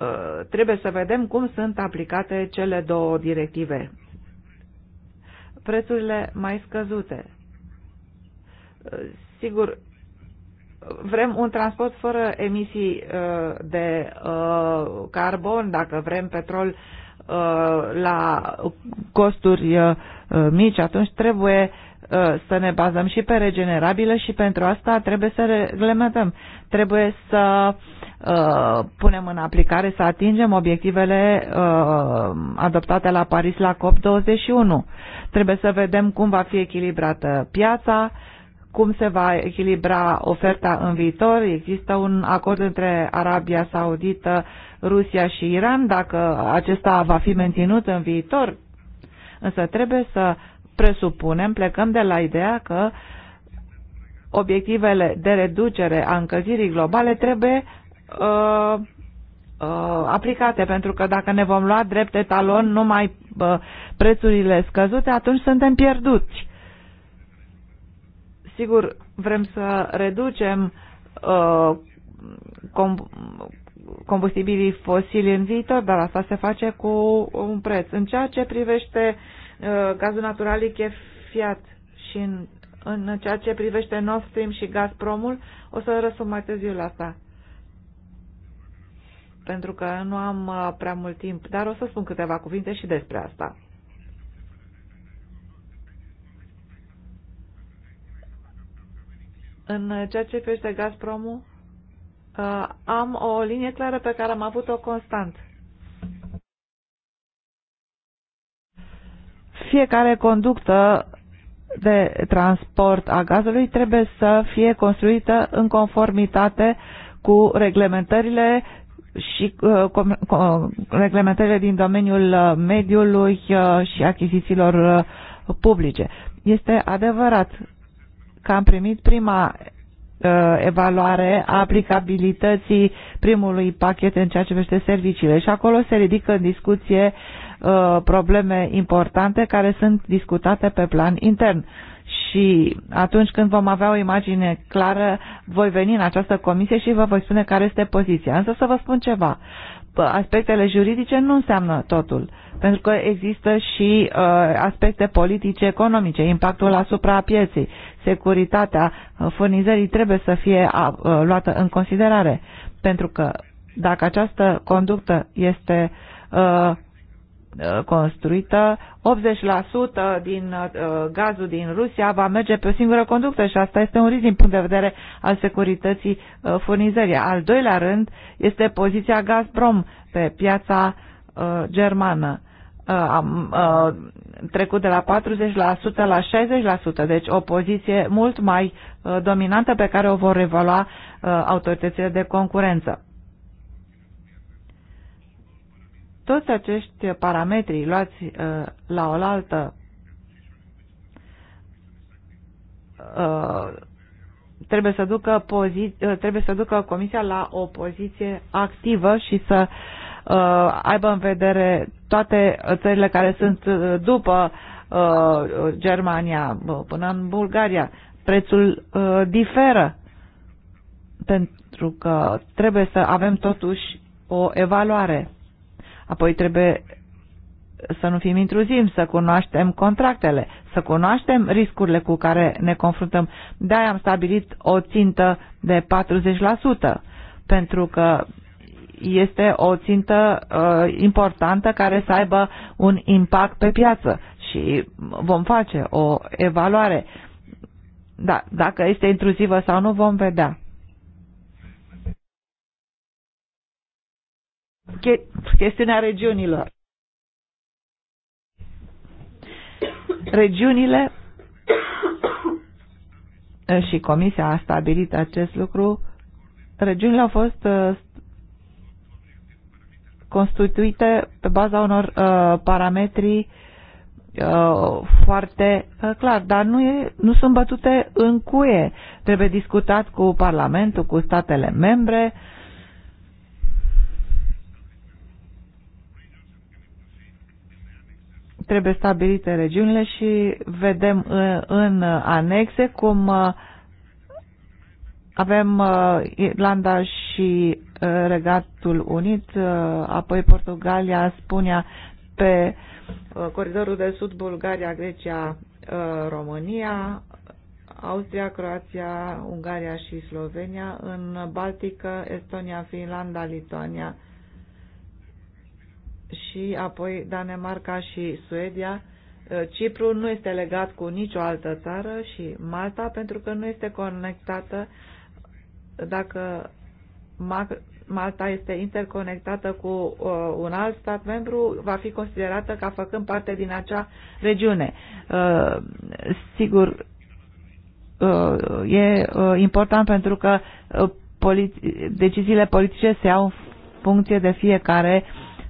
Uh, trebuie să vedem cum sunt aplicate cele două directive. Prețurile mai scăzute. Uh, sigur, vrem un transport fără emisii uh, de carbon, dacă vrem petrol la costuri mici, atunci trebuie Uh, să ne bazăm și pe regenerabile și pentru asta trebuie să reglementăm. Trebuie să uh, punem în aplicare, să atingem obiectivele uh, adoptate la Paris la COP21. Trebuie să vedem cum va fi echilibrată piața, cum se va echilibra oferta în viitor. Există un acord între Arabia Saudită, Rusia și Iran, dacă acesta va fi menținut în viitor. Însă trebuie să presupunem, plecăm de la ideea că obiectivele de reducere a încălzirii globale trebuie uh, uh, aplicate, pentru că dacă ne vom lua drept etalon numai uh, prețurile scăzute, atunci suntem pierduți. Sigur, vrem să reducem uh, com combustibilii fosili în viitor, dar asta se face cu un preț. În ceea ce privește Uh, gazul natural lichefiat și în, în ceea ce privește Nord Stream și Gazpromul, o să răsum mai târziu la asta. Pentru că nu am uh, prea mult timp, dar o să spun câteva cuvinte și despre asta. În ceea ce privește Gazpromul, uh, am o linie clară pe care am avut-o constant fiecare conductă de transport a gazului trebuie să fie construită în conformitate cu reglementările și uh, reglementările din domeniul uh, mediului uh, și achizițiilor uh, publice. Este adevărat că am primit prima uh, evaluare a aplicabilității primului pachet în ceea ce privește serviciile și acolo se ridică în discuție Uh, probleme importante care sunt discutate pe plan intern. Și atunci când vom avea o imagine clară, voi veni în această comisie și vă voi spune care este poziția. Însă să vă spun ceva. Aspectele juridice nu înseamnă totul, pentru că există și uh, aspecte politice, economice, impactul asupra pieței, securitatea uh, furnizării trebuie să fie uh, luată în considerare, pentru că dacă această conductă este uh, Uh, construită, 80% din uh, gazul din Rusia va merge pe o singură conductă și asta este un risc din punct de vedere al securității uh, furnizării. Al doilea rând este poziția Gazprom pe piața germană. Am trecut de la 40% la 60%, deci o poziție mult mai dominantă pe care o vor evalua autoritățile de concurență. toți acești parametri luați uh, la oaltă uh, trebuie să ducă pozi uh, trebuie să ducă comisia la o poziție activă și să uh, aibă în vedere toate țările care sunt uh, după uh, Germania uh, până în Bulgaria. Prețul uh, diferă pentru că trebuie să avem totuși o evaluare. Apoi trebuie să nu fim intruzivi, să cunoaștem contractele, să cunoaștem riscurile cu care ne confruntăm. De-aia am stabilit o țintă de 40%, pentru că este o țintă uh, importantă care să aibă un impact pe piață și vom face o evaluare. Da, dacă este intruzivă sau nu, vom vedea. chestiunea regiunilor. Regiunile eh, și Comisia a stabilit acest lucru, regiunile au fost eh, constituite pe baza unor eh, parametri foarte clar, dar nu, e, nu sunt bătute în cuie. Trebuie discutat cu Parlamentul, cu statele membre, uh, trebuie stabilite regiunile și vedem uh, în anexe cum uh, avem uh, Irlanda și Regatul Unit, apoi Portugalia, Spunea pe coridorul de sud Bulgaria, Grecia, România, Austria, Croația, Ungaria și Slovenia, în Baltică, Estonia, Finlanda, Lituania, și apoi Danemarca și Suedia. Uh, Cipru nu este legat cu nicio altă țară și Malta pentru că nu este conectată dacă Malta este interconectată cu uh, un alt stat membru, va fi considerată ca făcând parte din acea regiune. Uh, sigur, e important pentru că deciziile politice se iau în funcție de fiecare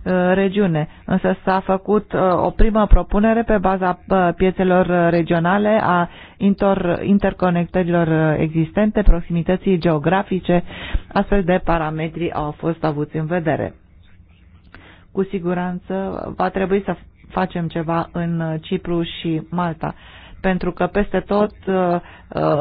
Uh, regiune. Însă s-a făcut uh, o primă propunere pe baza uh, piețelor regionale, a interconectărilor existente, proximității geografice, astfel de parametri au fost avuți în vedere. Cu siguranță va trebui să facem ceva în Cipru și Malta pentru că peste tot uh, uh,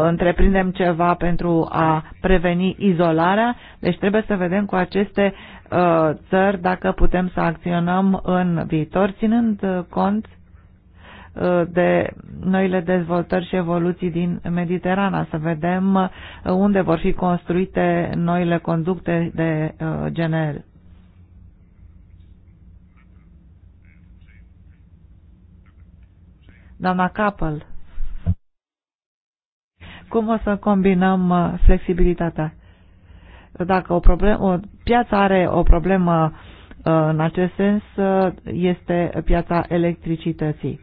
întreprindem ceva pentru a preveni izolarea, deci trebuie să vedem cu aceste uh, țări dacă putem să acționăm în viitor, ținând cont de noile dezvoltări și evoluții din Mediterana, să vedem unde vor fi construite noile conducte de gener. Doamna Capel. Cum o să combinăm uh, flexibilitatea? Dacă o, problemă, o piață are o problemă uh, în acest sens, uh, este piața electricității.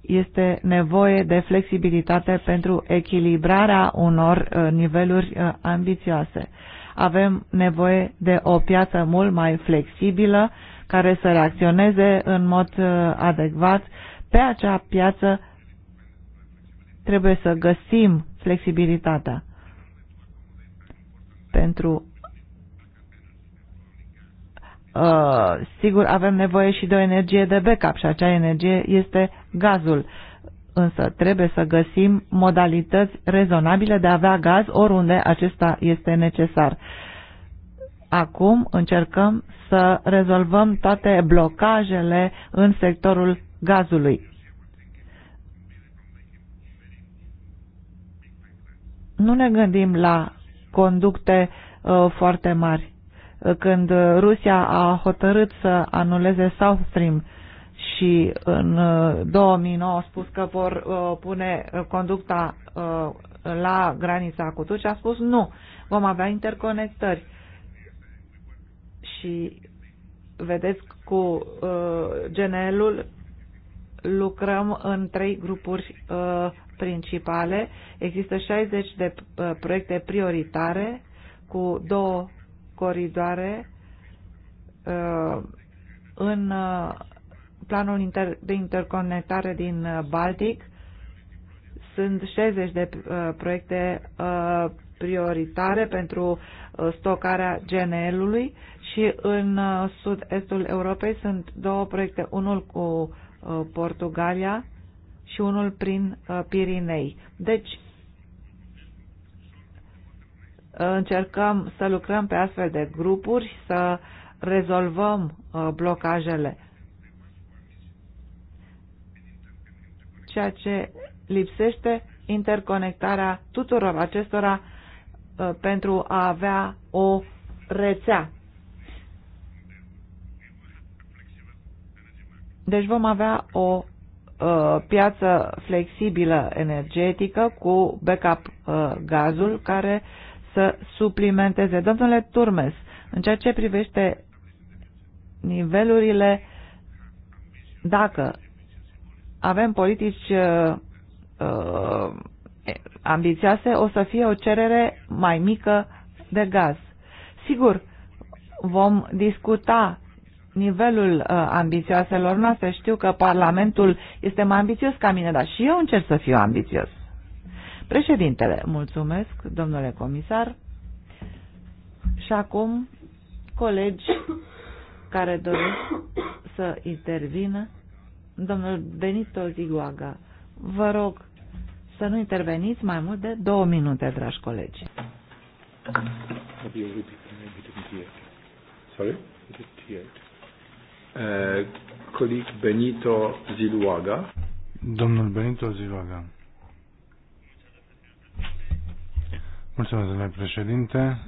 Este nevoie de flexibilitate pentru echilibrarea unor niveluri ambițioase. Avem nevoie de o piață mult mai flexibilă, care să reacționeze în mod adecvat pe acea piață Trebuie să găsim flexibilitatea pentru Uh, sigur, avem nevoie și de o energie de backup și acea energie este gazul. Însă trebuie să găsim modalități rezonabile de a avea gaz oriunde acesta este necesar. Acum încercăm să rezolvăm toate blocajele în sectorul gazului. nu ne gândim la conducte uh, foarte mari. Uh, când Rusia a hotărât să anuleze South Stream și în uh, 2009 a spus că vor uh, pune uh, conducta uh, la granița cu Turcia, a spus nu, vom avea interconectări. Și vedeți cu uh, GNL-ul lucrăm în trei grupuri uh, principale. Există 60 de uh, proiecte prioritare cu două coridoare uh, în uh, planul inter de interconectare din uh, Baltic. Sunt 60 de uh, proiecte uh, prioritare pentru uh, stocarea GNL-ului și în uh, sud-estul Europei sunt două proiecte, unul cu Uh, Portugalia și unul prin uh, Pirinei. Deci, uh, încercăm să lucrăm pe astfel de grupuri, să rezolvăm blocajele. Ceea ce lipsește interconectarea tuturor acestora pentru a avea o rețea Deci vom avea o uh, piață flexibilă energetică cu backup uh, gazul care să suplimenteze. Domnule Turmes, în ceea ce privește nivelurile, dacă avem politici uh, uh ambițioase, o să fie o cerere mai mică de gaz. Sigur, vom discuta nivelul uh, ambițioaselor noastre. Știu că Parlamentul este mai ambițios ca mine, dar și eu încerc să fiu ambițios. Președintele, mulțumesc, domnule comisar. Și acum, colegi care doresc să intervină, domnul Benito Ziguaga, vă rog să nu interveniți mai mult de două minute, dragi colegi. Sorry? Is it Eh, colic Benito Ziluaga. Domnul Benito Ziluaga. Mulțumesc, domnule președinte.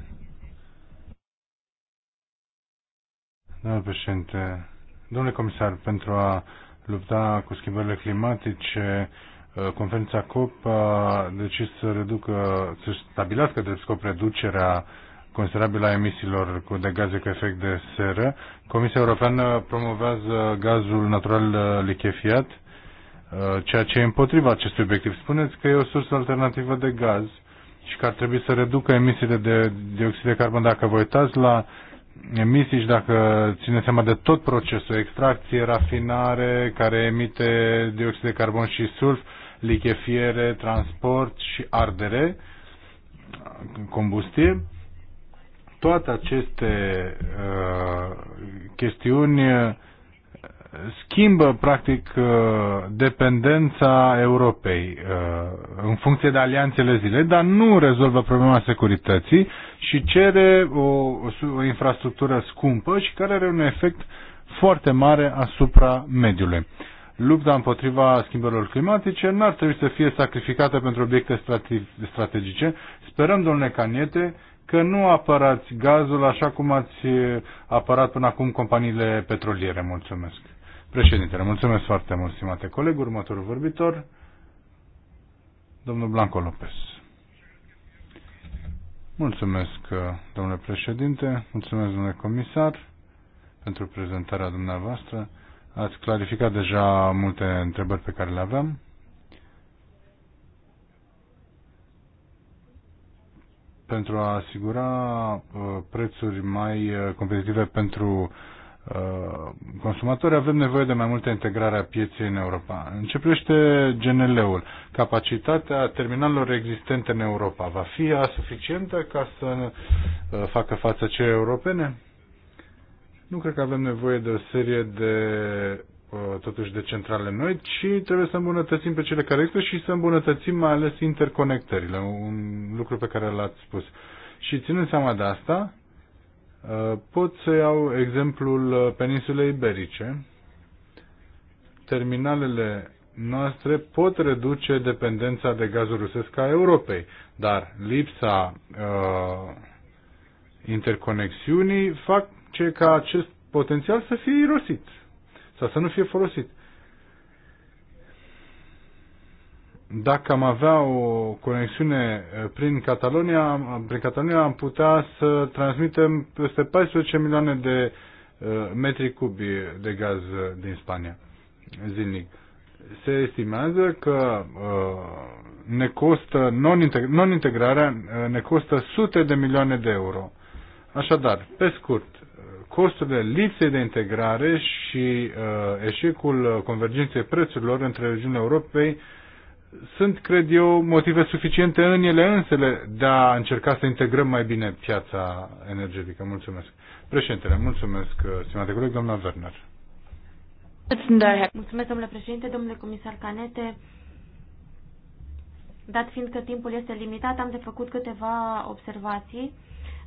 Domnule președinte, domnule comisar, pentru a lupta cu schimbările climatice, eh, conferința COP a decis să reducă, să stabilească de scop reducerea considerabilă a emisiilor de gaze cu efect de seră. Comisia Europeană promovează gazul natural uh, lichefiat, uh, ceea ce e împotriva acestui obiectiv. Spuneți că e o sursă alternativă de gaz și că ar trebui să reducă emisiile de dioxid de carbon. Dacă vă uitați la emisii și dacă țineți seama de tot procesul, extracție, rafinare, care emite dioxid de carbon și sulf, lichefiere, transport și ardere, combustie, toate aceste uh, chestiuni uh, schimbă, practic, uh, dependența Europei uh, în funcție de alianțele zile, dar nu rezolvă problema securității și cere o, o infrastructură scumpă și care are un efect foarte mare asupra mediului. Lupta împotriva schimbărilor climatice nu ar trebui să fie sacrificată pentru obiecte strategice. Sperăm, domnule Caniete, că nu apărați gazul așa cum ați apărat până acum companiile petroliere. Mulțumesc. Președintele, mulțumesc foarte mult, stimate coleg. Următorul vorbitor, domnul Blanco Lopez. Mulțumesc, domnule președinte, mulțumesc, domnule comisar, pentru prezentarea dumneavoastră. Ați clarificat deja multe întrebări pe care le aveam. pentru a asigura uh, prețuri mai uh, competitive pentru uh, consumatori, avem nevoie de mai multă integrare a pieței în Europa. În ce privește GNL-ul, capacitatea terminalelor existente în Europa va fi suficientă ca să facă față cele europene? Nu cred că avem nevoie de o serie de Uh, totuși de centrale noi, ci trebuie să îmbunătățim pe cele care există și să îmbunătățim mai ales interconectările, un lucru pe care l-ați spus. Și ținând seama de asta, uh, pot să iau exemplul uh, peninsulei iberice. Terminalele noastre pot reduce dependența de gazul rusesc a Europei, dar lipsa uh, interconexiunii ce ca acest potențial să fie irosit sau să nu fie folosit. Dacă am avea o conexiune eh, prin Catalonia, prin Catalonia am putea să transmitem peste 14 milioane de eh, metri cubi de gaz eh, din Spania zilnic. Se estimează că ne costă non-integrarea, ne costă sute de milioane de euro. Așadar, pe scurt, costurile lipsei de integrare și uh, eșecul convergenței prețurilor între regiunile Europei sunt, cred eu, motive suficiente în ele însele de a încerca să integrăm mai bine piața energetică. Mulțumesc. Președintele, mulțumesc, uh, stimate coleg, doamna Werner. Mulțumesc, domnule președinte, domnule comisar Canete. Dat fiind că timpul este limitat, am de făcut câteva observații.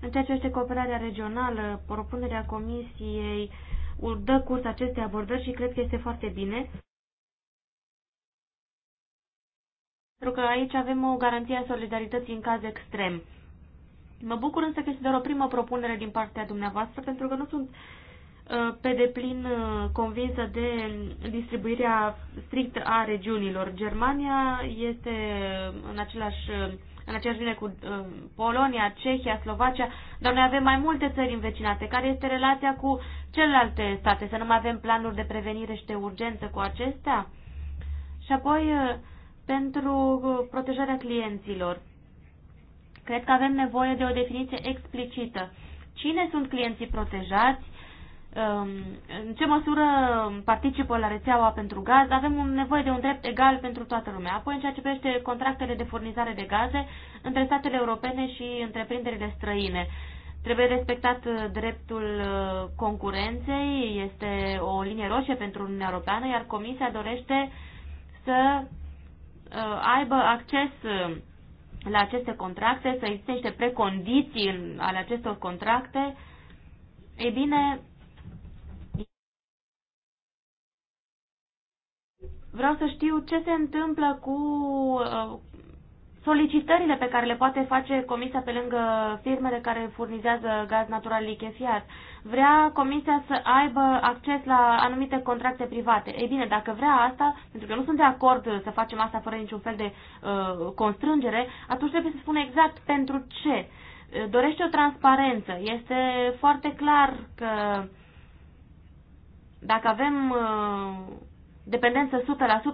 În ceea ce este cooperarea regională, propunerea Comisiei dă curs acestei abordări și cred că este foarte bine. Pentru că aici avem o garanție a solidarității în caz extrem. Mă bucur însă că este doar o primă propunere din partea dumneavoastră, pentru că nu sunt uh, pe deplin uh, convinsă de distribuirea strictă a regiunilor. Germania este în același uh, în aceeași vine cu uh, Polonia, Cehia, Slovacia, dar noi avem mai multe țări învecinate. Care este relația cu celelalte state? Să nu mai avem planuri de prevenire și de urgență cu acestea? Și apoi, uh, pentru uh, protejarea clienților. Cred că avem nevoie de o definiție explicită. Cine sunt clienții protejați? Um, în ce măsură participă la rețeaua pentru gaz, avem nevoie de un drept egal pentru toată lumea. Apoi, în ceea ce privește contractele de furnizare de gaze între statele europene și întreprinderile străine. Trebuie respectat uh, dreptul uh, concurenței, este o linie roșie pentru Uniunea Europeană, iar Comisia dorește să uh, aibă acces la aceste contracte, să existe niște precondiții ale acestor contracte. Ei bine, Vreau să știu ce se întâmplă cu uh, solicitările pe care le poate face Comisia pe lângă firmele care furnizează gaz natural lichefiat. Vrea Comisia să aibă acces la anumite contracte private. Ei bine, dacă vrea asta, pentru că nu sunt de acord să facem asta fără niciun fel de uh, constrângere, atunci trebuie să spună exact pentru ce. Uh, dorește o transparență. Este foarte clar că dacă avem uh, dependență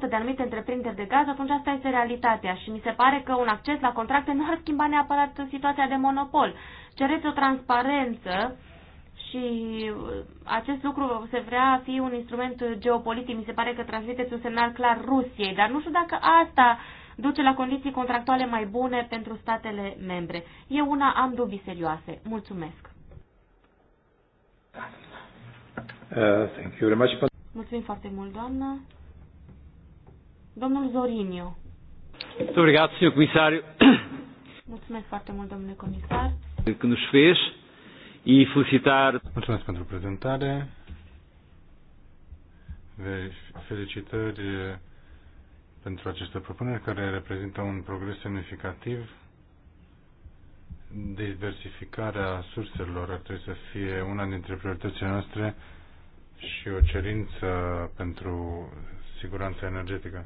100% de anumite întreprinderi de gaz, atunci asta este realitatea și mi se pare că un acces la contracte nu ar schimba neapărat situația de monopol. Cereți o transparență și uh, acest lucru se vrea fi un instrument geopolitic. Mi se pare că transmiteți un semnal clar Rusiei, dar nu știu dacă asta duce la condiții contractuale mai bune pentru statele membre. Eu una am dubii serioase. Mulțumesc. Uh, thank you very much. Mulțumim foarte mult, doamnă. Domnul Zorinio. Obrigado, senhor comissário. Mulțumesc foarte mult, domnule comisar. Când nos fez e felicitar. Mulțumesc pentru prezentare. Felicitări eh, pentru această propunere care reprezintă un progres semnificativ. Diversificarea surselor ar trebui să fie una dintre prioritățile noastre și o cerință pentru siguranța energetică.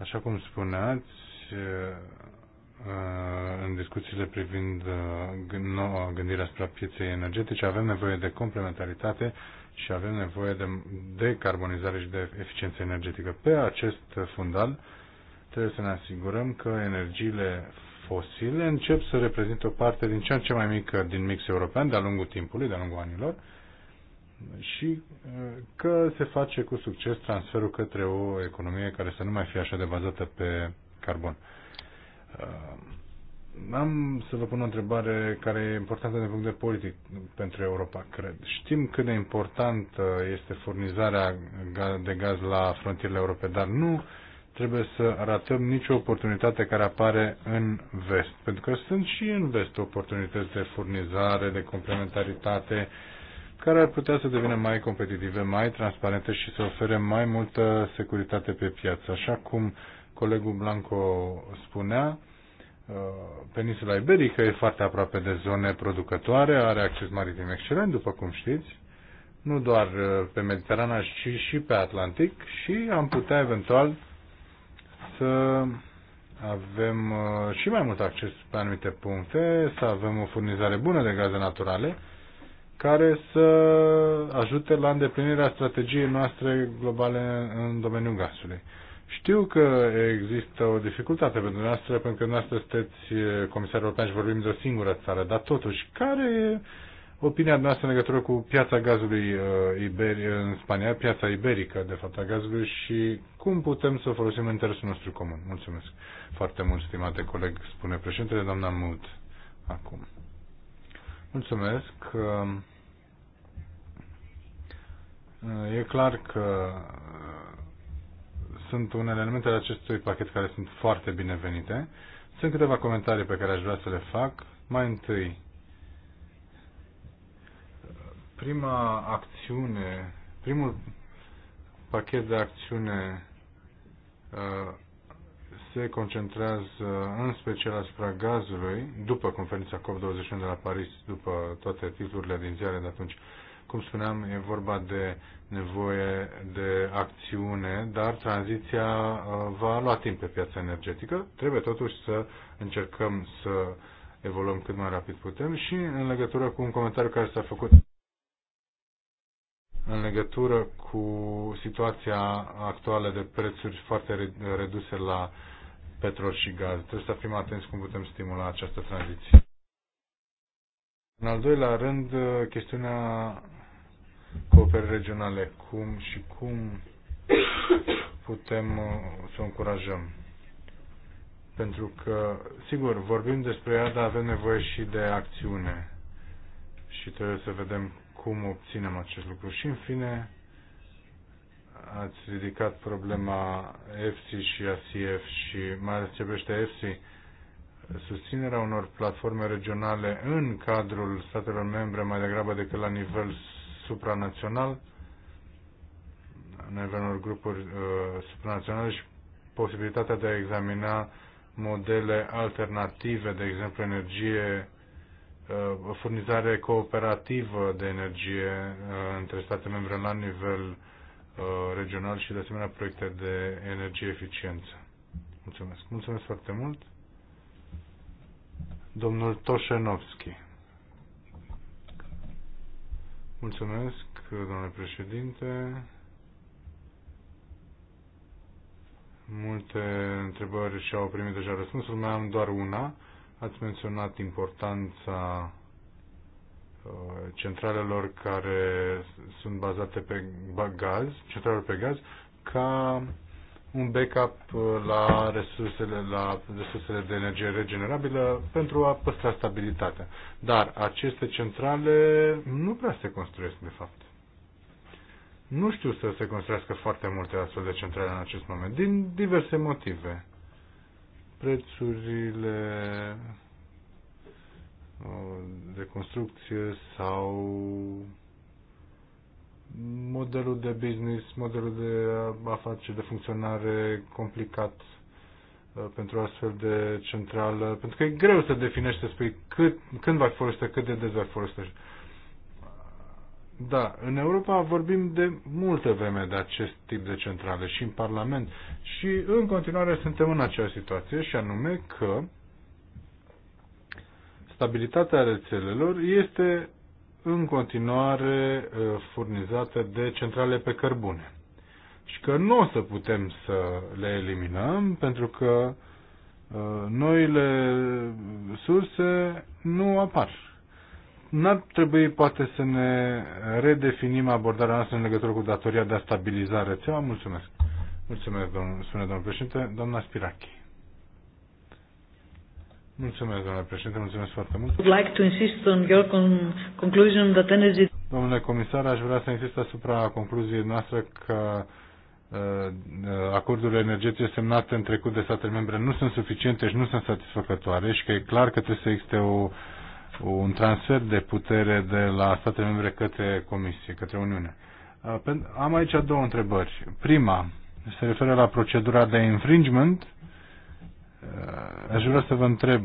Așa cum spuneați, uh, în discuțiile privind uh, noua gândire asupra pieței energetice, avem nevoie de complementaritate și avem nevoie de decarbonizare și de eficiență energetică. Pe acest fundal trebuie să ne asigurăm că energiile fosile încep să reprezintă o parte din ce în ce mai mică din mix european de-a lungul timpului, de-a lungul anilor și uh, că se face cu succes transferul către o economie care să nu mai fie așa de bazată pe carbon. Uh, am să vă pun o întrebare care e importantă din punct de politic pentru Europa, cred. Știm cât de importantă este furnizarea de gaz la frontierele europene, dar nu trebuie să ratăm nicio oportunitate care apare în vest, pentru că sunt și în vest oportunități de furnizare, de complementaritate, uh, care ar putea să devină mai competitive, mai transparente și să ofere mai multă securitate pe piață. Așa cum colegul Blanco spunea, uh, peninsula iberică e foarte aproape de zone producătoare, are acces maritim excelent, după cum știți, nu doar uh, pe Mediterana, ci și pe Atlantic și am putea eventual să avem uh, și mai mult acces pe anumite puncte, să avem o furnizare bună de gaze naturale, care să ajute la îndeplinirea strategiei noastre globale în domeniul gasului. Știu că există o dificultate pentru noastră, pentru că noastră sunteți comisar european și vorbim de o singură țară, dar totuși, care e opinia noastră în legătură cu piața gazului uh, în Spania, piața iberică, de fapt, a gazului și cum putem să folosim interesul nostru comun? Mulțumesc foarte mult, stimate coleg, spune președintele, doamna Mut, acum. Mulțumesc. Uh, E clar că uh, sunt unele elemente ale acestui pachet care sunt foarte binevenite. Sunt câteva comentarii pe care aș vrea să le fac. Mai întâi, prima acțiune, primul pachet de acțiune uh, se concentrează în special asupra gazului, după conferința COP21 de la Paris, după toate titlurile din ziare de atunci. Cum spuneam, e vorba de nevoie de acțiune, dar tranziția uh, va lua timp pe piața energetică. Trebuie totuși să încercăm să evoluăm cât mai rapid putem și în legătură cu un comentariu care s-a făcut în legătură cu situația actuală de prețuri foarte reduse la petrol și gaz. Trebuie să fim atenți cum putem stimula această tranziție. În al doilea rând, uh, chestiunea cooperării regionale, cum și cum putem uh, să o încurajăm. Pentru că, sigur, vorbim despre ea, dar avem nevoie și de acțiune. Și trebuie să vedem cum obținem acest lucru. Și, în fine, ați ridicat problema EFSI și ACF și mai ales ce privește EFSI susținerea unor platforme regionale în cadrul statelor membre mai degrabă decât la nivel supranațional, în nivelul unor grupuri uh, supranaționale și posibilitatea de a examina modele alternative, de exemplu energie, uh, furnizare cooperativă de energie uh, între state membre la nivel uh, regional și de asemenea proiecte de energie eficiență. Mulțumesc. Mulțumesc foarte mult domnul Toșenovski. Mulțumesc, domnule președinte. Multe întrebări și-au primit deja răspunsul, mai am doar una. Ați menționat importanța uh, centralelor care sunt bazate pe gaz, centralelor pe gaz, ca un backup la resursele, la resursele de energie regenerabilă pentru a păstra stabilitatea. Dar aceste centrale nu prea se construiesc, de fapt. Nu știu să se construiască foarte multe astfel de centrale în acest moment, din diverse motive. Prețurile uh, de construcție sau modelul de business, modelul de afaceri, de funcționare complicat uh, pentru astfel de centrală, pentru că e greu să definești, să spui cât, când va fi cât de des va fi Da, în Europa vorbim de multă vreme de acest tip de centrale și în Parlament și în continuare suntem în acea situație și anume că stabilitatea rețelelor este în continuare uh, furnizate de centrale pe cărbune. Și că nu o să putem să le eliminăm pentru că uh, noile surse nu apar. N-ar trebui poate să ne redefinim abordarea noastră în legătură cu datoria de a stabiliza rețeaua? Mulțumesc. Mulțumesc, domnul, spune domnul președinte. Doamna Spirachi. Mulțumesc, domnule președinte, mulțumesc foarte mult. Would like to insist on your conclusion that energy... Domnule comisar, aș vrea să insist asupra concluziei noastre că uh, uh, acordurile energetice semnate în trecut de statele membre nu sunt suficiente și nu sunt satisfăcătoare și că e clar că trebuie să existe o, un transfer de putere de la statele membre către Comisie, către Uniune. Uh, am aici două întrebări. Prima se referă la procedura de infringement aș vrea să vă întreb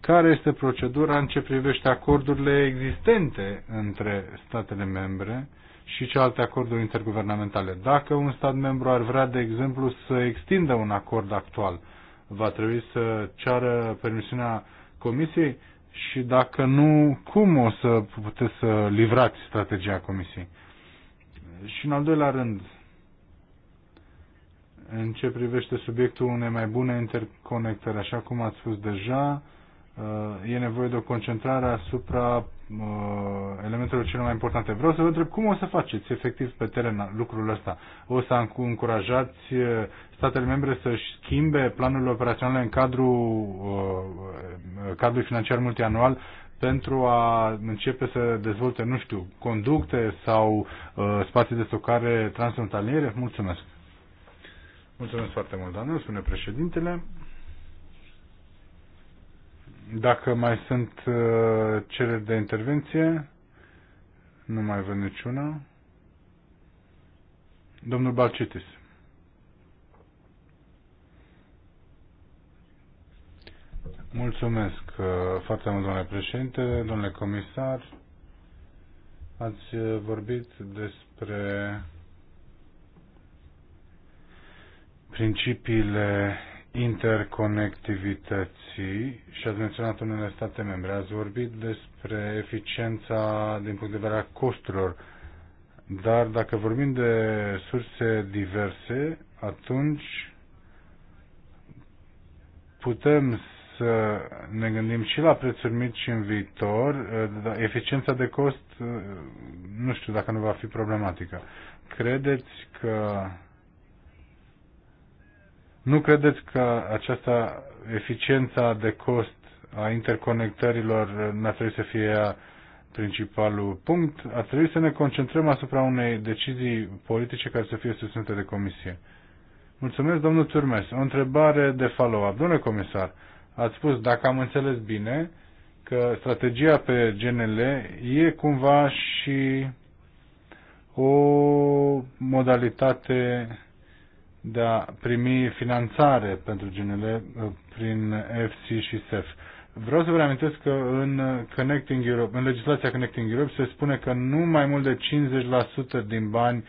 care este procedura în ce privește acordurile existente între statele membre și celelalte acorduri interguvernamentale. Dacă un stat membru ar vrea, de exemplu, să extindă un acord actual, va trebui să ceară permisiunea Comisiei și dacă nu, cum o să puteți să livrați strategia Comisiei? Și în al doilea rând, în ce privește subiectul unei mai bune interconectări, așa cum ați spus deja, uh, e nevoie de o concentrare asupra uh, elementelor cele mai importante. Vreau să vă întreb cum o să faceți efectiv pe teren lucrul ăsta. O să încurajați uh, statele membre să-și schimbe planurile operaționale în cadrul cadrului financiar multianual pentru a începe să dezvolte, nu știu, conducte sau uh, spații de stocare transfrontaliere? Mulțumesc! Mulțumesc foarte mult, Daniel, spune președintele. Dacă mai sunt uh, cele de intervenție, nu mai văd niciuna. Domnul Balcitis. Mulțumesc uh, foarte mult, domnule președinte, domnule comisar. Ați uh, vorbit despre principiile interconectivității și ați menționat unele state membre. Ați vorbit despre eficiența din punct de vedere a costurilor, dar dacă vorbim de surse diverse, atunci putem să ne gândim și la prețuri mici și în viitor, eficiența de cost, nu știu dacă nu va fi problematică. Credeți că nu credeți că această eficiența de cost a interconectărilor n-ar trebui să fie principalul punct? Ar trebui să ne concentrăm asupra unei decizii politice care să fie susținute de Comisie. Mulțumesc, domnul Turmes. O întrebare de follow-up. Domnule comisar, ați spus, dacă am înțeles bine, că strategia pe GNL e cumva și o modalitate de a primi finanțare pentru GNL uh, prin FC și SEF. Vreau să vă reamintesc că în, Connecting Europe, în legislația Connecting Europe se spune că nu mai mult de 50% din bani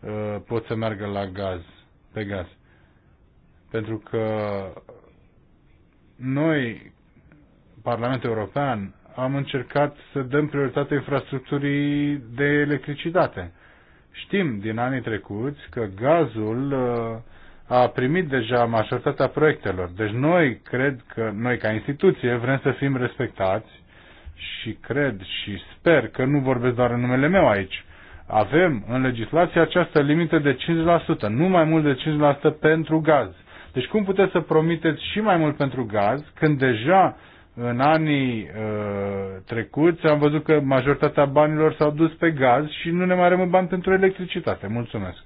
uh, pot să meargă la gaz, pe gaz. Pentru că noi, Parlamentul European, am încercat să dăm prioritate infrastructurii de electricitate. Știm din anii trecuți că gazul uh, a primit deja majoritatea proiectelor. Deci noi cred că noi ca instituție vrem să fim respectați și cred și sper că nu vorbesc doar în numele meu aici. Avem în legislație această limită de 5%, nu mai mult de 5% pentru gaz. Deci cum puteți să promiteți și mai mult pentru gaz când deja în anii uh, trecuți am văzut că majoritatea banilor s-au dus pe gaz și nu ne mai rămân bani pentru electricitate. Mulțumesc.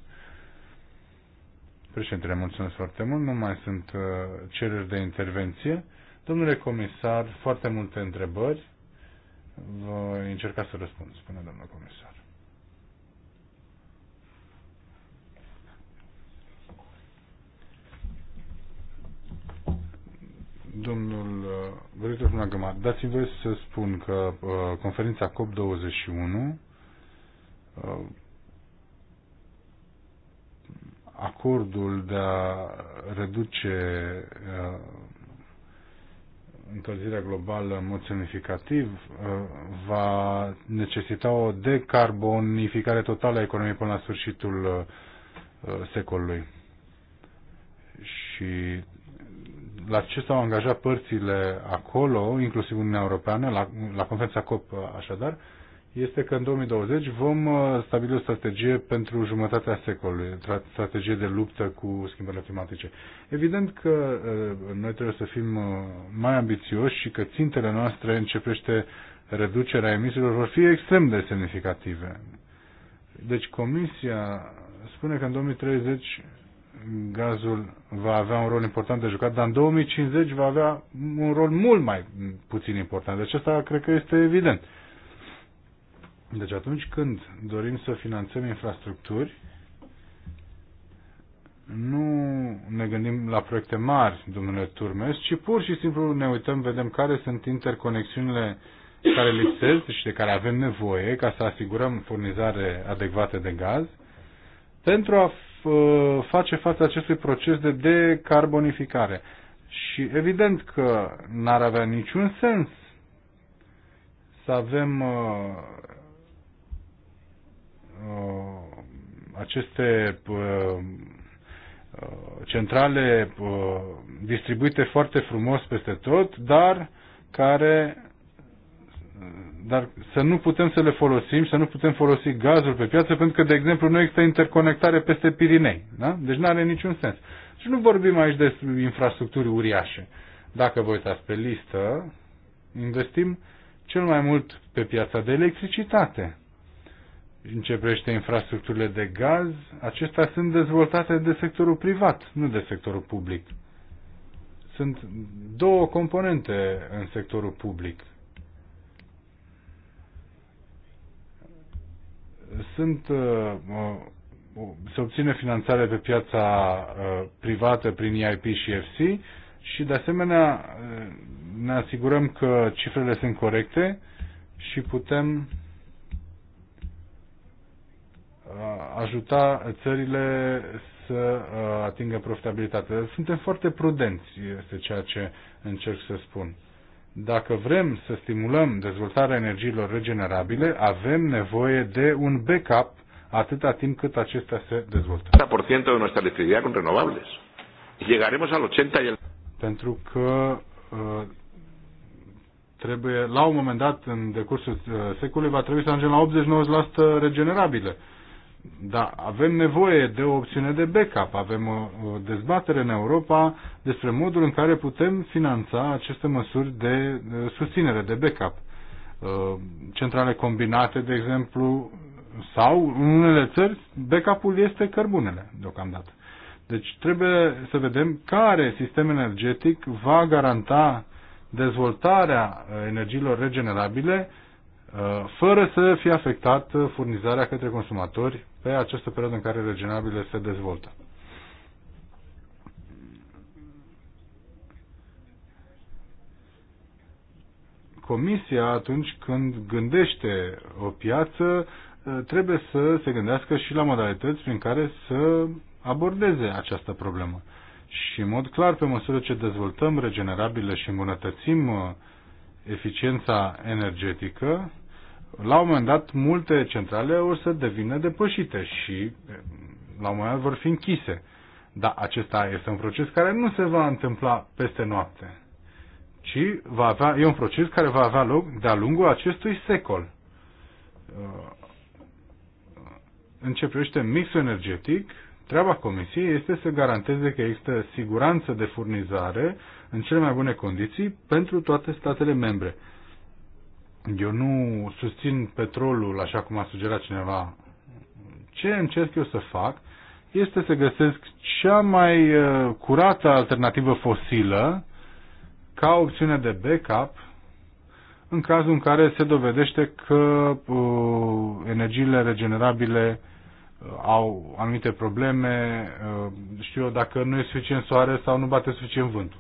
Președintele, mulțumesc foarte mult. Nu mai sunt uh, cereri de intervenție. Domnule comisar, foarte multe întrebări. Voi încerca să răspund, spune domnul comisar. Domnul Director uh, Nagama, dați-mi voie să spun că uh, conferința COP21 uh, acordul de a reduce încălzirea globală în mod semnificativ va necesita o decarbonificare totală a economiei până la sfârșitul secolului. Și la ce s-au angajat părțile acolo, inclusiv Uniunea Europeană, la, la conferința COP așadar, este că în 2020 vom uh, stabili o strategie pentru jumătatea secolului, strategie de luptă cu schimbările climatice. Evident că uh, noi trebuie să fim uh, mai ambițioși și că țintele noastre începește reducerea emisiilor vor fi extrem de semnificative. Deci Comisia spune că în 2030 gazul va avea un rol important de jucat, dar în 2050 va avea un rol mult mai puțin important. Deci asta cred că este evident. Deci atunci când dorim să finanțăm infrastructuri, nu ne gândim la proiecte mari, domnule Turmes, ci pur și simplu ne uităm, vedem care sunt interconexiunile care lipsesc și de care avem nevoie ca să asigurăm furnizare adecvată de gaz pentru a face față acestui proces de decarbonificare. Și evident că n-ar avea niciun sens să avem uh, uh, aceste uh, uh centrale uh, distribuite foarte frumos peste tot, dar care dar să nu putem să le folosim, să nu putem folosi gazul pe piață, pentru că, de exemplu, nu există interconectare peste Pirinei. Da? Deci nu are niciun sens. Și deci nu vorbim aici de infrastructuri uriașe. Dacă vă uitați pe listă, investim cel mai mult pe piața de electricitate. Începește infrastructurile de gaz, acestea sunt dezvoltate de sectorul privat, nu de sectorul public. Sunt două componente în sectorul public sunt uh, uh, se obține finanțare pe piața uh, privată prin EIP și FC și de asemenea ne asigurăm că cifrele sunt corecte și putem ajuta țările să atingă profitabilitatea. Suntem foarte prudenți, este ceea ce încerc să spun. Dacă vrem să stimulăm dezvoltarea energiilor regenerabile, avem nevoie de un backup atâta timp cât acestea se dezvoltă. 80% de nuestra electricidad con renovables. Llegaremos al 80 el... Pentru că uh, trebuie, la un moment dat, în decursul uh, secolului, va trebui să ajungem la 89% regenerabile. Da, avem nevoie de o opțiune de backup. Avem o, o dezbatere în Europa despre modul în care putem finanța aceste măsuri de, de susținere, de backup. Uh, centrale combinate, de exemplu, sau în unele țări, backup-ul este cărbunele, deocamdată. Deci trebuie să vedem care sistem energetic va garanta dezvoltarea energiilor regenerabile uh, fără să fie afectat furnizarea către consumatori pe această perioadă în care regenerabile se dezvoltă. Comisia, atunci când gândește o piață, trebuie să se gândească și la modalități prin care să abordeze această problemă. Și, în mod clar, pe măsură ce dezvoltăm regenerabile și îmbunătățim uh, eficiența energetică, la un moment dat multe centrale o să devină depășite și la un moment dat vor fi închise. Dar acesta este un proces care nu se va întâmpla peste noapte, ci va avea, e un proces care va avea loc de-a lungul acestui secol. Uh, Începește mixul energetic, treaba Comisiei este să garanteze că există siguranță de furnizare în cele mai bune condiții pentru toate statele membre eu nu susțin petrolul, așa cum a sugerat cineva. Ce încerc eu să fac este să găsesc cea mai uh, curată alternativă fosilă ca opțiune de backup în cazul în care se dovedește că uh, energiile regenerabile uh, au anumite probleme, uh, știu eu, dacă nu e suficient soare sau nu bate suficient vântul.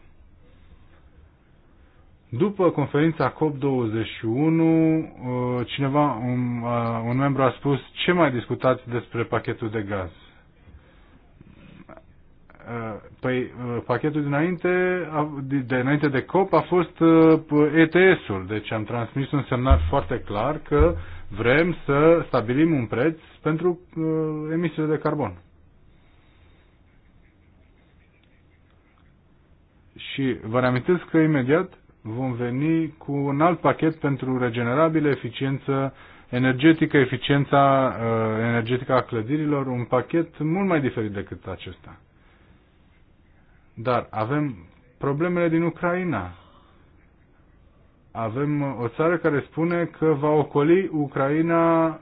După conferința COP21, uh, cineva, un, uh, un membru a spus ce mai discutați despre pachetul de gaz? Uh, păi pachetul dinainte, de înainte de COP a fost ETS-ul, deci am transmis un semnal foarte clar că vrem să stabilim un preț pentru emisiile de carbon. Și vă reamintesc că imediat vom veni cu un alt pachet pentru regenerabile, eficiență energetică, eficiența uh, energetică a clădirilor, un pachet mult mai diferit decât acesta. Dar avem problemele din Ucraina. Avem uh, o țară care spune că va ocoli Ucraina uh,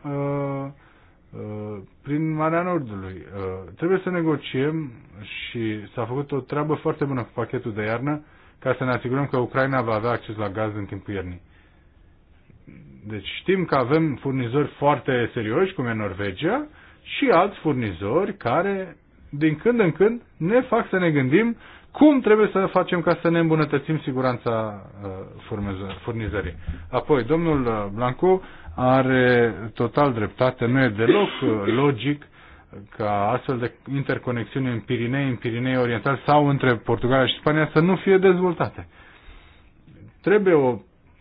uh, prin Marea Nordului. Uh, trebuie să negociem și s-a făcut o treabă foarte bună cu pachetul de iarnă. Uh, ca să ne asigurăm că Ucraina va avea acces la gaz în timpul iernii. Deci știm că avem furnizori foarte serioși, cum e Norvegia, și alți furnizori care, din când în când, ne fac să ne gândim cum trebuie să facem ca să ne îmbunătățim siguranța uh, furnizării. Apoi, domnul uh, Blanco are total dreptate, nu e deloc uh, logic ca astfel de interconexiuni în Pirinei, în Pirinei Oriental sau între Portugalia și Spania să nu fie dezvoltate. Trebuie o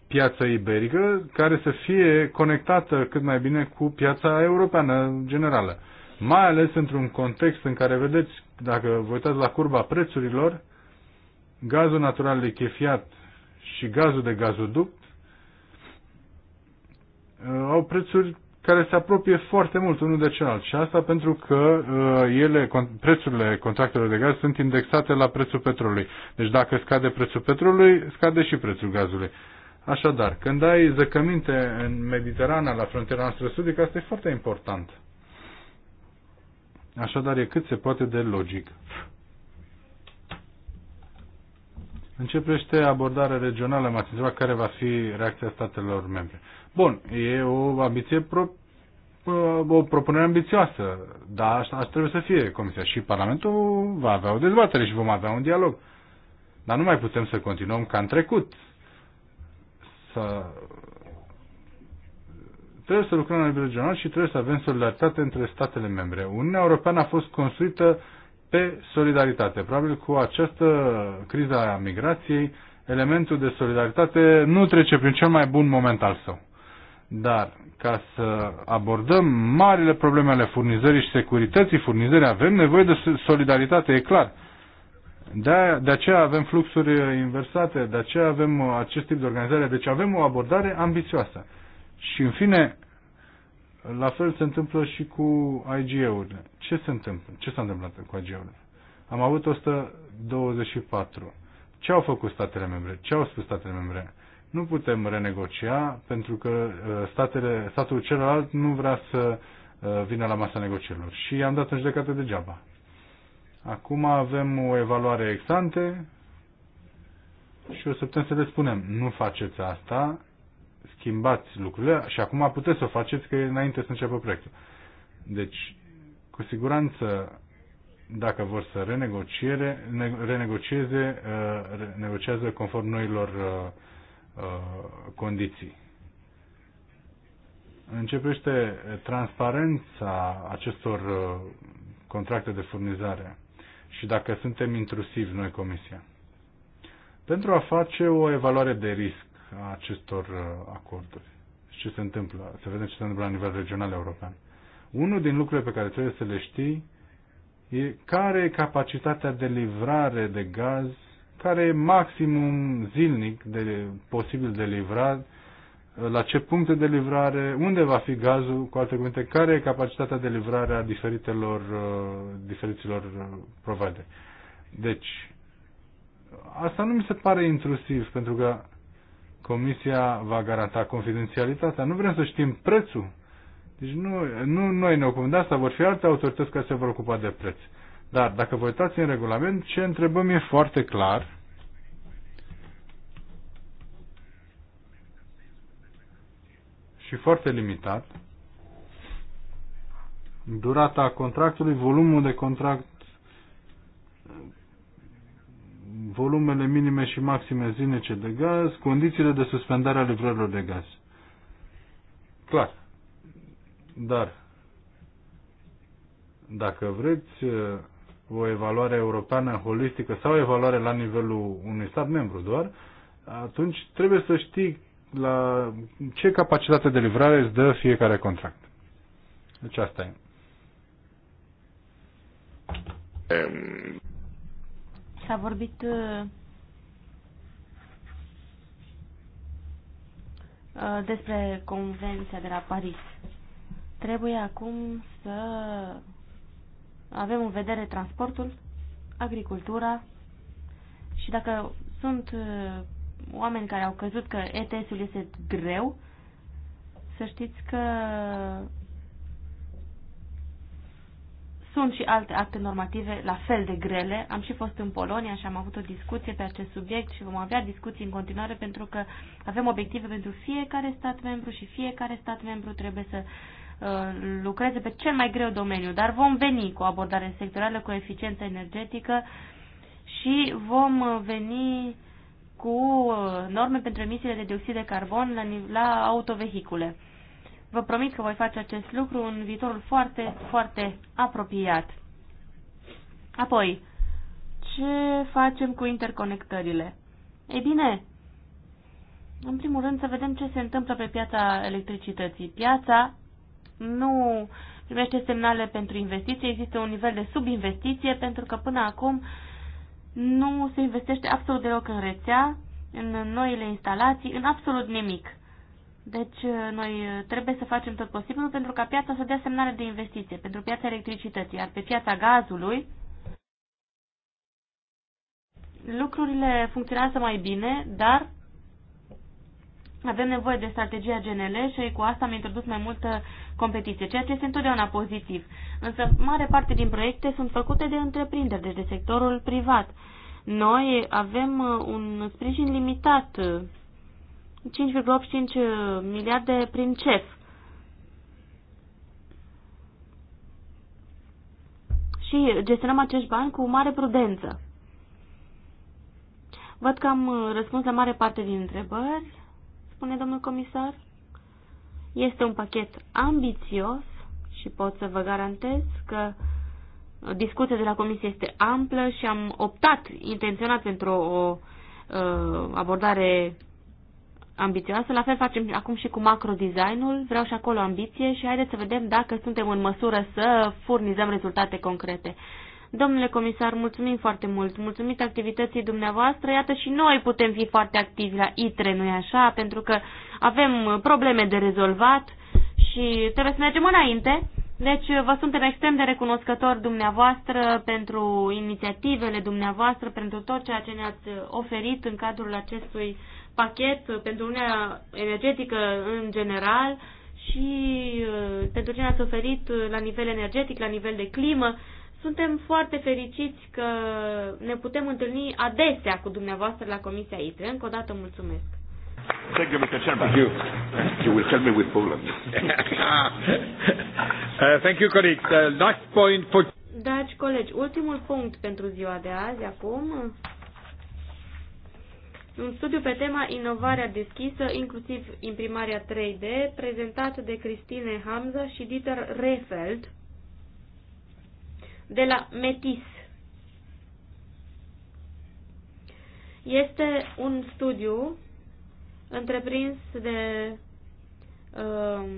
piață iberică care să fie conectată cât mai bine cu piața europeană generală. Mai ales într-un context în care vedeți, dacă vă uitați la curba prețurilor, gazul natural lichefiat și gazul de gazoduct uh, au prețuri care se apropie foarte mult unul de celălalt. Și asta pentru că uh, ele, prețurile contractelor de gaz sunt indexate la prețul petrolului. Deci dacă scade prețul petrolului, scade și prețul gazului. Așadar, când ai zăcăminte în Mediterana, la frontiera noastră sudică, asta e foarte important. Așadar, e cât se poate de logic. Începește abordarea regională, m-ați întrebat care va fi reacția statelor membre. Bun, e o ambiție pro, uh, o propunere ambițioasă, dar asta, trebuie să fie Comisia și Parlamentul va avea o dezbatere și vom avea un dialog. Dar nu mai putem să continuăm ca în trecut. Să... Trebuie să lucrăm la nivel regional și trebuie să avem solidaritate între statele membre. Uniunea Europeană a fost construită uh, pe solidaritate. Probabil cu această criză a migrației, elementul de solidaritate nu trece prin cel mai bun moment al său. Dar ca să abordăm marile probleme ale furnizării și securității furnizării, avem nevoie de solidaritate, e clar. De, de aceea avem fluxuri inversate, de aceea avem acest tip de organizare, deci avem o abordare ambițioasă. Și în fine, la fel se întâmplă și cu IG-urile. Ce se întâmplă? Ce s-a întâmplat cu IG-urile? Am avut 124. Ce au făcut statele membre? Ce au spus statele membre? Nu putem renegocia pentru că uh, statele, statul celălalt nu vrea să uh, vină la masa negocierilor. Și am dat în judecată degeaba. Acum avem o evaluare ex ante și o să putem să le spunem, nu faceți asta, schimbați lucrurile și acum puteți să o faceți că înainte să înceapă proiectul. Deci, cu siguranță, dacă vor să renegociere, renegocieze, uh, renegocieze conform noilor uh, uh, condiții. Începește transparența acestor contracte de furnizare și dacă suntem intrusivi noi, Comisia. Pentru a face o evaluare de risc a acestor uh, acorduri și ce se întâmplă, să vedem ce se întâmplă la nivel regional european. Unul din lucrurile pe care trebuie să le știi e care e capacitatea de livrare de gaz, care e maximum zilnic de, posibil de livrat, uh, la ce puncte de livrare, unde va fi gazul, cu alte cuvinte, care e capacitatea de livrare a diferitelor, uh, diferiților provider. Deci, asta nu mi se pare intrusiv, pentru că Comisia va garanta confidențialitatea. Nu vrem să știm prețul. Deci nu, nu noi ne ocupăm de asta, vor fi alte autorități care se vor ocupa de preț. Dar dacă vă uitați în regulament, ce întrebăm e foarte clar. Și foarte limitat. Durata contractului, volumul de contract volumele minime și maxime zilnice de gaz, condițiile de suspendare a livrărilor de gaz. Clar. Dar dacă vreți o evaluare europeană holistică sau o evaluare la nivelul unui stat membru doar, atunci trebuie să știi la ce capacitate de livrare îți dă fiecare contract. Deci asta e. Um. S-a vorbit uh, uh, despre Convenția de la Paris. Trebuie acum să avem în vedere transportul, agricultura și dacă sunt uh, oameni care au căzut că ETS-ul este greu, să știți că sunt și alte acte normative la fel de grele. Am și fost în Polonia și am avut o discuție pe acest subiect și vom avea discuții în continuare pentru că avem obiective pentru fiecare stat membru și fiecare stat membru trebuie să uh, lucreze pe cel mai greu domeniu, dar vom veni cu o abordare sectorială, cu eficiență energetică și vom uh, veni cu uh, norme pentru emisiile de dioxid de carbon la, la autovehicule. Vă promit că voi face acest lucru în viitorul foarte, foarte apropiat. Apoi, ce facem cu interconectările? Ei bine, în primul rând să vedem ce se întâmplă pe piața electricității. Piața nu primește semnale pentru investiție, există un nivel de subinvestiție pentru că până acum nu se investește absolut deloc în rețea, în noile instalații, în absolut nimic. Deci uh, noi uh, trebuie să facem tot posibilul pentru ca piața să dea semnale de investiție pentru piața electricității, iar pe piața gazului lucrurile funcționează mai bine, dar avem nevoie de strategia GNL și cu asta am introdus mai multă competiție, ceea ce este întotdeauna pozitiv. Însă mare parte din proiecte sunt făcute de întreprinderi, deci de sectorul privat. Noi avem uh, un sprijin limitat 5,85 uh, miliarde prin CEF. Și gestionăm acești bani cu mare prudență. Văd că am uh, răspuns la mare parte din întrebări, spune domnul comisar. Este un pachet ambițios și pot să vă garantez că discuția de la comisie este amplă și am optat intenționat pentru o, o uh, abordare ambițioasă. La fel facem acum și cu macro-designul. Vreau și acolo ambiție și haideți să vedem dacă suntem în măsură să furnizăm rezultate concrete. Domnule comisar, mulțumim foarte mult. Mulțumit activității dumneavoastră. Iată și noi putem fi foarte activi la ITRE, nu-i așa? Pentru că avem probleme de rezolvat și trebuie să mergem înainte. Deci vă suntem extrem de recunoscători dumneavoastră pentru inițiativele dumneavoastră, pentru tot ceea ce ne-ați oferit în cadrul acestui pachet pentru Uniunea Energetică în general și uh, pentru ce ne-ați oferit la nivel energetic, la nivel de climă. Suntem foarte fericiți că ne putem întâlni adesea cu dumneavoastră la Comisia ITRE. Încă o dată mulțumesc! Thank you, Mr. Chairman. Thank you. You will help me with Poland. uh, thank you, colleagues. Uh, last point for... Dragi colegi, ultimul punct pentru ziua de azi, acum, un studiu pe tema Inovarea deschisă, inclusiv imprimarea 3D, prezentat de Cristine Hamza și Dieter Refeld de la Metis. Este un studiu întreprins de um,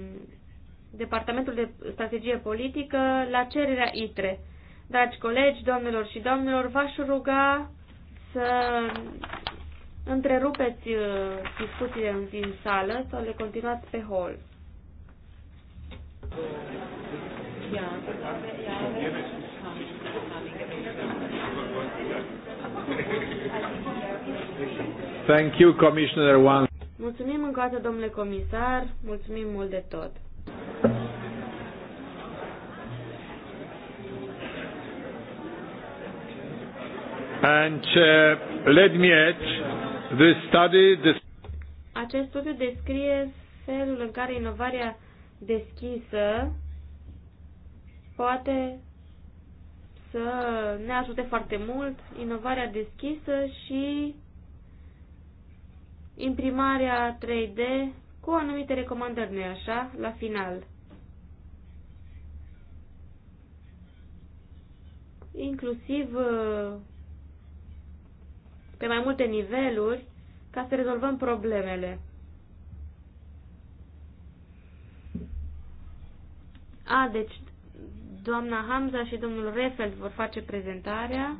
Departamentul de Strategie Politică la cererea ITRE. Dragi colegi, domnilor și domnilor, v-aș ruga să întrerupeți uh, discuțiile în din sală sau le continuați pe hol. Thank you, Commissioner One. Mulțumim încă o dată, domnule comisar, mulțumim mult de tot. And uh, let me add, the study, the... Acest studiu descrie felul în care inovarea deschisă poate să ne ajute foarte mult, inovarea deschisă și imprimarea 3D cu anumite recomandări, nu așa, la final. Inclusiv uh, pe mai multe niveluri ca să rezolvăm problemele. A, deci doamna Hamza și domnul Refeld vor face prezentarea.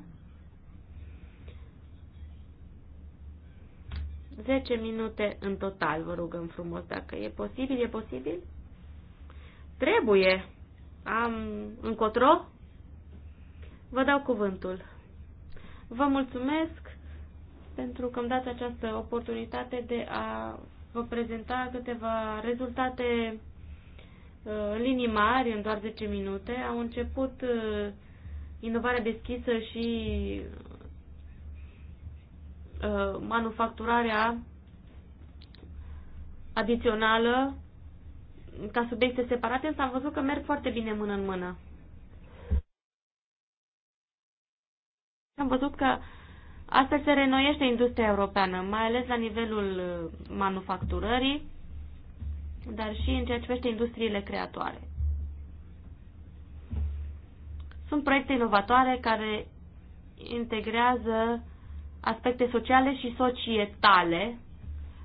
10 minute în total, vă rugăm frumos, dacă e posibil, e posibil? Trebuie. Am încotro? Vă dau cuvântul. Vă mulțumesc pentru că îmi dați această oportunitate de a vă prezenta câteva rezultate uh, în linii mari, în doar 10 minute. Au început uh, inovarea deschisă și Uh, manufacturarea adițională ca subiecte separate, însă am văzut că merg foarte bine mână în mână. Am văzut că asta se renoiește industria europeană, mai ales la nivelul uh, manufacturării, dar și în ceea ce privește industriile creatoare. Sunt proiecte inovatoare care integrează aspecte sociale și societale.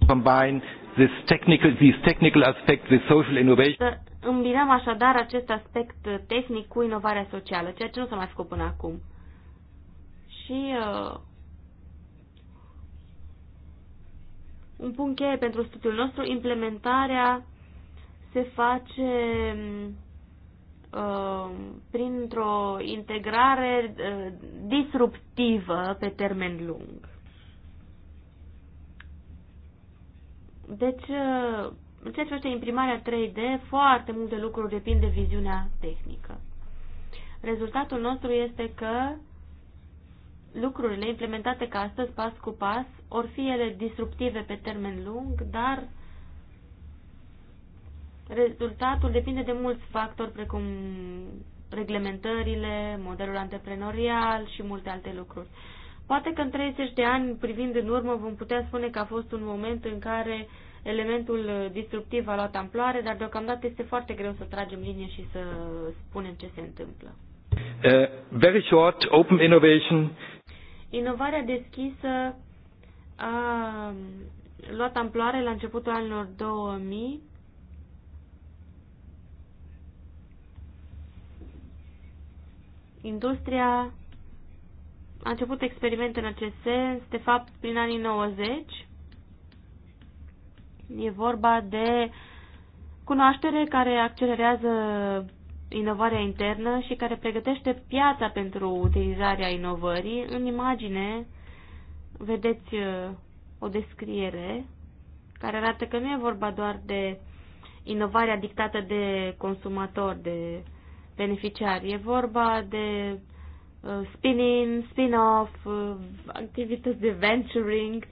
Combine this technical, these technical aspects with social innovation. Să îmbinăm așadar acest aspect tehnic cu inovarea socială, ceea ce nu s-a mai făcut până acum. Și uh, un punct cheie pentru studiul nostru, implementarea se face um, Uh, printr-o integrare uh, disruptivă pe termen lung. Deci, uh, în ceea ce face imprimarea 3D, foarte multe lucruri depind de viziunea tehnică. Rezultatul nostru este că lucrurile implementate ca astăzi, pas cu pas, or fi ele disruptive pe termen lung, dar Rezultatul depinde de mulți factori, precum reglementările, modelul antreprenorial și multe alte lucruri. Poate că în 30 de ani, privind în urmă, vom putea spune că a fost un moment în care elementul disruptiv a luat amploare, dar deocamdată este foarte greu să tragem linie și să spunem ce se întâmplă. Uh, very short, open innovation. Inovarea deschisă a luat amploare la începutul anilor 2000 Industria a început experimente în acest sens, de fapt, prin anii 90. E vorba de cunoaștere care accelerează inovarea internă și care pregătește piața pentru utilizarea inovării. În imagine vedeți uh, o descriere care arată că nu e vorba doar de inovarea dictată de consumator, de beneficiari. E vorba de uh, spin-in, spin-off, uh, activități de venturing.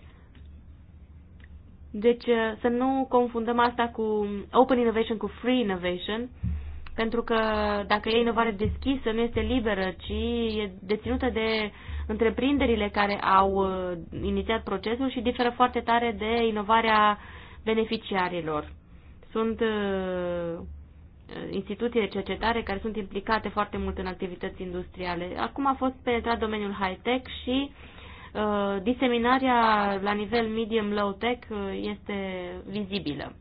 Deci uh, să nu confundăm asta cu open innovation, cu free innovation, pentru că dacă e inovare deschisă, nu este liberă, ci e deținută de întreprinderile care au inițiat procesul și diferă foarte tare de inovarea beneficiarilor. Sunt Uh, instituții de cercetare care sunt implicate foarte mult în activități industriale. Acum a fost penetrat domeniul high-tech și uh, diseminarea la nivel medium-low-tech uh, este vizibilă.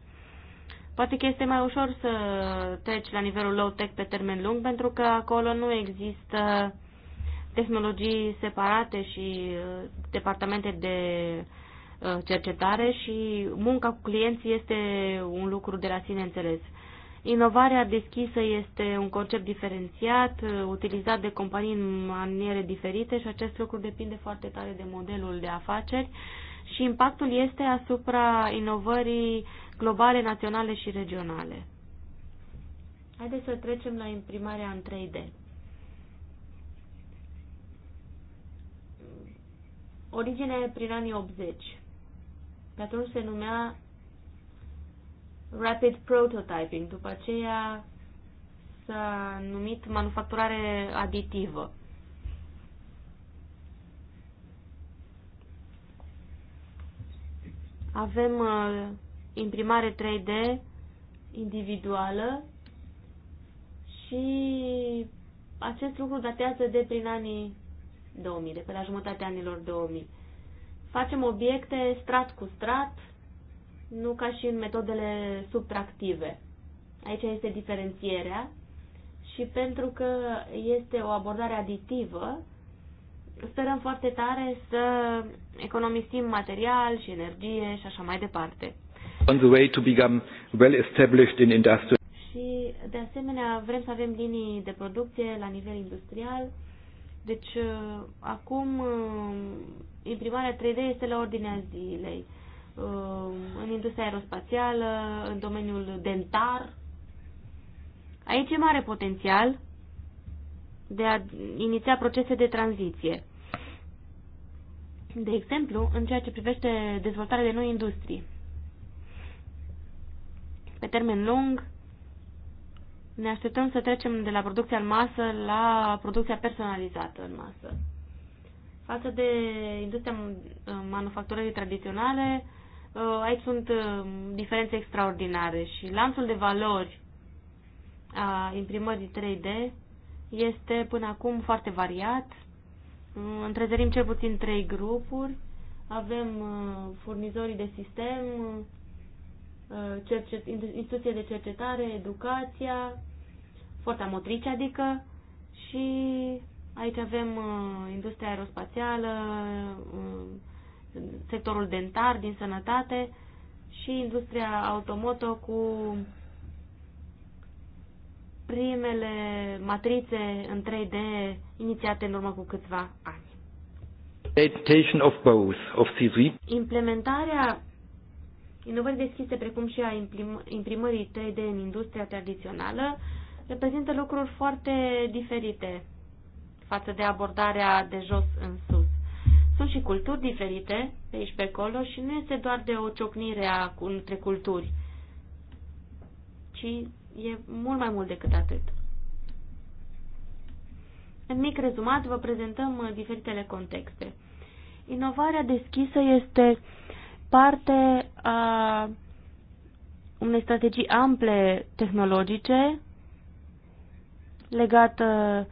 Poate că este mai ușor să treci la nivelul low-tech pe termen lung, pentru că acolo nu există tehnologii separate și uh, departamente de cercetare și munca cu clienții este un lucru de la sine înțeles. Inovarea deschisă este un concept diferențiat, uh, utilizat de companii în maniere diferite și acest lucru depinde foarte tare de modelul de afaceri și impactul este asupra inovării globale, naționale și regionale. Haideți să trecem la imprimarea în 3D. Originea e prin anii 80. Pe atunci se numea rapid prototyping, după aceea s-a numit manufacturare aditivă. Avem uh, imprimare 3D individuală și acest lucru datează de prin anii 2000, de pe la jumătatea anilor 2000. Facem obiecte strat cu strat, nu ca și în metodele subtractive. Aici este diferențierea și pentru că este o abordare aditivă, sperăm foarte tare să economisim material și energie și așa mai departe. On the way to become well established in industry. Și de asemenea vrem să avem linii de producție la nivel industrial. Deci acum imprimarea 3D este la ordinea zilei. Um, în industria aerospațială, în domeniul dentar. Aici e mare potențial de a iniția procese de tranziție. De exemplu, în ceea ce privește dezvoltarea de noi industrii. Pe termen lung, ne așteptăm să trecem de la producția în masă la producția personalizată în masă. Față de industria uh, manufacturării tradiționale, Uh, aici sunt uh, diferențe extraordinare și lanțul de valori a imprimării 3D este până acum foarte variat. Uh, întrezărim cel puțin trei grupuri. Avem furnizorii de sistem, instituție de cercetare, educația, forța motrice adică și aici avem industria aerospațială, sectorul dentar, din sănătate și industria automoto cu primele matrițe în 3D inițiate în urmă cu câțiva ani. Of both, of Implementarea inovării deschise precum și a imprimării 3D în industria tradițională reprezintă lucruri foarte diferite față de abordarea de jos în sus. Sunt și culturi diferite pe aici pe acolo și nu este doar de o ciocnire a, între culturi, ci e mult mai mult decât atât. În mic rezumat, vă prezentăm uh, diferitele contexte. Inovarea deschisă este parte a unei strategii ample tehnologice legată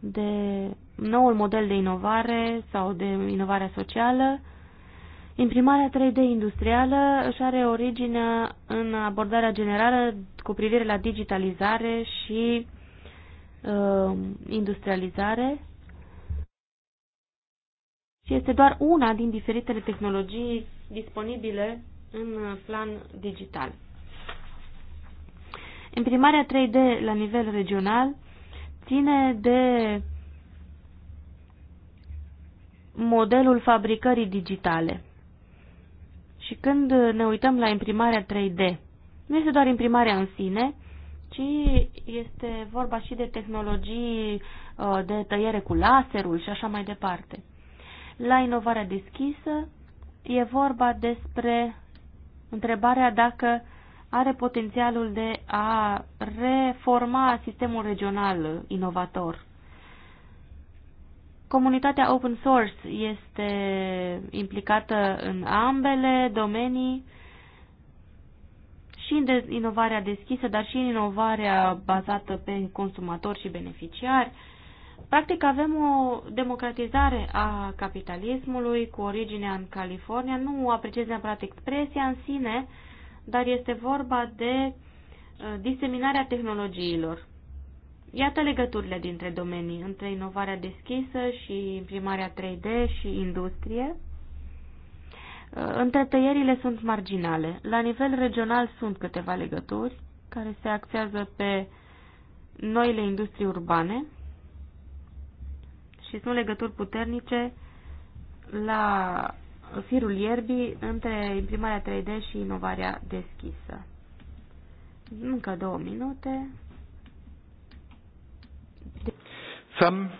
de noul model de inovare sau de inovare socială, imprimarea 3D industrială își are originea în abordarea generală cu privire la digitalizare și uh, industrializare și este doar una din diferitele tehnologii disponibile în plan digital. Imprimarea 3D la nivel regional ține de modelul fabricării digitale. Și când ne uităm la imprimarea 3D, nu este doar imprimarea în sine, ci este vorba și de tehnologii uh, de tăiere cu laserul și așa mai departe. La inovarea deschisă e vorba despre întrebarea dacă are potențialul de a reforma sistemul regional inovator. Comunitatea open source este implicată în ambele domenii și în inovarea deschisă, dar și în inovarea bazată pe consumatori și beneficiari. Practic avem o democratizare a capitalismului cu originea în California. Nu apreciez neapărat expresia în sine, dar este vorba de uh, diseminarea tehnologiilor. Iată legăturile dintre domenii, între inovarea deschisă și imprimarea 3D și industrie. Între tăierile sunt marginale. La nivel regional sunt câteva legături care se axează pe noile industrii urbane și sunt legături puternice la firul ierbii între imprimarea 3D și inovarea deschisă. Încă două minute. some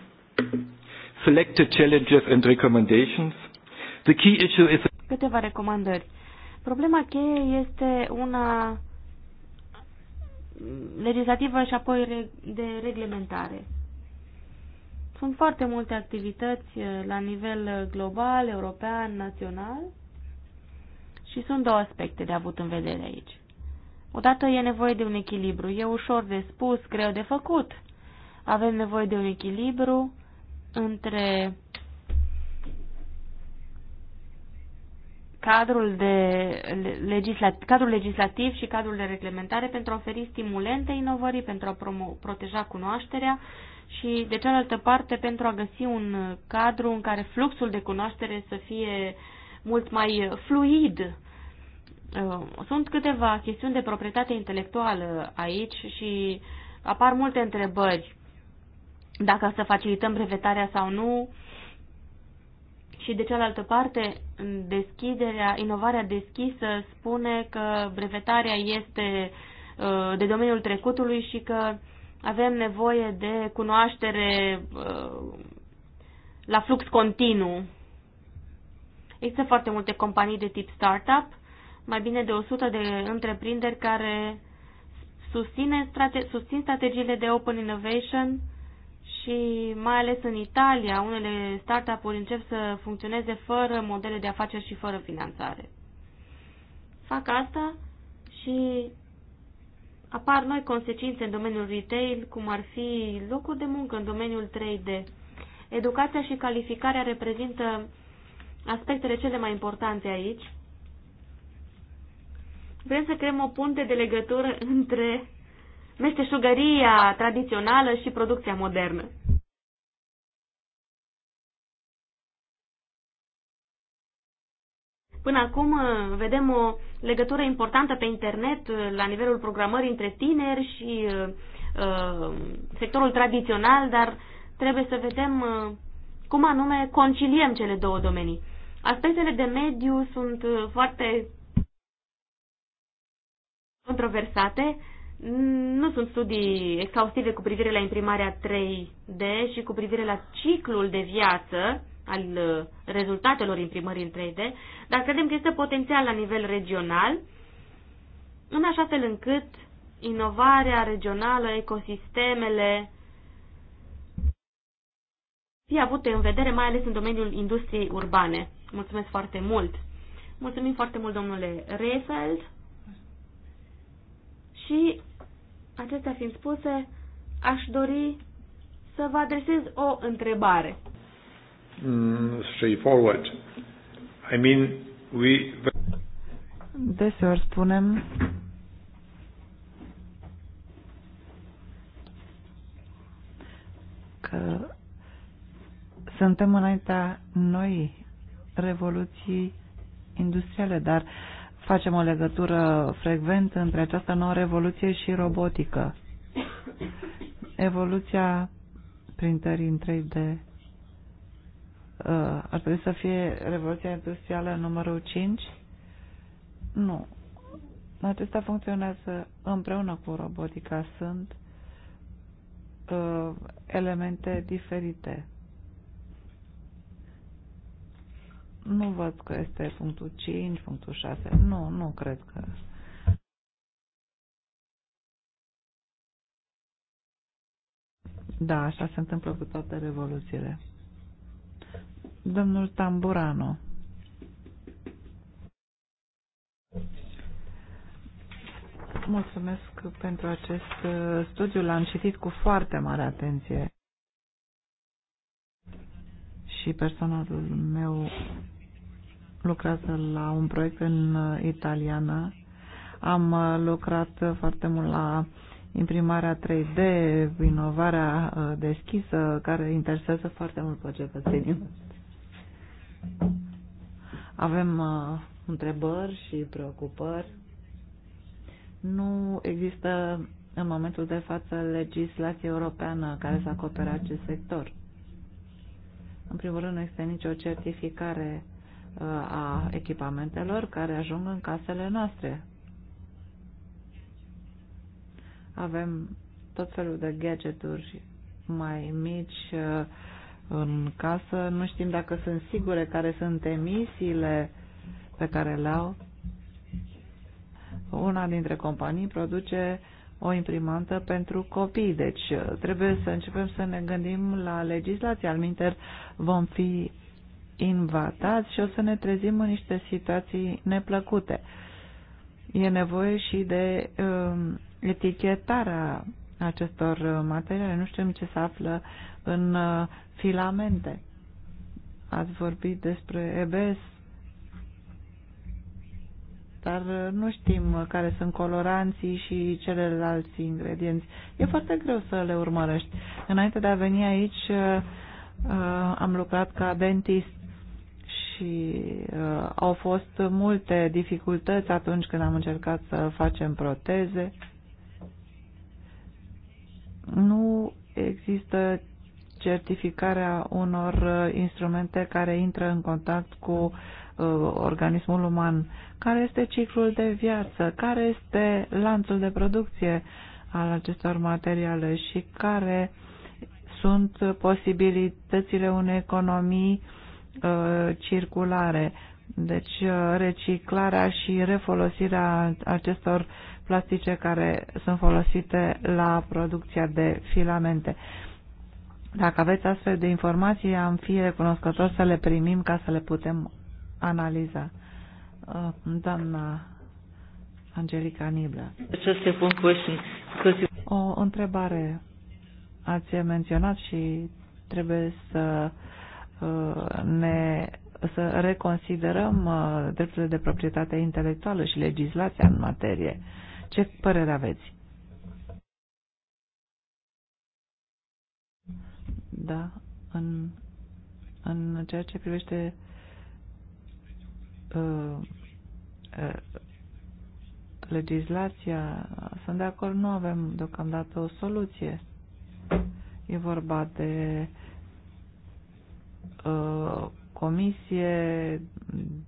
selected challenges and recommendations. The key issue is Câteva recomandări. Problema cheie este una legislativă și apoi de reglementare. Sunt foarte multe activități uh, la nivel uh, global, european, național și sunt două aspecte de avut în vedere aici. Odată e nevoie de un echilibru, e ușor de spus, greu de făcut. Avem nevoie de un echilibru între cadrul, de legislativ, cadrul legislativ și cadrul de reglementare pentru a oferi stimulente inovării, pentru a promo, proteja cunoașterea și, de cealaltă parte, pentru a găsi un cadru în care fluxul de cunoaștere să fie mult mai fluid. Uh, sunt câteva chestiuni de proprietate intelectuală aici și apar multe întrebări dacă să facilităm brevetarea sau nu și de cealaltă parte deschiderea, inovarea deschisă spune că brevetarea este uh, de domeniul trecutului și că avem nevoie de cunoaștere uh, la flux continuu. Există foarte multe companii de tip startup, mai bine de 100 de întreprinderi care susține, strate, susțin strategiile de open innovation, și mai ales în Italia, unele startup-uri încep să funcționeze fără modele de afaceri și fără finanțare. Fac asta și apar noi consecințe în domeniul retail, cum ar fi locuri de muncă în domeniul 3D. Educația și calificarea reprezintă aspectele cele mai importante aici. Vrem să creăm o punte de legătură între meșteșugăria tradițională și producția modernă. Până acum uh, vedem o legătură importantă pe internet uh, la nivelul programării între tineri și uh, uh, sectorul tradițional, dar trebuie să vedem uh, cum anume conciliem cele două domenii. Aspectele de mediu sunt foarte controversate. Nu sunt studii exhaustive cu privire la imprimarea 3D și cu privire la ciclul de viață al uh, rezultatelor imprimării în 3D, dar credem că este potențial la nivel regional, în așa fel încât inovarea regională, ecosistemele, fie avute în vedere, mai ales în domeniul industriei urbane. Mulțumesc foarte mult! Mulțumim foarte mult, domnule Reifeld Și Acestea fiind spuse, aș dori să vă adresez o întrebare. Mm, straightforward. I mean, we... Deseori spunem că suntem înaintea noi revoluții industriale, dar uh, Facem o legătură frecvent între această nouă revoluție și robotică. Evoluția printării în 3D uh, ar trebui să fie revoluția industrială numărul 5? Nu. Acesta funcționează împreună cu robotica. Sunt uh, elemente diferite. Nu văd că este punctul 5, punctul 6. Nu, nu cred că... Da, așa se întâmplă cu toate revoluțiile. Domnul Tamburano. Mulțumesc pentru acest uh, studiu. L-am citit cu foarte mare atenție. Și personalul meu lucrează la un proiect în italiană. Am uh, lucrat uh, foarte mult la imprimarea 3D, inovarea uh, deschisă, care interesează foarte mult pe cetățenii. Avem întrebări și preocupări. Nu există în momentul de față legislație europeană care să acopere acest sector. În primul rând, nu există nicio certificare a echipamentelor care ajung în casele noastre. Avem tot felul de gadgeturi mai mici uh, în casă. Nu știm dacă sunt sigure care sunt emisiile pe care le au. Una dintre companii produce o imprimantă pentru copii, deci uh, trebuie să începem să ne gândim la legislație. Alminter vom fi invadați și o să ne trezim în niște situații neplăcute. E nevoie și de uh, etichetarea acestor uh, materiale. Nu știm ce se află în uh, filamente. Ați vorbit despre EBS, dar uh, nu știm uh, care sunt coloranții și celelalți ingredienți. E foarte greu să le urmărești. Înainte de a veni aici, am lucrat ca dentist și uh, au fost multe dificultăți atunci când am încercat să facem proteze. Nu există certificarea unor uh, instrumente care intră în contact cu uh, organismul uman. Care este ciclul de viață? Care este lanțul de producție al acestor materiale și care sunt posibilitățile unei economii uh, Uh, circulare. Deci uh, reciclarea și refolosirea acestor plastice care sunt folosite la producția de filamente. Dacă aveți astfel de informații, am fi recunoscător să le primim ca să le putem analiza. Uh, doamna Angelica Nibla. O întrebare. Ați menționat și trebuie să uh, Uh, ne, să reconsiderăm uh, drepturile de proprietate intelectuală și legislația în materie. Ce părere aveți? Da, în, în ceea ce privește uh, uh, legislația, sunt de acord, nu avem deocamdată o soluție. E vorba de uh, Uh, comisie,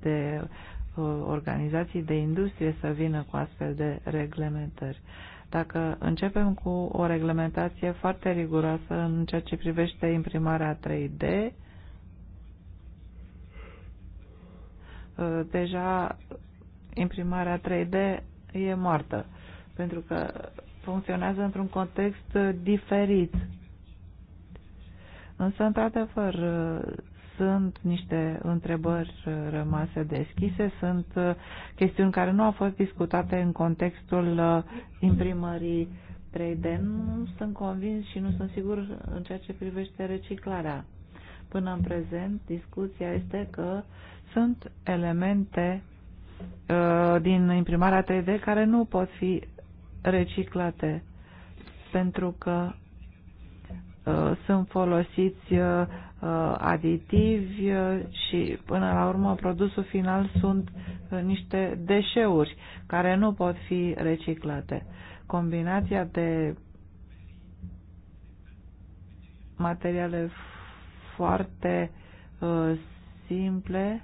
de uh, organizații de industrie să vină cu astfel de reglementări. Dacă începem cu o reglementație foarte riguroasă în ceea ce privește imprimarea 3D, uh, deja imprimarea 3D e moartă, pentru că funcționează într-un context diferit Însă, într-adevăr, sunt niște întrebări rămase deschise, sunt chestiuni care nu au fost discutate în contextul imprimării 3D. Nu sunt convins și nu sunt sigur în ceea ce privește reciclarea. Până în prezent, discuția este că sunt elemente uh, din imprimarea 3D care nu pot fi reciclate pentru că Uh, sunt folosiți uh, uh, aditivi și până la urmă produsul final sunt niște deșeuri care nu pot fi reciclate. Combinația de materiale foarte simple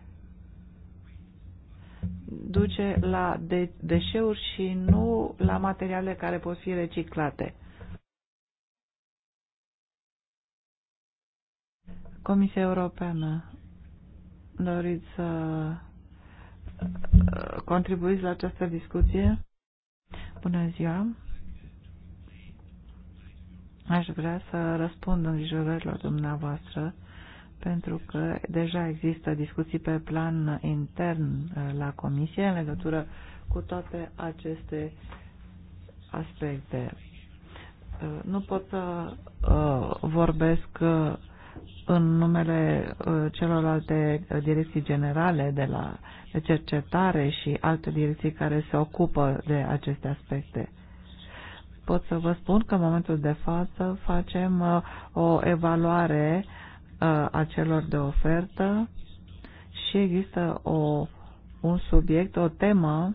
duce la de deșeuri și nu la materiale care pot fi reciclate. Comisia Europeană, doriți să uh, contribuiți la această discuție? Bună ziua! Aș vrea să răspund în îngrijorărilor dumneavoastră pentru că deja există discuții pe plan intern uh, la comisie în legătură cu toate aceste aspecte. Uh, nu pot să vorbesc în numele uh, celorlalte uh, direcții generale de la cercetare și alte direcții care se ocupă de aceste aspecte. Pot să vă spun că în momentul de față facem uh, o evaluare a celor de ofertă și există o, un subiect, o temă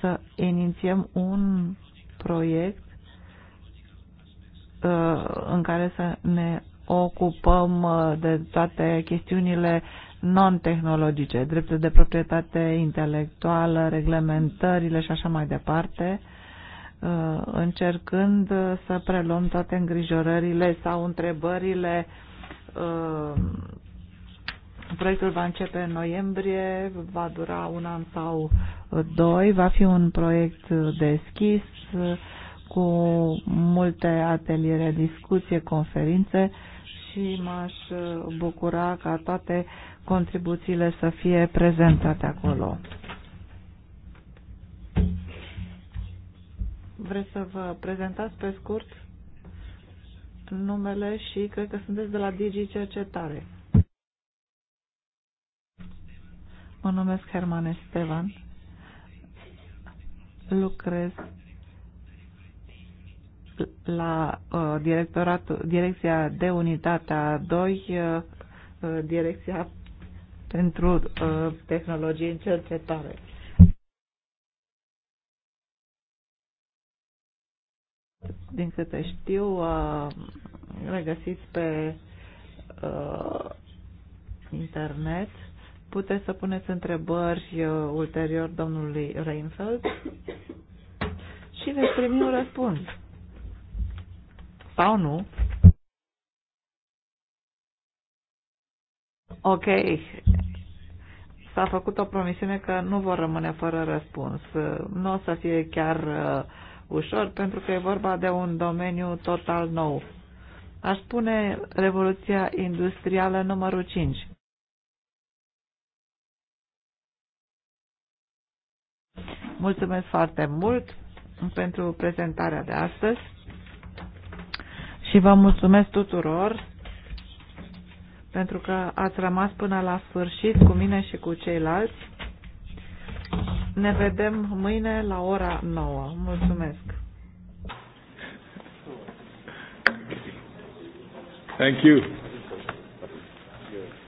să inițiem un proiect Uh, în care să ne ocupăm uh, de toate chestiunile non-tehnologice, drepturi de proprietate intelectuală, reglementările și așa mai departe, uh, încercând să preluăm toate îngrijorările sau întrebările. Proiectul va începe în noiembrie, va dura un an sau doi, va fi un proiect deschis, cu multe ateliere, discuție, conferințe și m-aș uh, bucura ca toate contribuțiile să fie prezentate acolo. Vreți să vă prezentați pe scurt numele și cred că sunteți de la Digi Cercetare. Mă numesc Herman Estevan. Lucrez la uh, directoratul, Direcția de Unitatea 2, uh, uh, Direcția pentru Tehnologie în Cercetare. Din câte știu, regăsiți pe internet. Puteți să puneți întrebări ulterior domnului Reinfeld și veți primi un răspuns sau nu. Ok. S-a făcut o promisiune că nu vor rămâne fără răspuns. Nu o să fie chiar uh, ușor, pentru că e vorba de un domeniu total nou. Aș spune Revoluția Industrială numărul 5. Mulțumesc foarte mult pentru prezentarea de astăzi și vă mulțumesc tuturor pentru că ați rămas până la sfârșit cu mine și cu ceilalți. Ne vedem mâine la ora 9. Mulțumesc! Thank you.